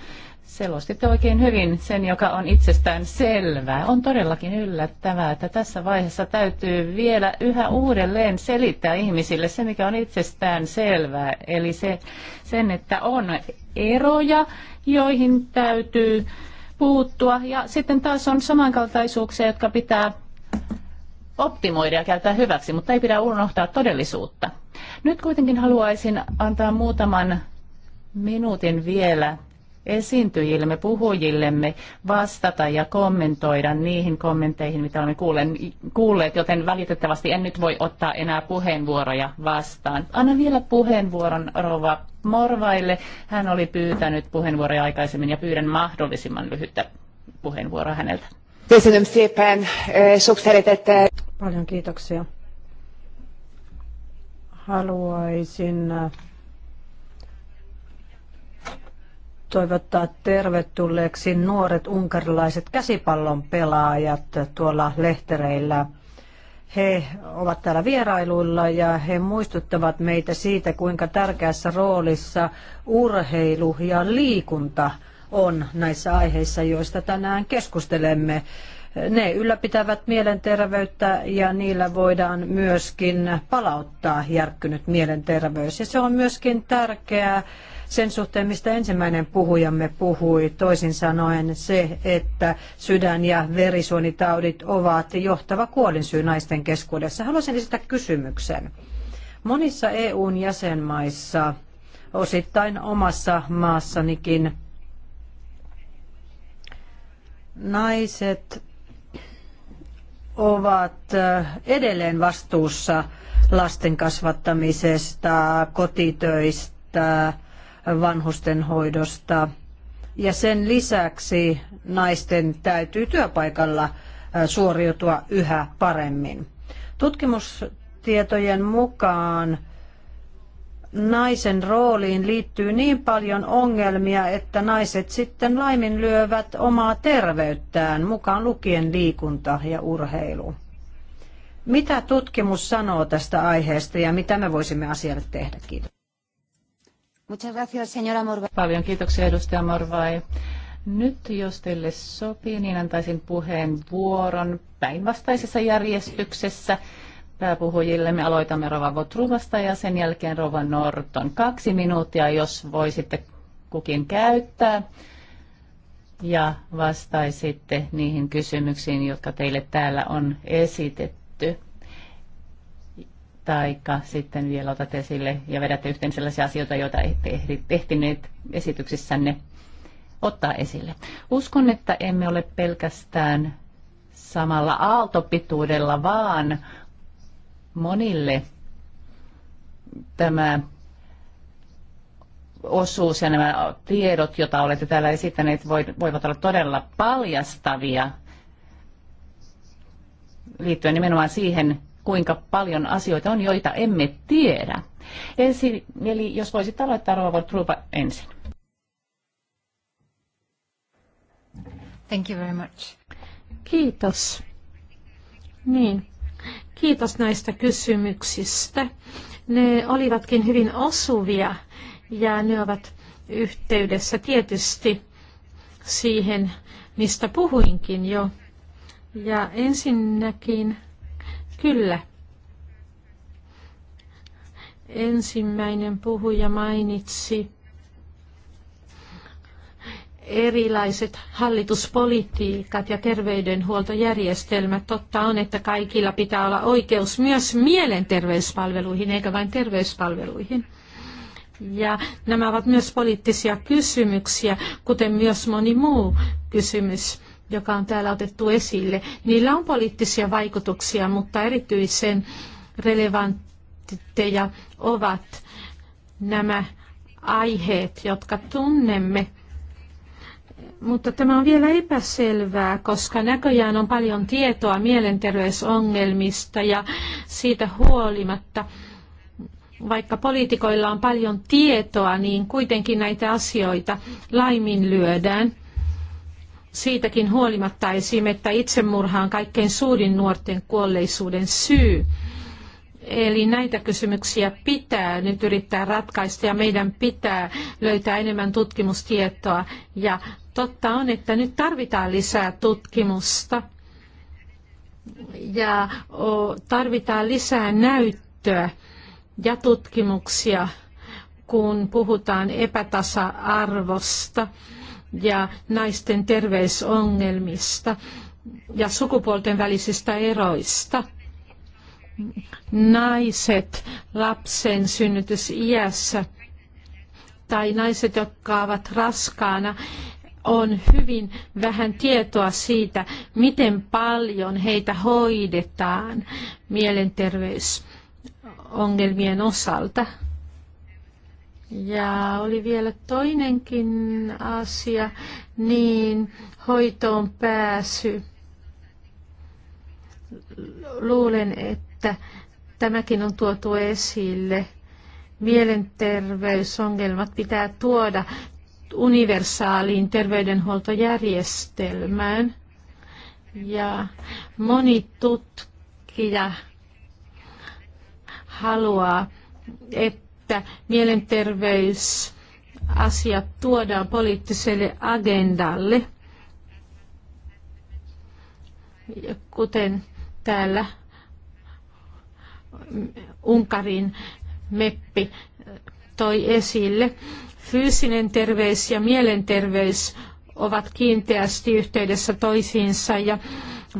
Selostitte oikein hyvin sen, joka on itsestään selvää. On todellakin yllättävää, että tässä vaiheessa täytyy vielä yhä uudelleen selittää ihmisille se, mikä on itsestään selvää. Eli se, sen, että on eroja, joihin täytyy puuttua. Ja sitten taas on samankaltaisuuksia, jotka pitää optimoida ja käyttää hyväksi, mutta ei pidä unohtaa todellisuutta. Nyt kuitenkin haluaisin antaa muutaman minuutin vielä esiintyjillemme, puhujillemme vastata ja kommentoida niihin kommentteihin, mitä olemme kuulleet, joten valitettavasti en nyt voi ottaa enää puheenvuoroja vastaan. Anna vielä puheenvuoron Rova Morvaille. Hän oli pyytänyt puheenvuoroja aikaisemmin ja pyydän mahdollisimman lyhyttä puheenvuoroa häneltä. Paljon kiitoksia. Haluaisin toivottaa tervetulleeksi nuoret unkarilaiset käsipallon pelaajat tuolla lehtereillä. He ovat täällä vierailuilla ja he muistuttavat meitä siitä, kuinka tärkeässä roolissa urheilu ja liikunta on näissä aiheissa, joista tänään keskustelemme. Ne ylläpitävät mielenterveyttä ja niillä voidaan myöskin palauttaa järkkynyt mielenterveys. Ja se on myöskin tärkeää sen suhteen, mistä ensimmäinen puhujamme puhui, toisin sanoen se, että sydän- ja verisuonitaudit ovat johtava kuolinsyy naisten keskuudessa. Haluaisin esittää kysymyksen. Monissa EUn jäsenmaissa, osittain omassa maassanikin, naiset ovat eh, edelleen vastuussa lasten kasvattamisesta, kotitöistä, vanhustenhoidosta. Ja sen lisäksi naisten täytyy työpaikalla äh, suoriutua yhä paremmin. Tutkimustietojen mukaan naisen rooliin liittyy niin paljon ongelmia, että naiset sitten laiminlyövät omaa terveyttään, mukaan lukien liikunta ja urheilu. Mitä tutkimus sanoo tästä aiheesta ja mitä me voisimme asialle tehdä? Kiitos. Muchas gracias, señora Morvai. Paljon kiitoksia, edustaja Morvai. Nyt, jos teille sopii, niin antaisin puheenvuoron päinvastaisessa järjestyksessä pääpuhujille. Me aloitamme Rova Votruvasta ja sen jälkeen Rova Norton. Kaksi minuuttia, jos voisitte kukin käyttää ja vastaisitte niihin kysymyksiin, jotka teille täällä on esitetty tai sitten vielä otat esille ja vedätte yhteen sellaisia asioita, joita ette ehtineet esityksissänne ottaa esille. Uskon, että emme ole pelkästään samalla aaltopituudella, vaan monille tämä osuus ja nämä tiedot, joita olette täällä esittäneet, voivat olla todella paljastavia liittyen nimenomaan siihen, kuinka paljon asioita on, joita emme tiedä. Ensin, eli jos voisit aloittaa Rova Trupa ensin. Thank you very much. Kiitos. Niin. Kiitos näistä kysymyksistä. Ne olivatkin hyvin osuvia ja ne ovat yhteydessä tietysti siihen, mistä puhuinkin jo. Ja ensinnäkin Kyllä. Ensimmäinen puhuja mainitsi erilaiset hallituspolitiikat ja terveydenhuoltojärjestelmät. Totta on, että kaikilla pitää olla oikeus myös mielenterveyspalveluihin, eikä vain terveyspalveluihin. Ja nämä ovat myös poliittisia kysymyksiä, kuten myös moni muu kysymys joka on täällä otettu esille, niillä on poliittisia vaikutuksia, mutta erityisen relevantteja ovat nämä aiheet, jotka tunnemme. Mutta tämä on vielä epäselvää, koska näköjään on paljon tietoa mielenterveysongelmista ja siitä huolimatta, vaikka poliitikoilla on paljon tietoa, niin kuitenkin näitä asioita laiminlyödään siitäkin huolimatta esim. että itsemurha on kaikkein suurin nuorten kuolleisuuden syy. Eli näitä kysymyksiä pitää nyt yrittää ratkaista ja meidän pitää löytää enemmän tutkimustietoa. Ja totta on, että nyt tarvitaan lisää tutkimusta ja tarvitaan lisää näyttöä ja tutkimuksia, kun puhutaan epätasa-arvosta ja naisten terveysongelmista ja sukupuolten välisistä eroista. Naiset lapsen synnytysiässä tai naiset, jotka ovat raskaana, on hyvin vähän tietoa siitä, miten paljon heitä hoidetaan mielenterveysongelmien osalta. Ja oli vielä toinenkin asia, niin hoitoon pääsy. Luulen, että tämäkin on tuotu esille. Mielenterveysongelmat pitää tuoda universaaliin terveydenhuoltojärjestelmään. Ja moni tutkija haluaa, että että mielenterveysasiat tuodaan poliittiselle agendalle, kuten täällä Unkarin meppi toi esille. Fyysinen terveys ja mielenterveys ovat kiinteästi yhteydessä toisiinsa ja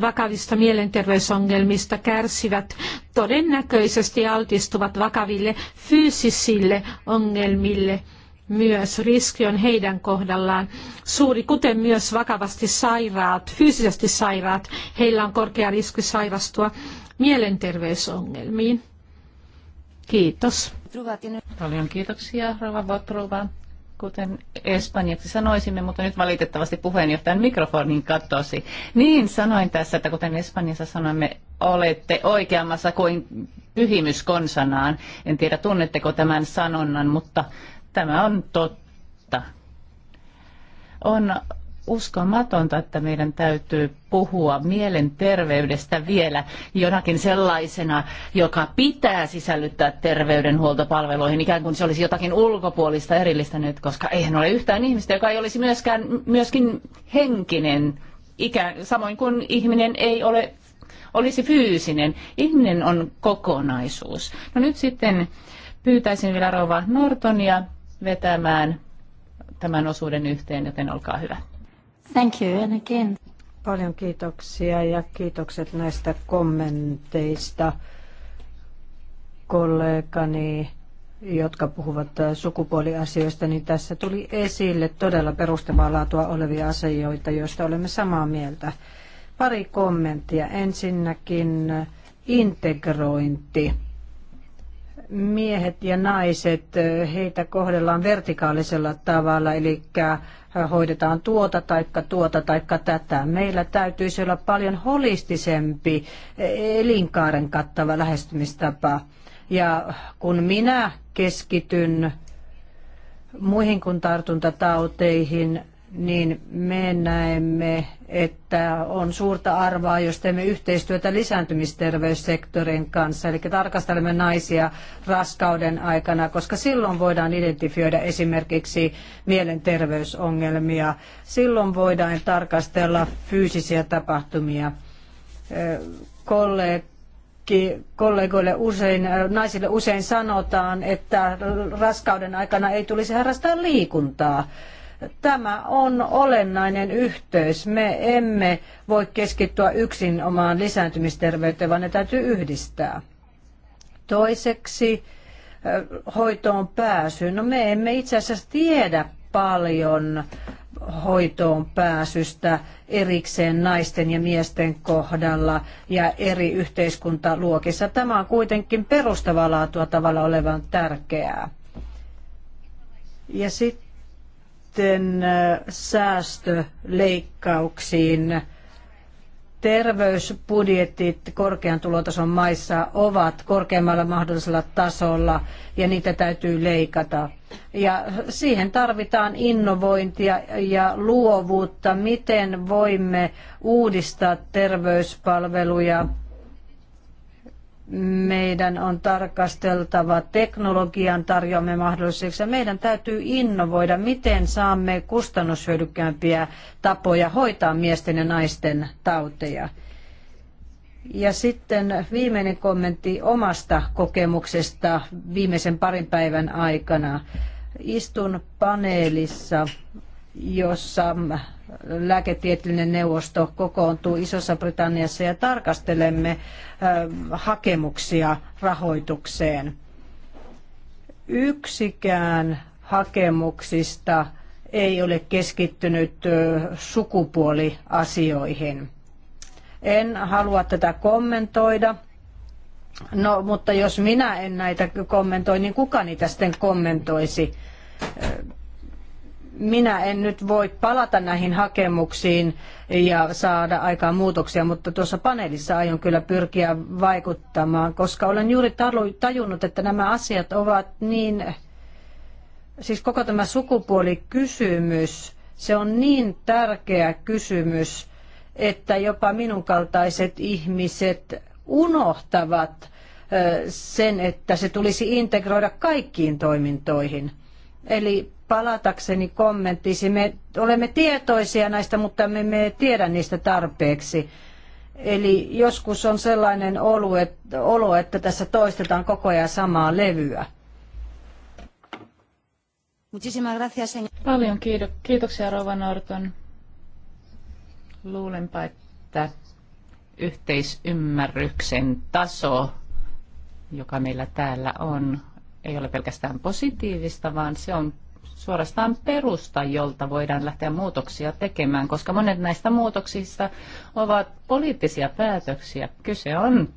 vakavista mielenterveysongelmista kärsivät todennäköisesti altistuvat vakaville fyysisille ongelmille myös riski on heidän kohdallaan suuri, kuten myös vakavasti sairaat, fyysisesti sairaat. Heillä on korkea riski sairastua mielenterveysongelmiin. Kiitos. Paljon kiitoksia, Rova Botrova kuten espanjaksi sanoisimme, mutta nyt valitettavasti puheenjohtajan mikrofonin katosi. Niin sanoin tässä, että kuten Espanjassa sanoimme, olette oikeammassa kuin pyhimyskonsanaan, En tiedä, tunnetteko tämän sanonnan, mutta tämä on totta. On uskomatonta, että meidän täytyy puhua mielenterveydestä vielä jonakin sellaisena, joka pitää sisällyttää terveydenhuoltopalveluihin, ikään kuin se olisi jotakin ulkopuolista erillistä nyt, koska eihän ole yhtään ihmistä, joka ei olisi myöskään, myöskin henkinen, ikään, samoin kuin ihminen ei ole olisi fyysinen. Ihminen on kokonaisuus. No nyt sitten pyytäisin vielä rouva Nortonia vetämään tämän osuuden yhteen, joten olkaa hyvä. Thank you and again. Paljon kiitoksia ja kiitokset näistä kommenteista kollegani jotka puhuvat äh, sukupuoliasioista, niin tässä tuli esille todella perustavaa laatua olevia asioita, joista olemme samaa mieltä. Pari kommenttia. Ensinnäkin äh, integrointi miehet ja naiset, heitä kohdellaan vertikaalisella tavalla, eli hoidetaan tuota taikka tuota taikka tätä. Meillä täytyisi olla paljon holistisempi elinkaaren kattava lähestymistapa. Ja kun minä keskityn muihin kuin tartuntatauteihin, niin me näemme että on suurta arvoa, jos teemme yhteistyötä lisääntymisterveyssektorin kanssa, eli tarkastelemme naisia raskauden aikana, koska silloin voidaan identifioida esimerkiksi mielenterveysongelmia, silloin voidaan tarkastella fyysisiä tapahtumia. Kollegat kollegoille usein, naisille usein sanotaan, että raskauden aikana ei tulisi harrastaa liikuntaa. Tämä on olennainen yhteys. Me emme voi keskittyä yksin omaan lisääntymisterveyteen, vaan ne täytyy yhdistää. Toiseksi hoitoon pääsy. No me emme itse asiassa tiedä paljon hoitoon pääsystä erikseen naisten ja miesten kohdalla ja eri yhteiskuntaluokissa. Tämä on kuitenkin perustavaa laatua tavalla olevan tärkeää. Ja sitten sitten säästöleikkauksiin. Terveysbudjetit korkean tulotason maissa ovat korkeammalla mahdollisella tasolla ja niitä täytyy leikata. Ja siihen tarvitaan innovointia ja luovuutta, miten voimme uudistaa terveyspalveluja meidän on tarkasteltava teknologian tarjoamme mahdollisuuksia. ja meidän täytyy innovoida, miten saamme kustannushyödykkäämpiä tapoja hoitaa miesten ja naisten tauteja. Ja sitten viimeinen kommentti omasta kokemuksesta viimeisen parin päivän aikana. Istun paneelissa, jossa lääketieteellinen neuvosto kokoontuu Isossa Britanniassa ja tarkastelemme hakemuksia rahoitukseen. Yksikään hakemuksista ei ole keskittynyt sukupuoliasioihin. En halua tätä kommentoida. No, mutta jos minä en näitä kommentoi, niin kuka niitä sitten kommentoisi? minä en nyt voi palata näihin hakemuksiin ja saada aikaan muutoksia, mutta tuossa paneelissa aion kyllä pyrkiä vaikuttamaan, koska olen juuri tajunnut, että nämä asiat ovat niin, siis koko tämä sukupuolikysymys, se on niin tärkeä kysymys, että jopa minun kaltaiset ihmiset unohtavat sen, että se tulisi integroida kaikkiin toimintoihin. Eli palatakseni kommenttisi. Me olemme tietoisia näistä, mutta me emme tiedä niistä tarpeeksi. Eli joskus on sellainen olo, että tässä toistetaan koko ajan samaa levyä. Paljon kiido- kiitoksia Rova Norton. Luulenpa, että yhteisymmärryksen taso, joka meillä täällä on, ei ole pelkästään positiivista, vaan se on suorastaan perusta, jolta voidaan lähteä muutoksia tekemään, koska monet näistä muutoksista ovat poliittisia päätöksiä. Kyse on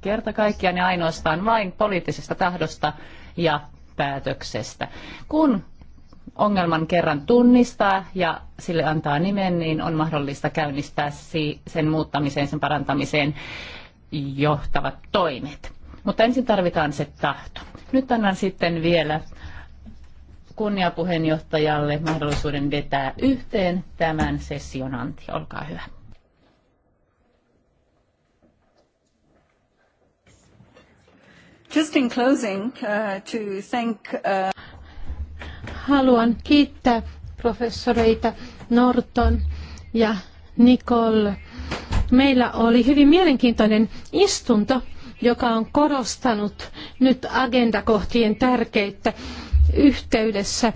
kerta kaikkiaan ja ainoastaan vain poliittisesta tahdosta ja päätöksestä. Kun ongelman kerran tunnistaa ja sille antaa nimen, niin on mahdollista käynnistää sen muuttamiseen, sen parantamiseen johtavat toimet. Mutta ensin tarvitaan se tahto. Nyt annan sitten vielä kunniapuheenjohtajalle mahdollisuuden vetää yhteen tämän session anti. Olkaa hyvä. Just in closing, uh, to thank, uh... Haluan kiittää professoreita Norton ja Nicole. Meillä oli hyvin mielenkiintoinen istunto, joka on korostanut nyt agendakohtien tärkeyttä yhteydessä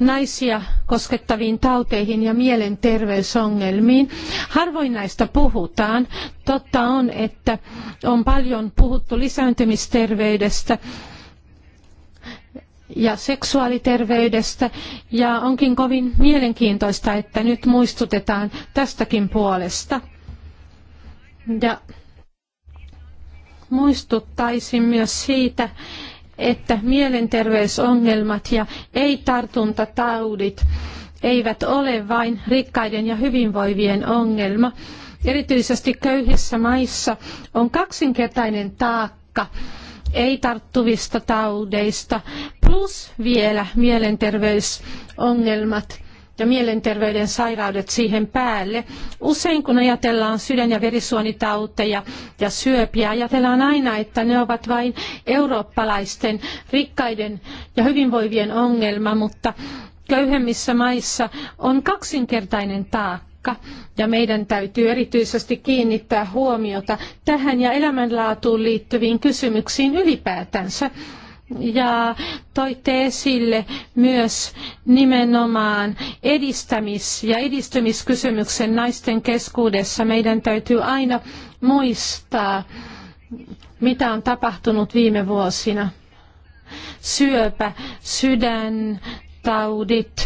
naisia koskettaviin tauteihin ja mielenterveysongelmiin. Harvoin näistä puhutaan. Totta on, että on paljon puhuttu lisääntymisterveydestä ja seksuaaliterveydestä ja onkin kovin mielenkiintoista, että nyt muistutetaan tästäkin puolesta. Ja muistuttaisin myös siitä, että mielenterveysongelmat ja ei-tartuntataudit eivät ole vain rikkaiden ja hyvinvoivien ongelma. Erityisesti köyhissä maissa on kaksinkertainen taakka ei-tarttuvista taudeista plus vielä mielenterveysongelmat ja mielenterveyden sairaudet siihen päälle. Usein kun ajatellaan sydän- ja verisuonitauteja ja syöpiä, ajatellaan aina, että ne ovat vain eurooppalaisten rikkaiden ja hyvinvoivien ongelma, mutta köyhemmissä maissa on kaksinkertainen taakka ja meidän täytyy erityisesti kiinnittää huomiota tähän ja elämänlaatuun liittyviin kysymyksiin ylipäätänsä ja toitte esille myös nimenomaan edistämis- ja edistymiskysymyksen naisten keskuudessa. Meidän täytyy aina muistaa, mitä on tapahtunut viime vuosina. Syöpä, sydäntaudit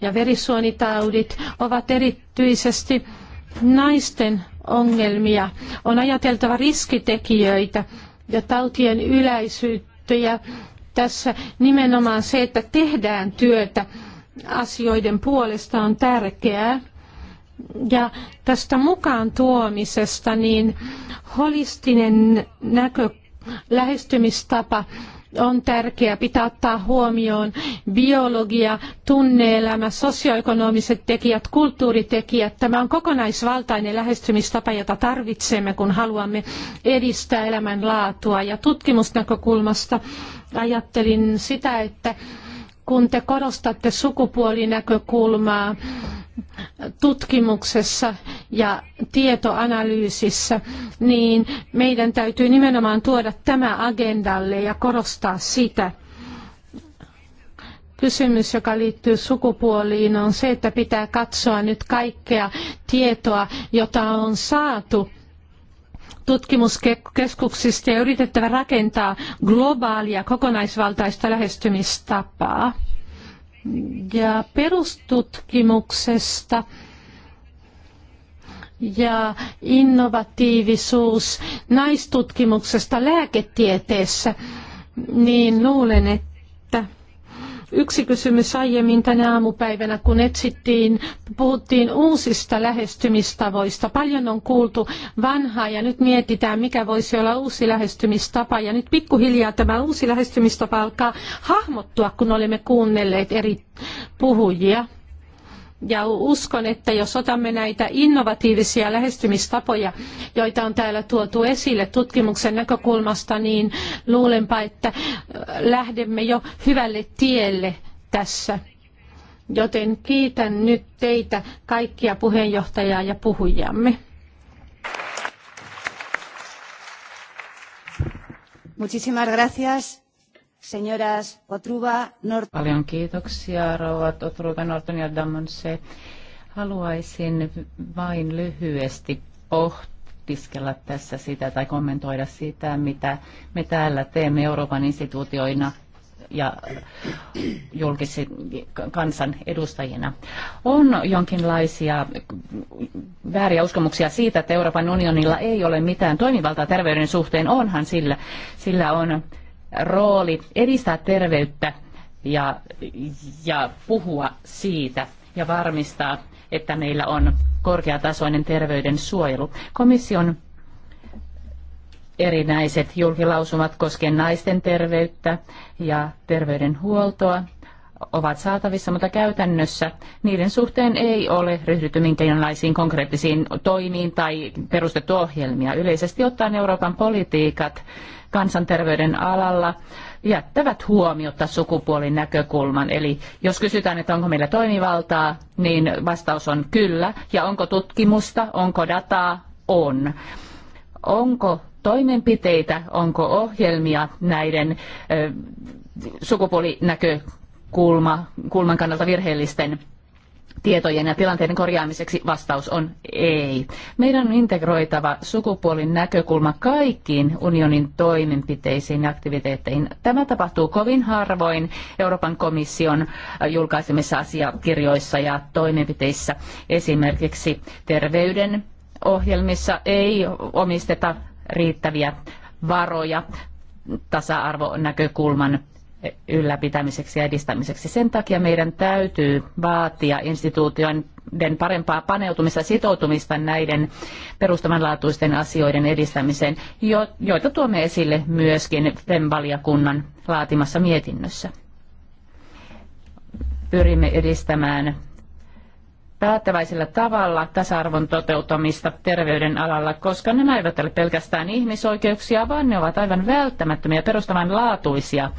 ja verisuonitaudit ovat erityisesti naisten ongelmia. On ajateltava riskitekijöitä ja tautien yleisyyttä käyttöjä. Tässä nimenomaan se, että tehdään työtä asioiden puolesta on tärkeää. Ja tästä mukaan tuomisesta, niin holistinen näkö, lähestymistapa on tärkeää pitää ottaa huomioon biologia, tunneelämä, sosioekonomiset tekijät, kulttuuritekijät. Tämä on kokonaisvaltainen lähestymistapa, jota tarvitsemme, kun haluamme edistää elämänlaatua. Ja tutkimusnäkökulmasta ajattelin sitä, että kun te korostatte sukupuolinäkökulmaa, tutkimuksessa ja tietoanalyysissä, niin meidän täytyy nimenomaan tuoda tämä agendalle ja korostaa sitä. Kysymys, joka liittyy sukupuoliin, on se, että pitää katsoa nyt kaikkea tietoa, jota on saatu tutkimuskeskuksista ja yritettävä rakentaa globaalia kokonaisvaltaista lähestymistapaa ja perustutkimuksesta ja innovatiivisuus naistutkimuksesta lääketieteessä, niin luulen, että Yksi kysymys aiemmin tänä aamupäivänä, kun etsittiin, puhuttiin uusista lähestymistavoista. Paljon on kuultu vanhaa ja nyt mietitään, mikä voisi olla uusi lähestymistapa. Ja nyt pikkuhiljaa tämä uusi lähestymistapa alkaa hahmottua, kun olemme kuunnelleet eri puhujia. Ja uskon, että jos otamme näitä innovatiivisia lähestymistapoja, joita on täällä tuotu esille tutkimuksen näkökulmasta, niin luulenpa, että äh, lähdemme jo hyvälle tielle tässä. Joten kiitän nyt teitä kaikkia puheenjohtajaa ja puhujamme. Muchísimas gracias señoras Otruva, Norton. Paljon kiitoksia, rouvat Otruva, Norton ja Damonse. Haluaisin vain lyhyesti pohtiskella tässä sitä tai kommentoida sitä, mitä me täällä teemme Euroopan instituutioina ja julkisen kansan edustajina. On jonkinlaisia vääriä uskomuksia siitä, että Euroopan unionilla ei ole mitään toimivaltaa terveyden suhteen. Onhan sillä, sillä on rooli edistää terveyttä ja, ja puhua siitä ja varmistaa, että meillä on korkeatasoinen terveyden suojelu. Komission erinäiset julkilausumat koskien naisten terveyttä ja terveydenhuoltoa ovat saatavissa, mutta käytännössä niiden suhteen ei ole ryhdytty minkäänlaisiin konkreettisiin toimiin tai perustettu ohjelmia. Yleisesti ottaen Euroopan politiikat kansanterveyden alalla jättävät huomiota sukupuolin näkökulman. Eli jos kysytään, että onko meillä toimivaltaa, niin vastaus on kyllä. Ja onko tutkimusta, onko dataa, on. Onko toimenpiteitä, onko ohjelmia näiden ö, sukupuolinäkökulman kannalta virheellisten tietojen ja tilanteiden korjaamiseksi vastaus on ei. Meidän on integroitava sukupuolin näkökulma kaikkiin unionin toimenpiteisiin ja aktiviteetteihin. Tämä tapahtuu kovin harvoin Euroopan komission julkaisemissa asiakirjoissa ja toimenpiteissä. Esimerkiksi terveyden ohjelmissa ei omisteta riittäviä varoja tasa-arvonäkökulman ylläpitämiseksi ja edistämiseksi. Sen takia meidän täytyy vaatia instituutioiden parempaa paneutumista ja sitoutumista näiden perustavanlaatuisten asioiden edistämiseen, joita tuomme esille myöskin FEM-valiokunnan laatimassa mietinnössä. Pyrimme edistämään päättäväisellä tavalla tasa-arvon toteutumista terveyden alalla, koska nämä eivät ole pelkästään ihmisoikeuksia, vaan ne ovat aivan välttämättömiä perustavanlaatuisia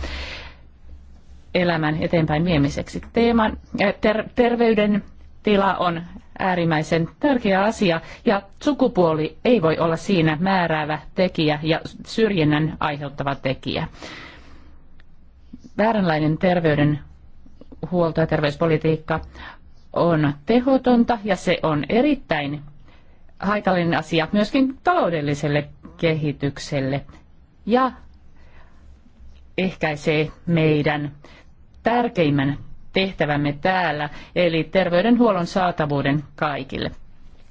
elämän eteenpäin viemiseksi. Teema, äh, ter, terveyden tila on äärimmäisen tärkeä asia ja sukupuoli ei voi olla siinä määräävä tekijä ja syrjinnän aiheuttava tekijä. Vääränlainen terveydenhuolto ja terveyspolitiikka on tehotonta ja se on erittäin haitallinen asia myöskin taloudelliselle kehitykselle ja ehkäisee meidän tärkeimmän tehtävämme täällä, eli terveydenhuollon saatavuuden kaikille.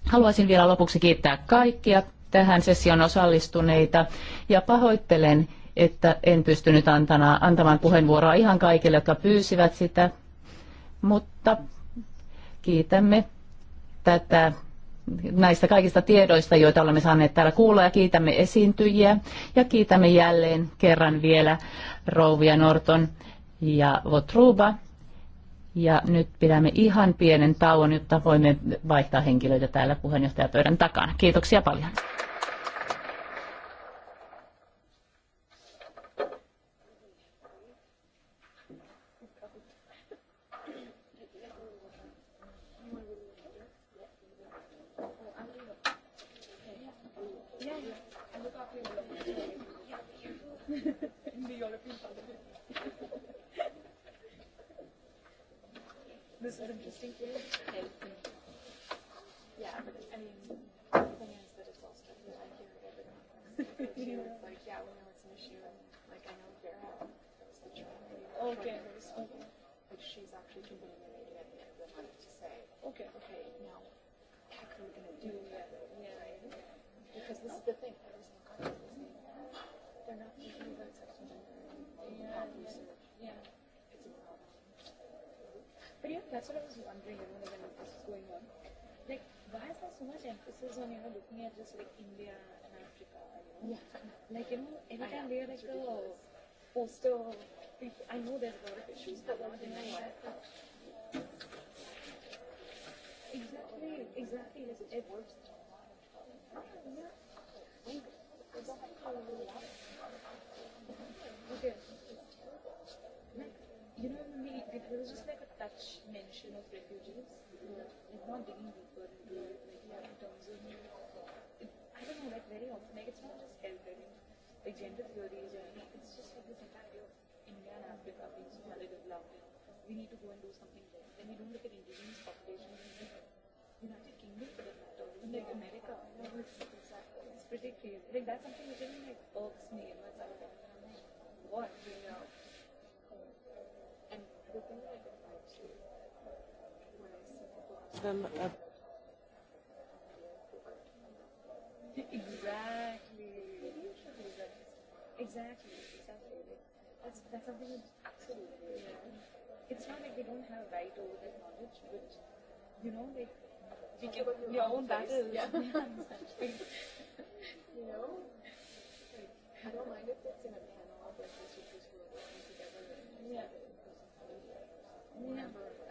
Haluaisin vielä lopuksi kiittää kaikkia tähän session osallistuneita ja pahoittelen, että en pystynyt antana, antamaan puheenvuoroa ihan kaikille, jotka pyysivät sitä, mutta kiitämme tätä näistä kaikista tiedoista, joita olemme saaneet täällä kuulla ja kiitämme esiintyjiä ja kiitämme jälleen kerran vielä Rouvia Norton ja Votruba. Ja nyt pidämme ihan pienen tauon, jotta voimme vaihtaa henkilöitä täällä puheenjohtajapöydän takana. Kiitoksia paljon. you know, like, yeah, we know it's an issue. And, like, I know Vera, that was the German lady. Okay. Who was speaking. Okay. Like, she's actually convening an idea at the end of the month to say, okay, okay, now, heck, are we going to do that? Yeah. Right? Because this is the thing. Every single country is saying, they're not thinking about sex and gender. Yeah. Research. Yeah. It's a problem. But yeah, that's what I was wondering, you know, when this was going on why is there so much emphasis on you know just like India and Africa? You know? Yeah. Like you know, every time they are like the poster. I know there's a lot of issues, but like you know. Exactly, exactly. It's, it works. Yeah. Okay. Like, you know, we, there was just like a touch mention of refugees like not digging deeper into it, like yeah, in terms of I don't know, like very often, like it's not just health, I like gender theories or anything, it's just like this entire idea of India and Africa being so underdeveloped and we need to go and do something there. Then we don't look at indigenous populations in the United Kingdom for that matter, even like America. You know, it's, it's pretty crazy. Like that's something which even like irks me, you know, it's like what, you know. them a uh, exactly. Exactly. Exactly. That's that's something absolutely. Yeah. It's not like they don't have a right over that knowledge, but you know, like we give your, your own battles. Yeah. you know, like I don't mind if it's in a panel, but this is just we're working together. And yeah. Whatever. Yeah.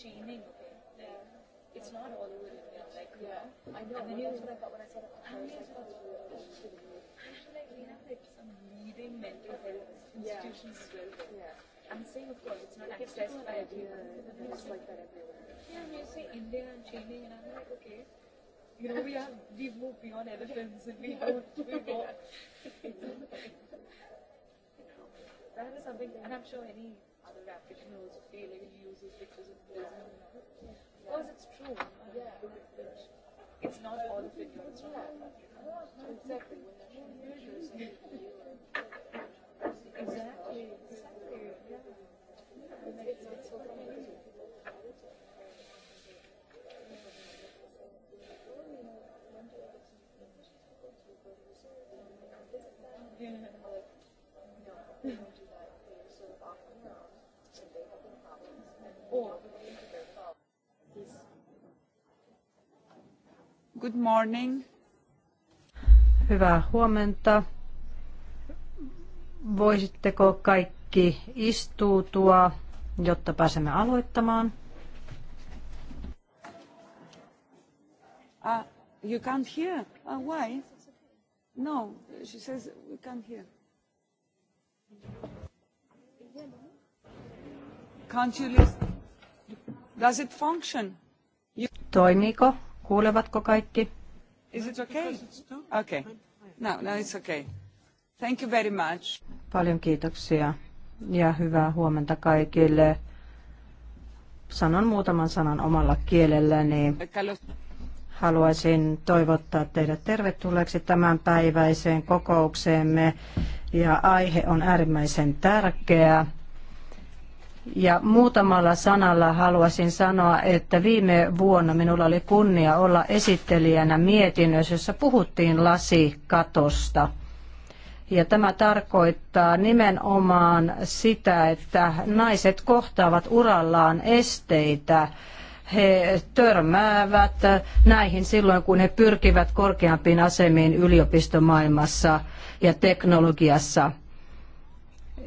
changing. Okay. Like, it's not all over the place. Like, yeah. You know? I know. And then you, what I thought when I said it. I was like, I feel like we have like some leading mental health institutions yeah. as well. Yeah. I'm saying, of course, it's not it accessed by everyone. Yeah, it's like that everywhere. Yeah, when you say India and changing, and I'm like, okay. You know, we have we've moved beyond elephants and we have we walk. you know, that is something, and I'm sure any other African also feel like uses because of this. Of course, it's true. Yeah. It's not all the ignorance from Africa. Exactly. When they're showing pictures you. Exactly. Exactly. Yeah. It's, it's also from India. Yeah. Good morning. Hyvää huomenta. Voisitteko kaikki istuutua, jotta pääsemme aloittamaan? Ah, you can't hear? Uh, why? No, she says we can't hear. Can't you listen? Does it function? You... Toimiiko? Kuulevatko kaikki? Is it okay? Okay. No, no, it's okay. Thank you very much. Paljon kiitoksia ja hyvää huomenta kaikille. Sanon muutaman sanan omalla kielelläni. Haluaisin toivottaa teidät tervetulleeksi tämän päiväiseen kokoukseemme ja aihe on äärimmäisen tärkeä ja muutamalla sanalla haluaisin sanoa, että viime vuonna minulla oli kunnia olla esittelijänä mietinnössä, jossa puhuttiin lasikatosta. Ja tämä tarkoittaa nimenomaan sitä, että naiset kohtaavat urallaan esteitä. He törmäävät näihin silloin, kun he pyrkivät korkeampiin asemiin yliopistomaailmassa ja teknologiassa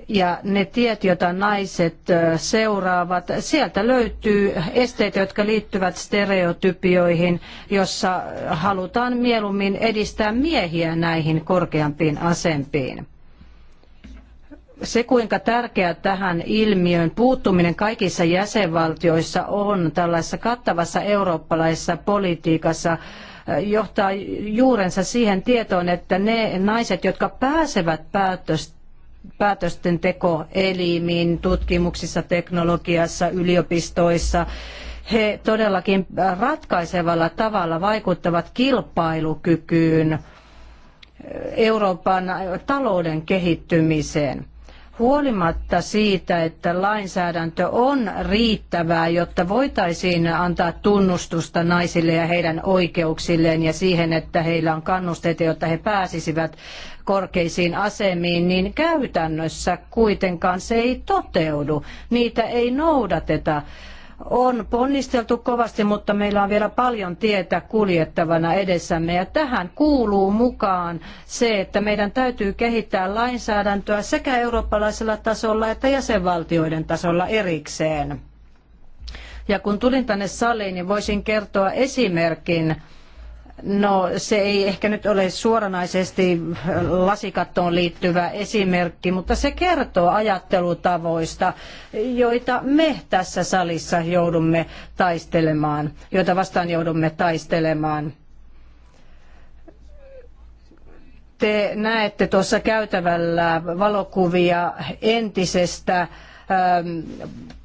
ja ne tiet, joita naiset seuraavat, sieltä löytyy esteitä, jotka liittyvät stereotypioihin, jossa halutaan mieluummin edistää miehiä näihin korkeampiin asempiin. Se, kuinka tärkeää tähän ilmiön puuttuminen kaikissa jäsenvaltioissa on tällaisessa kattavassa eurooppalaisessa politiikassa, johtaa juurensa siihen tietoon, että ne naiset, jotka pääsevät päätöstä, päätösten tekoelimiin tutkimuksissa, teknologiassa, yliopistoissa. He todellakin ratkaisevalla tavalla vaikuttavat kilpailukykyyn, eh, Euroopan talouden kehittymiseen huolimatta siitä, että lainsäädäntö on riittävää, jotta voitaisiin antaa tunnustusta naisille ja heidän oikeuksilleen ja siihen, että heillä on kannusteita, jotta he pääsisivät korkeisiin asemiin, niin käytännössä kuitenkaan se ei toteudu. Niitä ei noudateta on ponnisteltu kovasti, mutta meillä on vielä paljon tietä kuljettavana edessämme. Ja tähän kuuluu mukaan se, että meidän täytyy kehittää lainsäädäntöä sekä eurooppalaisella tasolla että jäsenvaltioiden tasolla erikseen. Ja kun tulin tänne saliin, niin voisin kertoa esimerkin No se ei ehkä nyt ole suoranaisesti lasikattoon liittyvä esimerkki, mutta se kertoo ajattelutavoista, joita me tässä salissa joudumme taistelemaan, joita vastaan joudumme taistelemaan. Te näette tuossa käytävällä valokuvia entisestä äh, Ähm,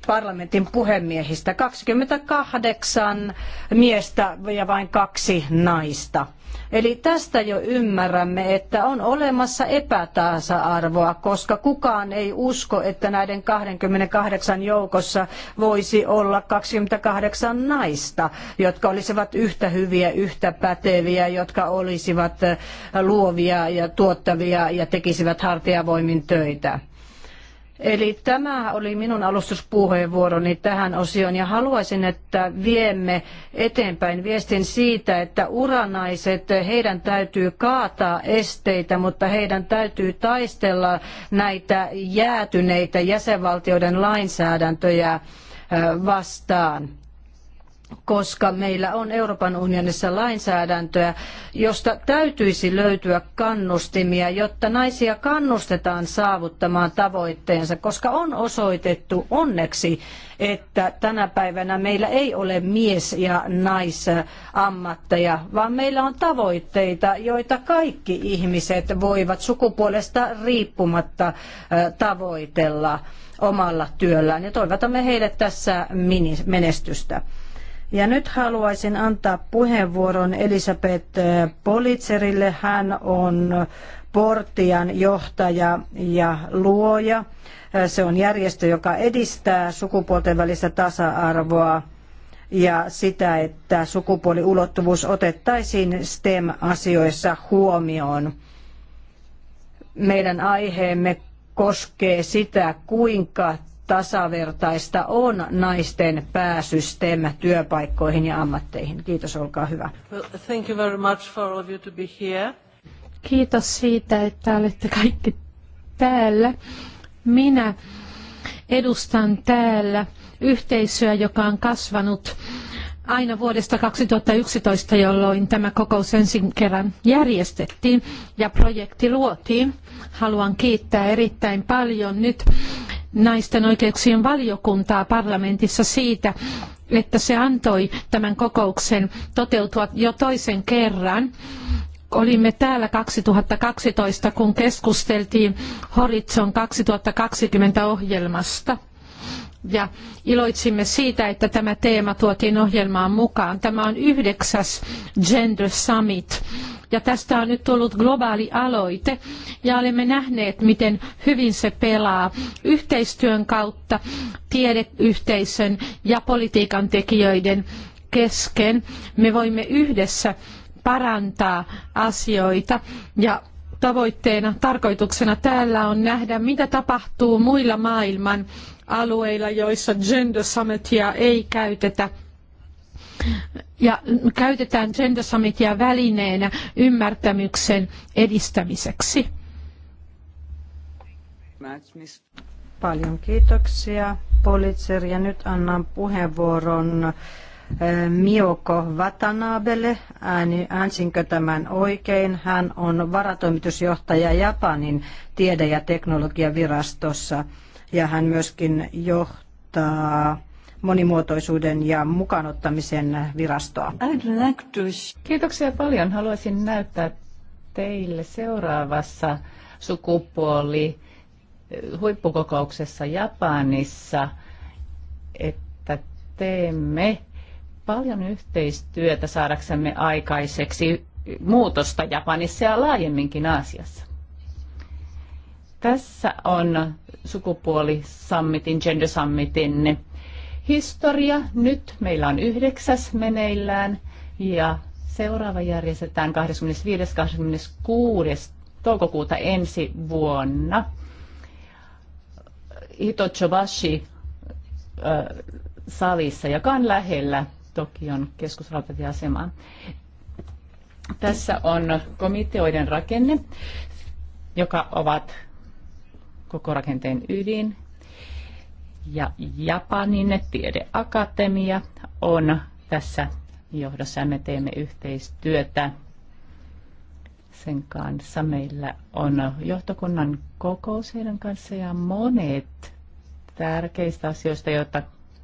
parlamentin puhemiehistä. 28 miestä ja vain kaksi naista. Eli tästä jo ymmärrämme, että on olemassa epätasa-arvoa, koska kukaan ei usko, että näiden 28 joukossa voisi olla 28 naista, jotka olisivat yhtä hyviä, yhtä päteviä, jotka olisivat luovia ja tuottavia ja tekisivät hartiavoimin töitä. Eli tämä oli minun alustuspuheenvuoroni tähän osioon ja haluaisin, että viemme eteenpäin viestin siitä, että uranaiset, heidän täytyy kaataa esteitä, mutta heidän täytyy taistella näitä jäätyneitä jäsenvaltioiden lainsäädäntöjä äh, vastaan koska meillä on Euroopan unionissa lainsäädäntöä, josta täytyisi löytyä kannustimia, jotta naisia kannustetaan saavuttamaan tavoitteensa, koska on osoitettu onneksi, että tänä päivänä meillä ei ole mies- ja naisammatteja, vaan meillä on tavoitteita, joita kaikki ihmiset voivat sukupuolesta riippumatta tavoitella omalla työllään. Ja toivotamme heille tässä menestystä. Ja nyt haluaisin antaa puheenvuoron Elisabeth eh, Politzerille. Hän on Portian johtaja ja luoja. Eh, se on järjestö, joka edistää sukupuolten välistä tasa-arvoa ja sitä, että sukupuoliulottuvuus otettaisiin STEM-asioissa huomioon. Meidän aiheemme koskee sitä, kuinka tasavertaista on naisten pääsy STEM-työpaikkoihin ja ammatteihin. Kiitos, olkaa hyvä. thank you very much for all of you to be here. Kiitos siitä, että olette kaikki täällä. Minä edustan täällä yhteisöä, joka on kasvanut aina vuodesta 2011, jolloin tämä kokous ensin kerran järjestettiin ja projekti luotiin. Haluan kiittää erittäin paljon nyt naisten oikeuksien valiokuntaa parlamentissa siitä, että se antoi tämän kokouksen toteutua jo toisen kerran. Olimme täällä 2012, kun keskusteltiin Horizon 2020 ohjelmasta ja iloitsimme siitä, että tämä teema tuotiin ohjelmaan mukaan. Tämä on yhdeksäs Gender Summit ja tästä on nyt tullut globaali aloite ja olemme nähneet, miten hyvin se pelaa yhteistyön kautta tiedeyhteisön ja politiikan tekijöiden kesken. Me voimme yhdessä parantaa asioita ja tavoitteena, tarkoituksena täällä on nähdä, mitä tapahtuu muilla maailman alueilla, joissa gender summitia ei käytetä. Ja käytetään gender summitia välineenä ymmärtämyksen edistämiseksi. Paljon kiitoksia, Politser. Ja nyt annan puheenvuoron eh, Mioko Watanabelle, äänsinkö tämän oikein. Hän on varatoimitusjohtaja Japanin tiede- ja teknologiavirastossa. virastossa ja hän myöskin johtaa monimuotoisuuden ja mukaanottamisen virastoa. Kiitoksia paljon. Haluaisin näyttää teille seuraavassa sukupuoli eh, huippukokouksessa Japanissa, että teemme paljon yhteistyötä saadaksemme aikaiseksi muutosta Japanissa ja laajemminkin Aasiassa. Tässä on sukupuolisammitin, gender summitin historia. Nyt meillä on yhdeksäs meneillään ja seuraava järjestetään 25.-26. toukokuuta ensi vuonna. Hitochobashi salissa, joka on lähellä Tokion keskusrautatieasemaa. Tässä on komiteoiden rakenne, joka ovat koko rakenteen ydin. Ja Japanin tiedeakatemia on tässä johdossa. Me teemme yhteistyötä sen kanssa. Meillä on johtokunnan kokous heidän kanssa ja monet tärkeistä asioista, joita,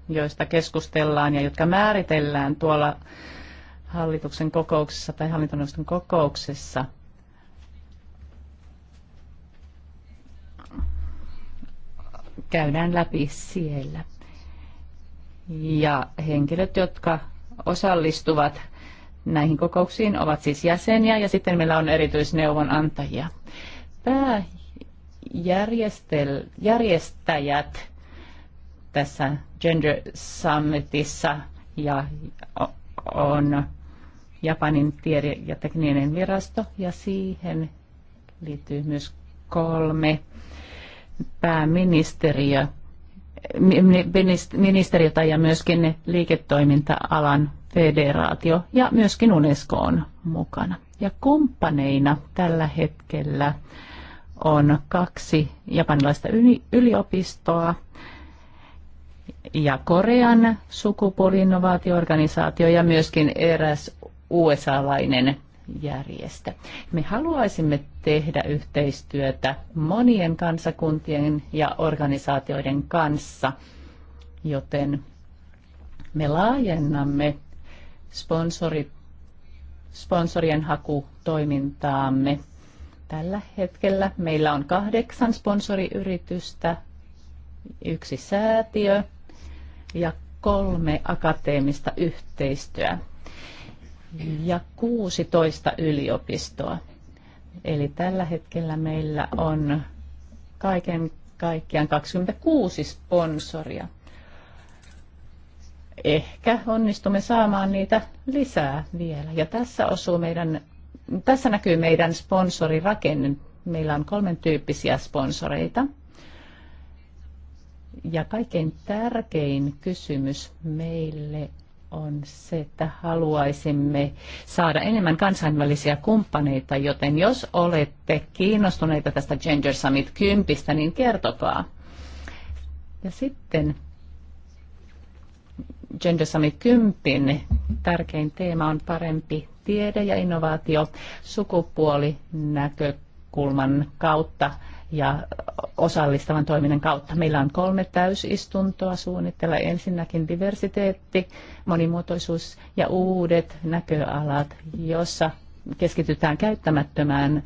joista keskustellaan ja jotka määritellään tuolla hallituksen kokouksessa tai hallintoneuvoston kokouksessa – käydään läpi siellä. Ja henkilöt, jotka osallistuvat näihin kokouksiin, ovat siis jäseniä ja sitten meillä on erityisneuvonantajia. Pääjärjestäjät tässä Gender Summitissa ja on Japanin tiede- ja tekninen virasto ja siihen liittyy myös kolme pääministeriö ministeriötä ja myöskin liiketoiminta-alan federaatio ja myöskin Unesco on mukana. Ja kumppaneina tällä hetkellä on kaksi japanilaista yliopistoa ja Korean sukupuoliinnovaatioorganisaatio ja myöskin eräs USA-lainen järjestä. Me haluaisimme tehdä yhteistyötä monien kansakuntien ja organisaatioiden kanssa, joten me laajennamme sponsori sponsorien hakutoimintaamme. Tällä hetkellä meillä on kahdeksan sponsoriyritystä, yksi säätiö ja kolme akateemista yhteistyötä ja 16 yliopistoa. Eli tällä hetkellä meillä on kaiken kaikkiaan 26 sponsoria. Ehkä onnistumme saamaan niitä lisää vielä. Ja tässä, osuu meidän, tässä näkyy meidän sponsorirakenne. Meillä on kolmen tyyppisiä sponsoreita. Ja kaikkein tärkein kysymys meille on se, että haluaisimme saada enemmän kansainvälisiä kumppaneita, joten jos olette kiinnostuneita tästä Gender Summit 10, niin kertokaa. Ja sitten Gender Summit 10 tärkein teema on parempi tiede ja innovaatio sukupuolinäkökulman kautta ja osallistavan toiminnan kautta. Meillä on kolme täysistuntoa suunnitella. Ensinnäkin diversiteetti, monimuotoisuus ja uudet näköalat, jossa keskitytään käyttämättömään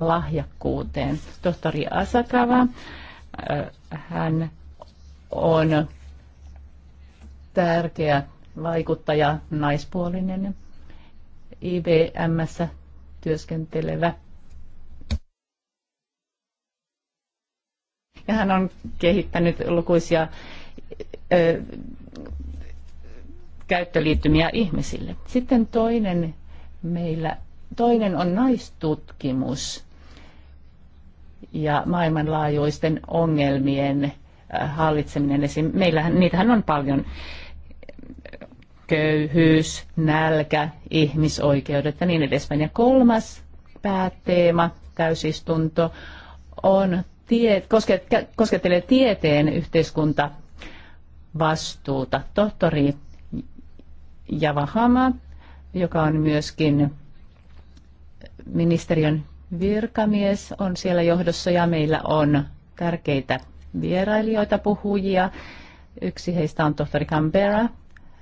lahjakkuuteen. Tohtori Asakava, äh, hän on tärkeä vaikuttaja, naispuolinen, IBMssä työskentelevä Ja hän on kehittänyt lukuisia ö, käyttöliittymiä ihmisille. Sitten toinen meillä, toinen on naistutkimus ja maailmanlaajuisten ongelmien hallitseminen. Esim. Meillähän, niitähän on paljon köyhyys, nälkä, ihmisoikeudet ja niin edespäin. Ja kolmas pääteema, täysistunto, on tie, kosket, koskettelee tieteen yhteiskunta vastuuta. Tohtori Javahama, joka on myöskin ministeriön virkamies, on siellä johdossa ja meillä on tärkeitä vierailijoita, puhujia. Yksi heistä on tohtori Canberra.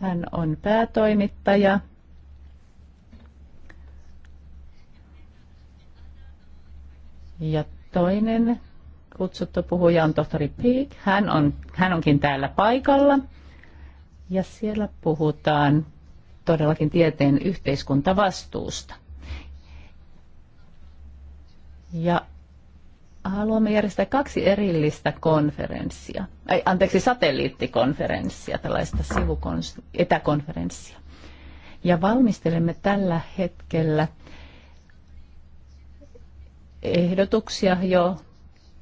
Hän on päätoimittaja. Ja toinen kutsuttu puhuja on tohtori Peek. Hän, on, hän onkin täällä paikalla. Ja siellä puhutaan todellakin tieteen yhteiskuntavastuusta. Ja haluamme järjestää kaksi erillistä konferenssia, ei, anteeksi satelliittikonferenssia, tällaista sivukons- etäkonferenssia. Ja valmistelemme tällä hetkellä ehdotuksia jo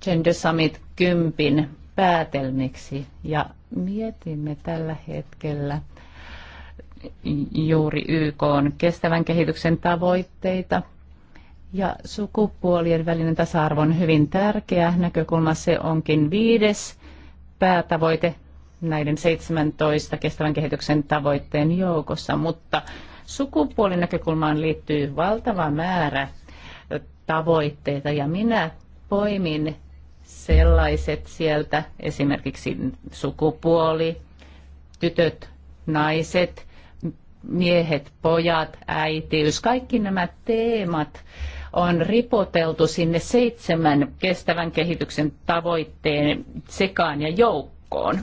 Gender Summit 10 päätelmiksi ja mietimme tällä hetkellä juuri YK on kestävän kehityksen tavoitteita. Ja sukupuolien välinen tasa-arvo on hyvin tärkeä näkökulma. Se onkin viides päätavoite näiden 17 kestävän kehityksen tavoitteen joukossa, mutta sukupuolin näkökulmaan liittyy valtava määrä tavoitteita ja minä poimin sellaiset sieltä, esimerkiksi sukupuoli, tytöt, naiset, miehet, pojat, äitiys, kaikki nämä teemat on ripoteltu sinne seitsemän kestävän kehityksen tavoitteen sekaan ja joukkoon.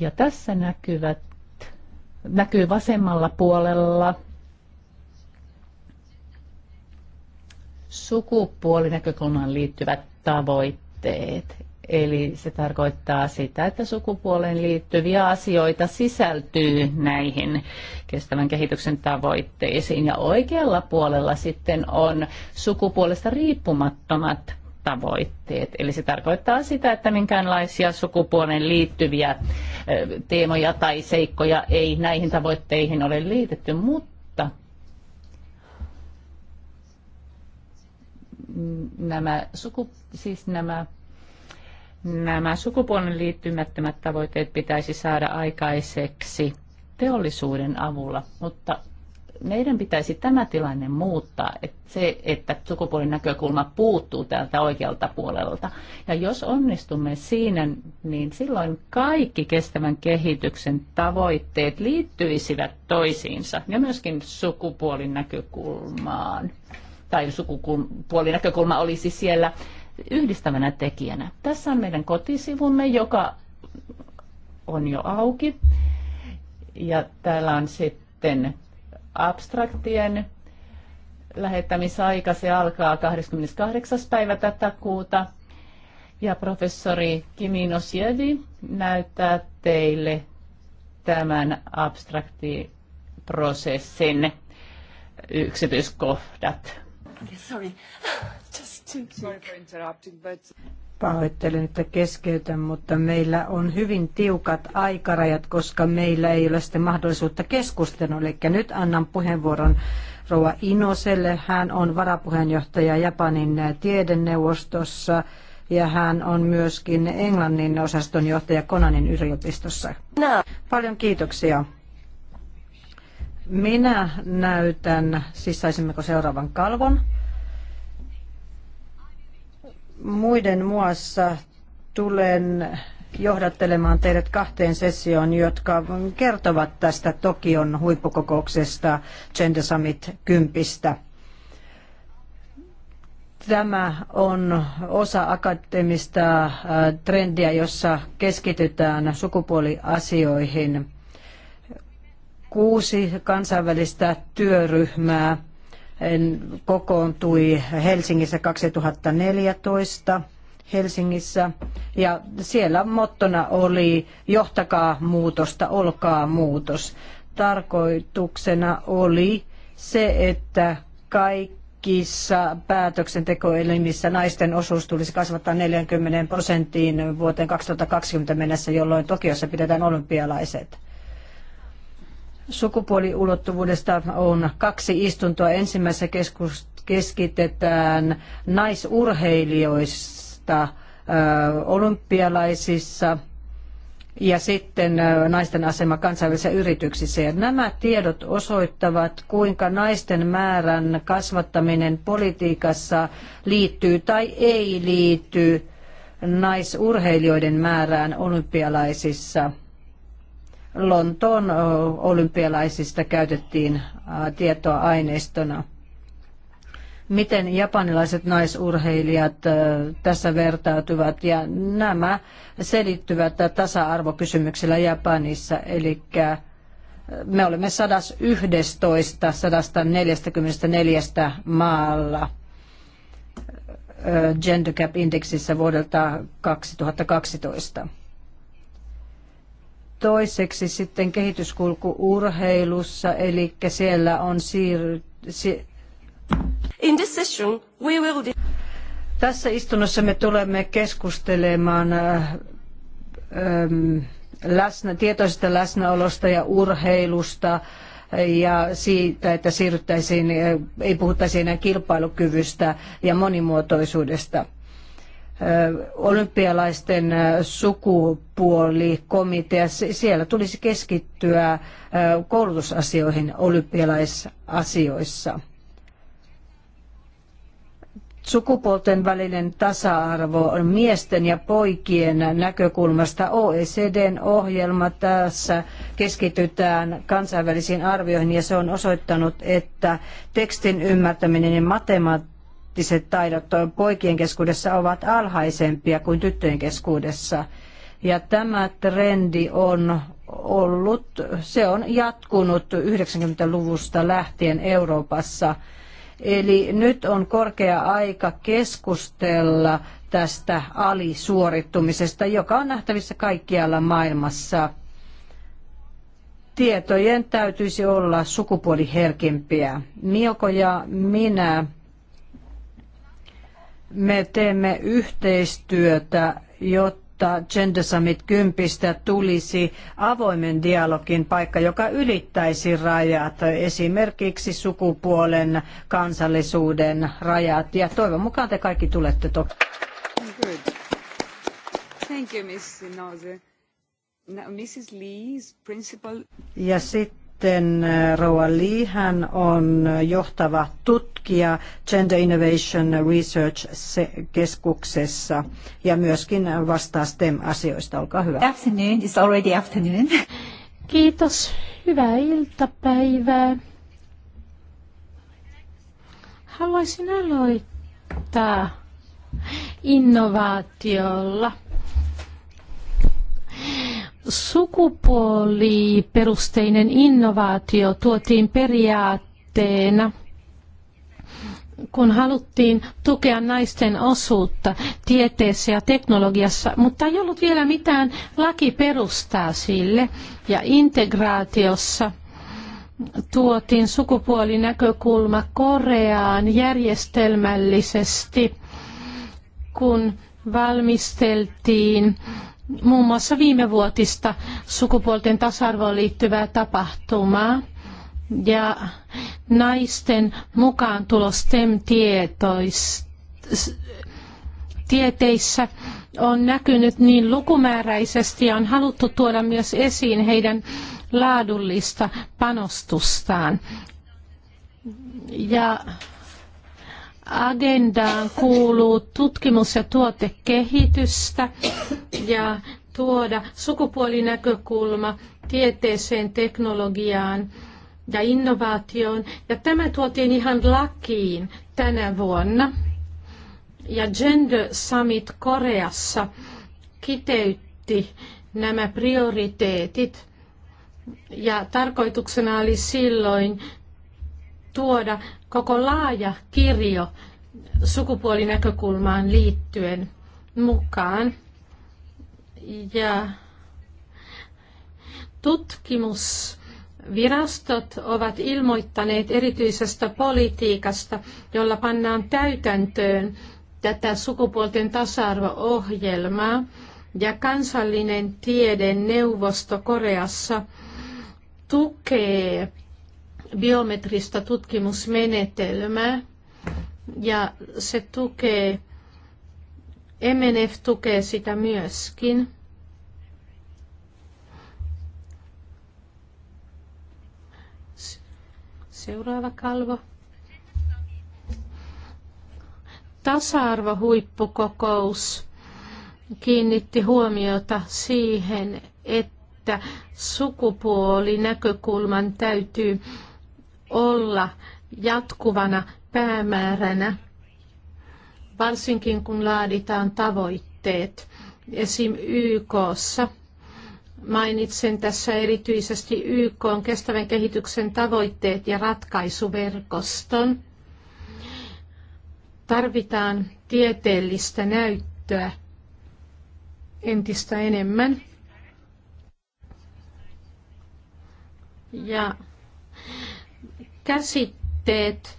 Ja tässä näkyvät, näkyy vasemmalla puolella sukupuolinäkökulmaan liittyvät tavoitteet. Eli se tarkoittaa sitä, että sukupuoleen liittyviä asioita sisältyy näihin kestävän kehityksen tavoitteisiin. Ja oikealla puolella sitten on sukupuolesta riippumattomat tavoitteet. Eli se tarkoittaa sitä, että minkäänlaisia sukupuolen liittyviä teemoja tai seikkoja ei näihin tavoitteihin ole liitetty, mutta nämä, suku, siis nämä, nämä sukupuolen liittymättömät tavoitteet pitäisi saada aikaiseksi teollisuuden avulla, mutta meidän pitäisi tämä tilanne muuttaa, että se, että sukupuolen näkökulma puuttuu täältä oikealta puolelta. Ja jos onnistumme siinä, niin silloin kaikki kestävän kehityksen tavoitteet liittyisivät toisiinsa ja myöskin sukupuolin näkökulmaan tai sukupuolinäkökulma olisi siellä yhdistävänä tekijänä. Tässä on meidän kotisivumme, joka on jo auki. Ja täällä on sitten abstraktien lähettämisaika. Se alkaa 28. päivä tätä kuuta. Ja professori Kimi Nosjevi näyttää teille tämän abstraktiprosessin yksityiskohdat. Sorry. Just to... Sorry for interrupting, but... Pahoittelen, että keskeytän, mutta meillä on hyvin tiukat aikarajat, koska meillä ei ole sitten mahdollisuutta keskustella. Eli nyt annan puheenvuoron Rova Inoselle. Hän on varapuheenjohtaja Japanin tiedeneuvostossa ja hän on myöskin Englannin osaston johtaja Konanin yliopistossa. No. Paljon kiitoksia. Minä näytän, siis saisimmeko seuraavan kalvon. Muiden muassa tulen johdattelemaan teidät kahteen sessioon, jotka kertovat tästä Tokion huippukokouksesta Gender Summit 10. Tämä on osa akateemista äh, trendiä, jossa keskitytään sukupuoliasioihin – Kuusi kansainvälistä työryhmää kokoontui Helsingissä 2014 Helsingissä ja siellä mottona oli johtakaa muutosta, olkaa muutos. Tarkoituksena oli se, että kaikissa päätöksentekoelimissä naisten osuus tulisi kasvattaa 40 prosenttiin vuoteen 2020 mennessä, jolloin Tokiossa pidetään olympialaiset sukupuoliulottuvuudesta on kaksi istuntoa. Ensimmäisessä keskitetään naisurheilijoista olympialaisissa ja sitten naisten asema kansainvälisissä yrityksissä. Ja nämä tiedot osoittavat, kuinka naisten määrän kasvattaminen politiikassa liittyy tai ei liity naisurheilijoiden määrään olympialaisissa – Lontoon olympialaisista käytettiin tietoa aineistona. Miten japanilaiset naisurheilijat tässä vertautuvat ja nämä selittyvät tasa-arvokysymyksillä Japanissa, eli me olemme 111 144 maalla gender gap indeksissä vuodelta 2012. Toiseksi sitten kehityskulku urheilussa, eli siellä on siir... Si... In this session we will... Tässä istunnossa me tulemme keskustelemaan äh, ähm, läsnä, tietoisesta läsnäolosta ja urheilusta ja siitä, että siirryttäisiin, äh, ei puhuttaisi enää kilpailukyvystä ja monimuotoisuudesta olympialaisten sukupuolikomitea. Siellä tulisi keskittyä koulutusasioihin olympialaisasioissa. Sukupuolten välinen tasa-arvo on miesten ja poikien näkökulmasta OECDn ohjelma. Tässä keskitytään kansainvälisiin arvioihin ja se on osoittanut, että tekstin ymmärtäminen ja matematiikka kriittiset taidot poikien keskuudessa ovat alhaisempia kuin tyttöjen keskuudessa. Ja tämä trendi on ollut, se on jatkunut 90-luvusta lähtien Euroopassa. Eli nyt on korkea aika keskustella tästä alisuorittumisesta, joka on nähtävissä kaikkialla maailmassa. Tietojen täytyisi olla sukupuoliherkimpiä. Mioko ja minä me teemme yhteistyötä, jotta Gender Summit 10 tulisi avoimen dialogin paikka, joka ylittäisi rajat, esimerkiksi sukupuolen, kansallisuuden rajat. Ja toivon mukaan te kaikki tulette toki. Ja sitten sitten äh, Roa Lee, hän on johtava tutkija Gender Innovation Research-keskuksessa ja myöskin vastaa STEM-asioista. Olkaa hyvä. Afternoon, it's already afternoon. Kiitos, hyvää iltapäivää. Haluaisin aloittaa innovaatiolla – Sukupuoliperusteinen innovaatio tuotiin periaatteena kun haluttiin tukea naisten osuutta tieteessä ja teknologiassa, mutta ei ollut vielä mitään lakiperustaa sille. Ja integraatiossa tuotiin sukupuolinäkökulma Koreaan järjestelmällisesti, kun valmisteltiin muun muassa viime vuotista sukupuolten tasa-arvoon liittyvää tapahtumaa ja naisten mukaan tulo STEM-tieteissä on näkynyt niin lukumääräisesti ja on haluttu tuoda myös esiin heidän laadullista panostustaan. Ja agendaan kuuluu tutkimus- ja tuotekehitystä ja tuoda sukupuolinäkökulma tieteeseen, teknologiaan ja innovaatioon. Ja tämä tuotiin ihan lakiin tänä vuonna. Ja Gender Summit Koreassa kiteytti nämä prioriteetit. Ja tarkoituksena oli silloin tuoda koko laaja kirjo sukupuolinäkökulmaan liittyen mukaan. Ja tutkimus Virastot ovat ilmoittaneet erityisestä politiikasta, jolla pannaan täytäntöön tätä sukupuolten tasa-arvo-ohjelmaa ja kansallinen tiedeneuvosto Koreassa tukee biometristä tutkimusmenetelmää ja se tukee, MNF tukee sitä myöskin. Seuraava kalvo. Tasa-arvohuippukokous kiinnitti huomiota siihen, että sukupuolinäkökulman täytyy olla jatkuvana päämääränä, varsinkin kun laaditaan tavoitteet. Esim. YKssa mainitsen tässä erityisesti YK on kestävän kehityksen tavoitteet ja ratkaisuverkoston. Tarvitaan tieteellistä näyttöä entistä enemmän. Ja käsitteet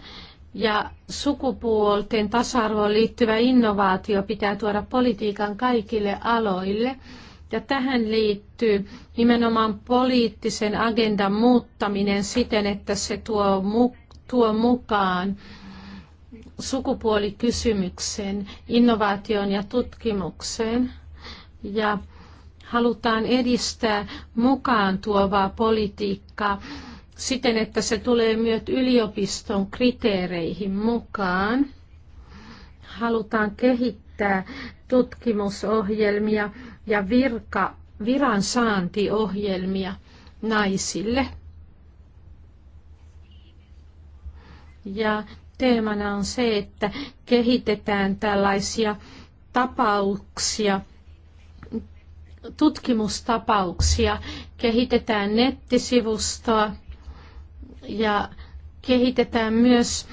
ja sukupuolten tasa-arvoon liittyvä innovaatio pitää tuoda politiikan kaikille aloille. Ja tähän liittyy nimenomaan poliittisen agendan muuttaminen siten, että se tuo, mu- tuo mukaan sukupuolikysymyksen, innovaation ja tutkimukseen. Ja halutaan edistää mukaan tuovaa politiikkaa siten, että se tulee myös yliopiston kriteereihin mukaan. Halutaan kehittää tutkimusohjelmia ja virka, viransaantiohjelmia naisille. Ja teemana on se, että kehitetään tällaisia tapauksia, tutkimustapauksia, kehitetään nettisivustoa, ja kehitetään myös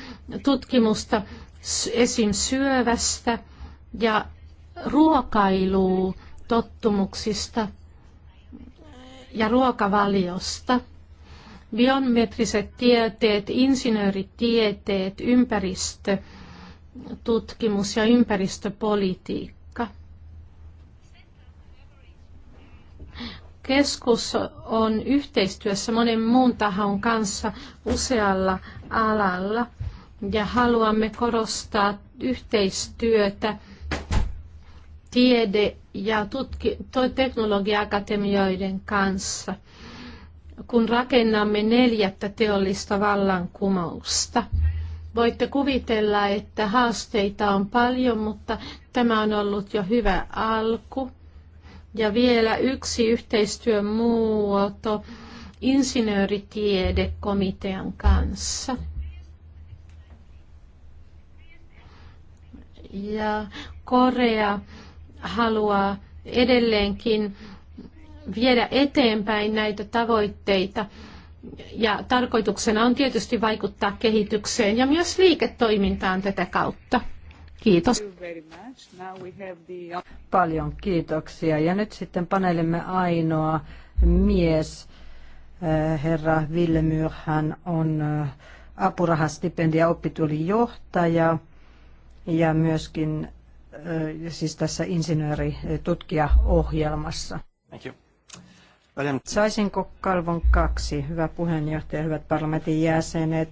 tutkimusta esim. syövästä ja ruokailutottumuksista ja ruokavaliosta. Biometriset tieteet, insinööritieteet, ympäristötutkimus ja ympäristöpolitiikka Keskus on yhteistyössä monen muun tahon kanssa usealla alalla ja haluamme korostaa yhteistyötä tiede- ja tutki- teknologiaakatemioiden kanssa, kun rakennamme neljättä teollista vallankumousta. Voitte kuvitella, että haasteita on paljon, mutta tämä on ollut jo hyvä alku. Ja vielä yksi yhteistyön muoto insinööritiedekomitean kanssa. Ja Korea haluaa edelleenkin viedä eteenpäin näitä tavoitteita. Ja tarkoituksena on tietysti vaikuttaa kehitykseen ja myös liiketoimintaan tätä kautta. Kiitos. Paljon kiitoksia. Ja nyt sitten panelimme ainoa mies, äh, herra Villemyr. Hän on äh, ja oppituolijohtaja ja myöskin äh, siis tässä insinööritutkijaohjelmassa. Thank you. Saisinko kalvon kaksi, hyvä puheenjohtaja, hyvät parlamentin jäsenet,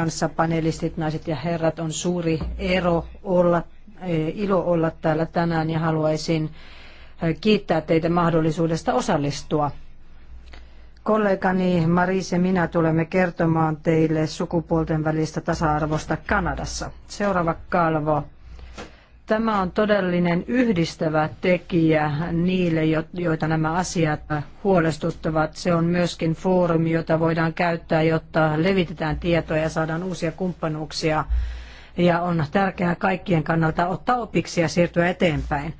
kanssa, panelistit, naiset ja herrat, on suuri ero olla, e, ilo olla täällä tänään ja haluaisin e, kiittää teitä mahdollisuudesta osallistua. Kollegani Marise ja minä tulemme kertomaan teille sukupuolten välistä tasa-arvosta Kanadassa. Seuraava kalvo Tämä on todellinen yhdistävä tekijä niille, joita nämä asiat huolestuttavat. Se on myöskin foorumi, jota voidaan käyttää, jotta levitetään tietoa ja saadaan uusia kumppanuuksia. Ja on tärkeää kaikkien kannalta ottaa opiksi ja siirtyä eteenpäin.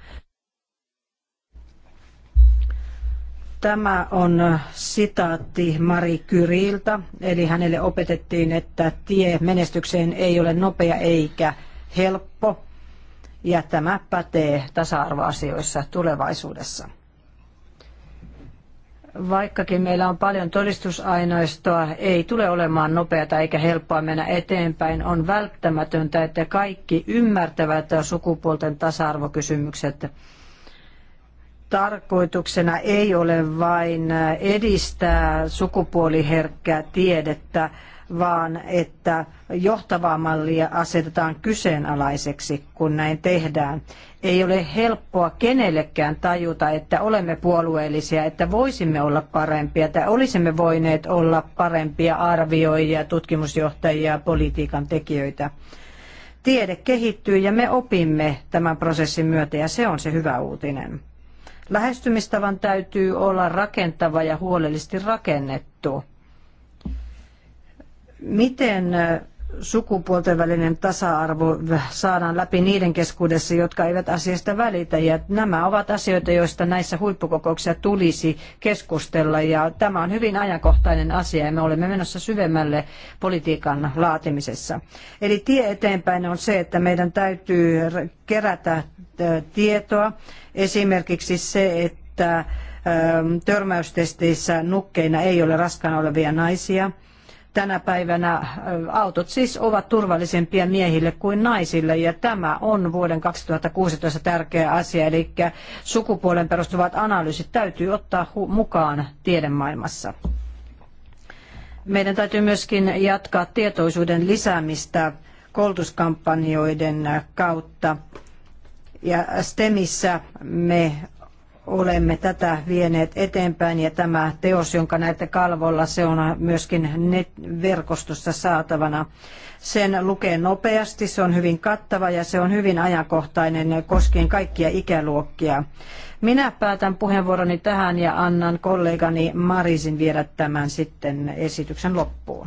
Tämä on sitaatti Mari Kyriltä, eli hänelle opetettiin, että tie menestykseen ei ole nopea eikä helppo, ja tämä pätee tasa-arvoasioissa tulevaisuudessa. Vaikkakin meillä on paljon todistusaineistoa, ei tule olemaan nopeata eikä helppoa mennä eteenpäin. On välttämätöntä, että kaikki ymmärtävät sukupuolten tasa-arvokysymykset tarkoituksena ei ole vain edistää sukupuoliherkkää tiedettä, vaan että johtavaa mallia asetetaan kyseenalaiseksi, kun näin tehdään. Ei ole helppoa kenellekään tajuta, että olemme puolueellisia, että voisimme olla parempia, että olisimme voineet olla parempia arvioijia, tutkimusjohtajia, politiikan tekijöitä. Tiede kehittyy ja me opimme tämän prosessin myötä ja se on se hyvä uutinen. Lähestymistavan täytyy olla rakentava ja huolellisesti rakennettu Miten sukupuolten välinen tasa-arvo saadaan läpi niiden keskuudessa, jotka eivät asiasta välitä. Ja nämä ovat asioita, joista näissä huippukokouksissa tulisi keskustella. Ja tämä on hyvin ajankohtainen asia ja me olemme menossa syvemmälle politiikan laatimisessa. Eli tie eteenpäin on se, että meidän täytyy kerätä tietoa. Esimerkiksi se, että törmäystesteissä nukkeina ei ole raskaana olevia naisia – tänä päivänä autot siis ovat turvallisempia miehille kuin naisille ja tämä on vuoden 2016 tärkeä asia, eli sukupuolen perustuvat analyysit täytyy ottaa mukaan tiedemaailmassa. Meidän täytyy myöskin jatkaa tietoisuuden lisäämistä koulutuskampanjoiden kautta. Ja STEMissä me olemme tätä vieneet eteenpäin ja tämä teos, jonka näette kalvolla, se on myöskin net verkostossa saatavana. Sen lukee nopeasti, se on hyvin kattava ja se on hyvin ajankohtainen koskien kaikkia ikäluokkia. Minä päätän puheenvuoroni tähän ja annan kollegani Marisin viedä tämän sitten esityksen loppuun.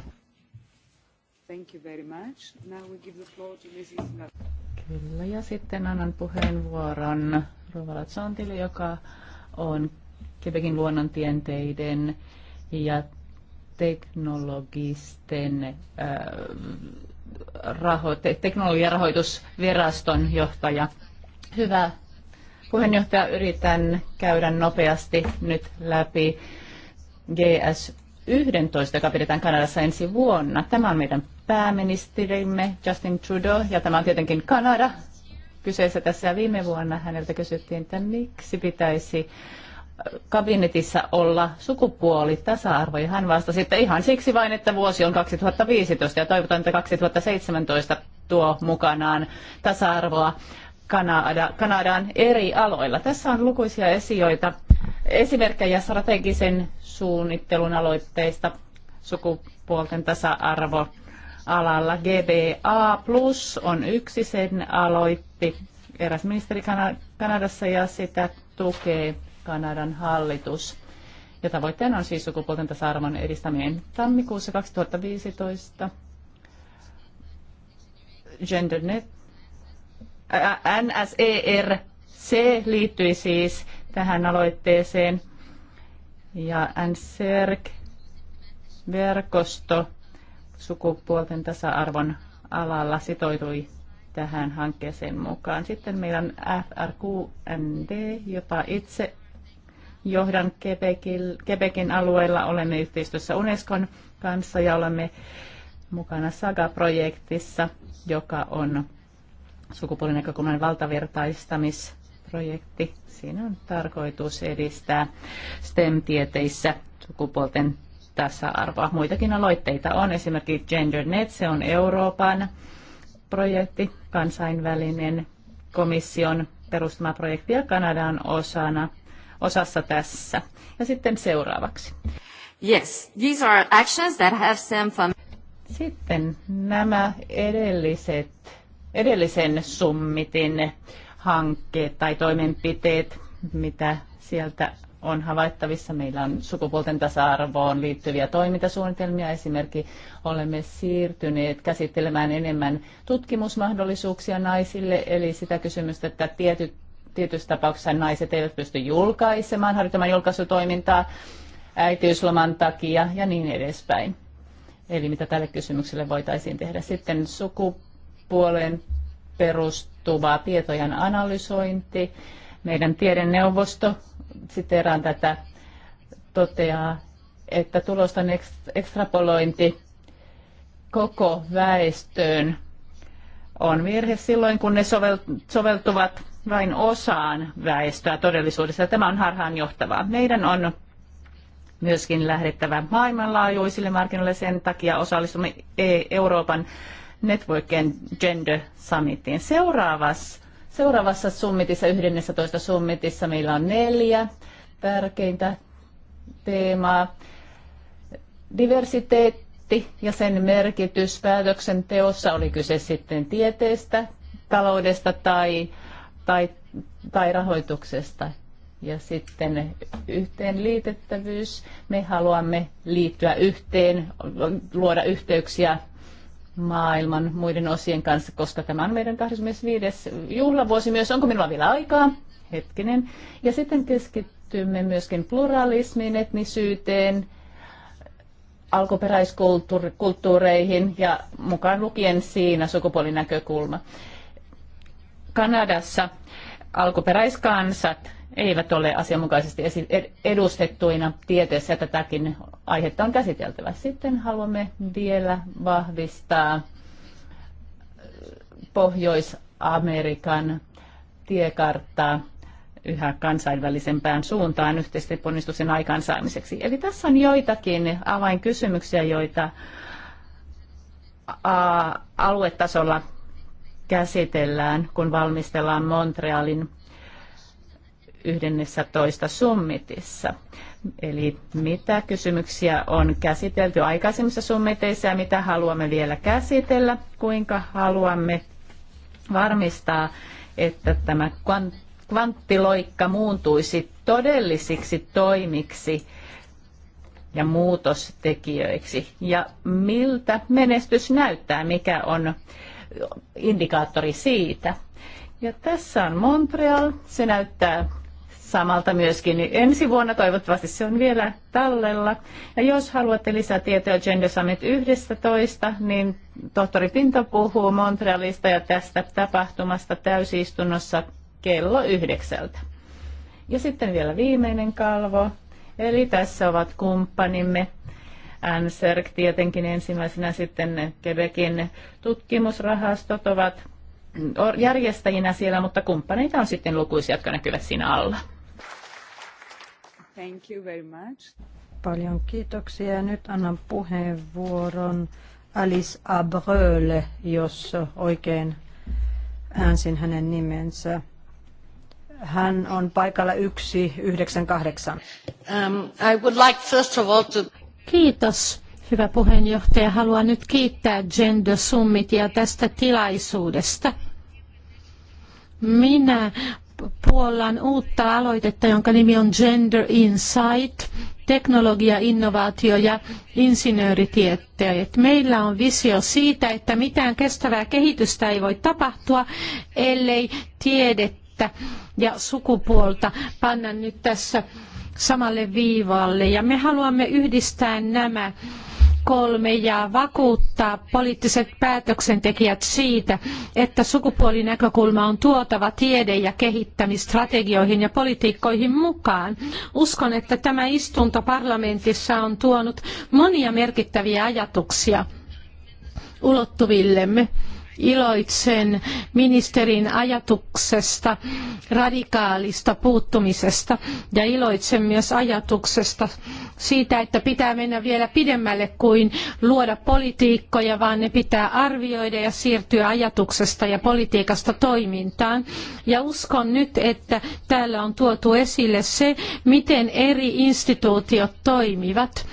Kyllä, ja sitten annan puheenvuoron Ruvala Chantille, joka on Quebecin luonnontieteiden ja teknologisten äh, raho, te, teknologiarahoitusviraston johtaja. Hyvä puheenjohtaja, yritän käydä nopeasti nyt läpi GS 11, joka pidetään Kanadassa ensi vuonna. Tämä on meidän pääministerimme Justin Trudeau ja tämä on tietenkin Kanada, kyseessä tässä. Viime vuonna häneltä kysyttiin, että miksi pitäisi kabinetissa olla sukupuoli tasa-arvo ja hän vastasi, että ihan siksi vain, että vuosi on 2015 ja toivotan, että 2017 tuo mukanaan tasa-arvoa Kanada, Kanadaan eri aloilla. Tässä on lukuisia esioita, esimerkkejä strategisen suunnittelun aloitteista, sukupuolten tasa-arvo, alalla. GBA Plus on yksi, sen aloitti eräs ministeri Kanadassa ja sitä tukee Kanadan hallitus. Ja tavoitteena on siis sukupuolten tasa-arvon edistäminen tammikuussa 2015. GenderNet, NSERC liittyi siis tähän aloitteeseen ja NSERC verkosto sukupuolten tasa-arvon alalla sitoutui tähän hankkeeseen mukaan. Sitten meillä on FRQND, jota itse johdan Quebecin alueella. Olemme yhteistyössä Unescon kanssa ja olemme mukana SAGA-projektissa, joka on sukupuolinäkökulman valtavertaistamisprojekti. Siinä on tarkoitus edistää STEM-tieteissä sukupuolten tasa-arvoa. Muitakin aloitteita on, esimerkiksi GenderNet, se on Euroopan projekti, kansainvälinen komission perustama projekti ja Kanadan osana, osassa tässä. Ja sitten seuraavaksi. Yes, these are actions that have some fun. Sitten nämä edelliset, edellisen summitin hankkeet tai toimenpiteet, mitä sieltä on havaittavissa. Meillä on sukupuolten tasa-arvoon liittyviä toimintasuunnitelmia. Esimerkiksi olemme siirtyneet käsittelemään enemmän tutkimusmahdollisuuksia naisille, eli sitä kysymystä, että tietyt, tietyissä tapauksissa naiset eivät pysty julkaisemaan, harjoittamaan julkaisutoimintaa äitiysloman takia ja niin edespäin. Eli mitä tälle kysymykselle voitaisiin tehdä. Sitten sukupuoleen perustuva tietojen analysointi. Meidän tiedeneuvosto siteeraan tätä, toteaa, että tulosten ekstrapolointi koko väestöön on virhe silloin, kun ne soveltuvat vain osaan väestöä todellisuudessa. Tämä on harhaanjohtavaa. Meidän on myöskin lähdettävä maailmanlaajuisille markkinoille. Sen takia osallistumme e- Euroopan Network and Gender Summitiin. Seuraavassa Seuraavassa summitissa, 11. summitissa, meillä on neljä tärkeintä teemaa. Diversiteetti ja sen merkitys päätöksenteossa, oli kyse sitten tieteestä, taloudesta tai, tai, tai rahoituksesta. Ja sitten yhteenliitettävyys. Me haluamme liittyä yhteen, luoda yhteyksiä maailman muiden osien kanssa, koska tämä on meidän 25. juhlavuosi myös. Onko minulla vielä aikaa? Hetkinen. Ja sitten keskittymme myöskin pluralismiin, etnisyyteen, alkuperäiskulttuureihin ja mukaan lukien siinä sukupuolinäkökulma. Kanadassa alkuperäiskansat eivät ole asianmukaisesti edustettuina tieteessä, ja tätäkin aihetta on käsiteltävä. Sitten haluamme vielä vahvistaa äh, Pohjois-Amerikan tiekarttaa yhä kansainvälisempään suuntaan yhteisten ponnistusten aikaansaamiseksi. Eli tässä on joitakin avainkysymyksiä, joita aluetasolla käsitellään, kun valmistellaan Montrealin 11. summitissa. Eli mitä kysymyksiä on käsitelty aikaisemmissa summiteissa ja mitä haluamme vielä käsitellä, kuinka haluamme varmistaa, että tämä kvanttiloikka muuntuisi todellisiksi toimiksi ja muutostekijöiksi. Ja miltä menestys näyttää, mikä on indikaattori siitä. Ja tässä on Montreal. Se näyttää samalta myöskin niin ensi vuonna. Toivottavasti se on vielä tallella. Ja jos haluatte lisätietoja Gender Summit 11, niin tohtori Pinto puhuu Montrealista ja tästä tapahtumasta täysistunnossa kello yhdeksältä. Ja sitten vielä viimeinen kalvo. Eli tässä ovat kumppanimme. NSERC tietenkin ensimmäisenä sitten Quebecin tutkimusrahastot ovat järjestäjinä siellä, mutta kumppaneita on sitten lukuisia, jotka näkyvät siinä alla. Thank you very much. Paljon kiitoksia. Nyt annan puheenvuoron Alice Abreulle, jos oikein äänsin hänen nimensä. Hän on paikalla 198. Um, I would like first of all to... Kiitos. Hyvä puheenjohtaja, haluan nyt kiittää Gender Summitia tästä tilaisuudesta. Minä Puollan uutta aloitetta, jonka nimi on Gender Insight, teknologia, innovaatio ja insinööritieteet. Meillä on visio siitä, että mitään kestävää kehitystä ei voi tapahtua, ellei tiedettä ja sukupuolta panna nyt tässä samalle viivalle. Ja me haluamme yhdistää nämä kolme ja vakuuttaa poliittiset päätöksentekijät siitä, että sukupuolinäkökulma on tuotava tiede- ja kehittämistrategioihin ja politiikkoihin mukaan. Uskon, että tämä istunto parlamentissa on tuonut monia merkittäviä ajatuksia ulottuvillemme iloitsen ministerin ajatuksesta radikaalista puuttumisesta ja iloitsen myös ajatuksesta siitä, että pitää mennä vielä pidemmälle kuin luoda politiikkoja, vaan ne pitää arvioida ja siirtyä ajatuksesta ja politiikasta toimintaan. Ja uskon nyt, että täällä on tuotu esille se, miten eri instituutiot toimivat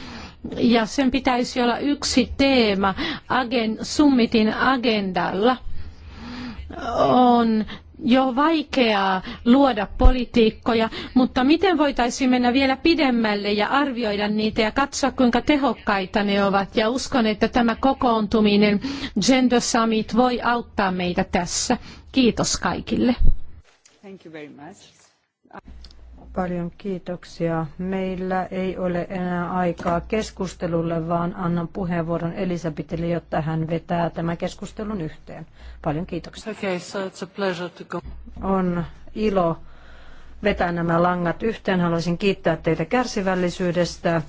ja sen pitäisi olla yksi teema agen, summitin agendalla. On jo vaikeaa luoda politiikkoja, mutta miten voitaisiin mennä vielä pidemmälle ja arvioida niitä ja katsoa, kuinka tehokkaita ne ovat. Ja uskon, että tämä kokoontuminen Gender Summit voi auttaa meitä tässä. Kiitos kaikille. Thank you very much. Paljon kiitoksia. Meillä ei ole enää aikaa keskustelulle, vaan annan puheenvuoron Elisabetille, jotta hän vetää tämän keskustelun yhteen. Paljon kiitoksia. Okay, so it's a pleasure to go. On ilo vetää nämä langat yhteen. Haluaisin kiittää teitä kärsivällisyydestä.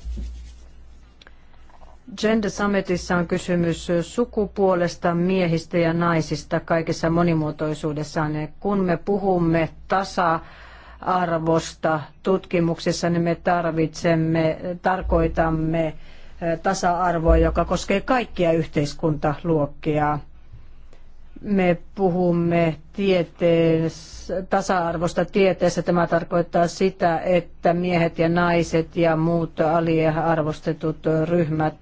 Gender Summitissa on kysymys sukupuolesta, miehistä ja naisista kaikessa monimuotoisuudessaan. Kun me puhumme tasa arvosta. Tutkimuksessa niin me tarvitsemme, tarkoitamme tasa-arvoa, joka koskee kaikkia yhteiskuntaluokkia. Me puhumme tasa-arvosta tieteessä. Tämä tarkoittaa sitä, että miehet ja naiset ja muut aliearvostetut ryhmät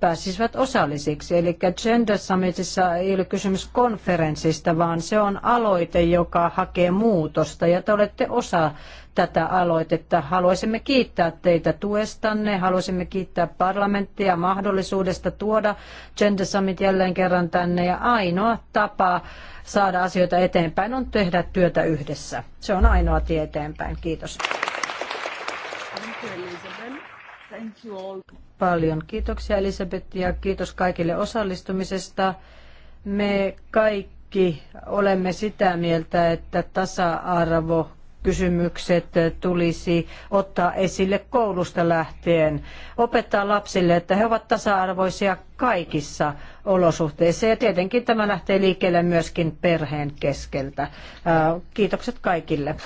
pääsisivät osallisiksi. Eli Gender Summitissa ei ole kysymys konferenssista, vaan se on aloite, joka hakee muutosta ja te olette osa tätä aloitetta. Haluaisimme kiittää teitä tuestanne, haluaisimme kiittää parlamenttia mahdollisuudesta tuoda Gender Summit jälleen kerran tänne ja ainoa tapa saada asioita eteenpäin on tehdä työtä yhdessä. Se on ainoa tie eteenpäin. Kiitos. Thank you, Elizabeth. Thank you all paljon kiitoksia Elisabeth ja kiitos kaikille osallistumisesta. Me kaikki olemme sitä mieltä, että tasa-arvo kysymykset tulisi ottaa esille koulusta lähtien. Opettaa lapsille, että he ovat tasa-arvoisia kaikissa olosuhteissa. Ja tietenkin tämä lähtee liikkeelle myöskin perheen keskeltä. Kiitokset kaikille.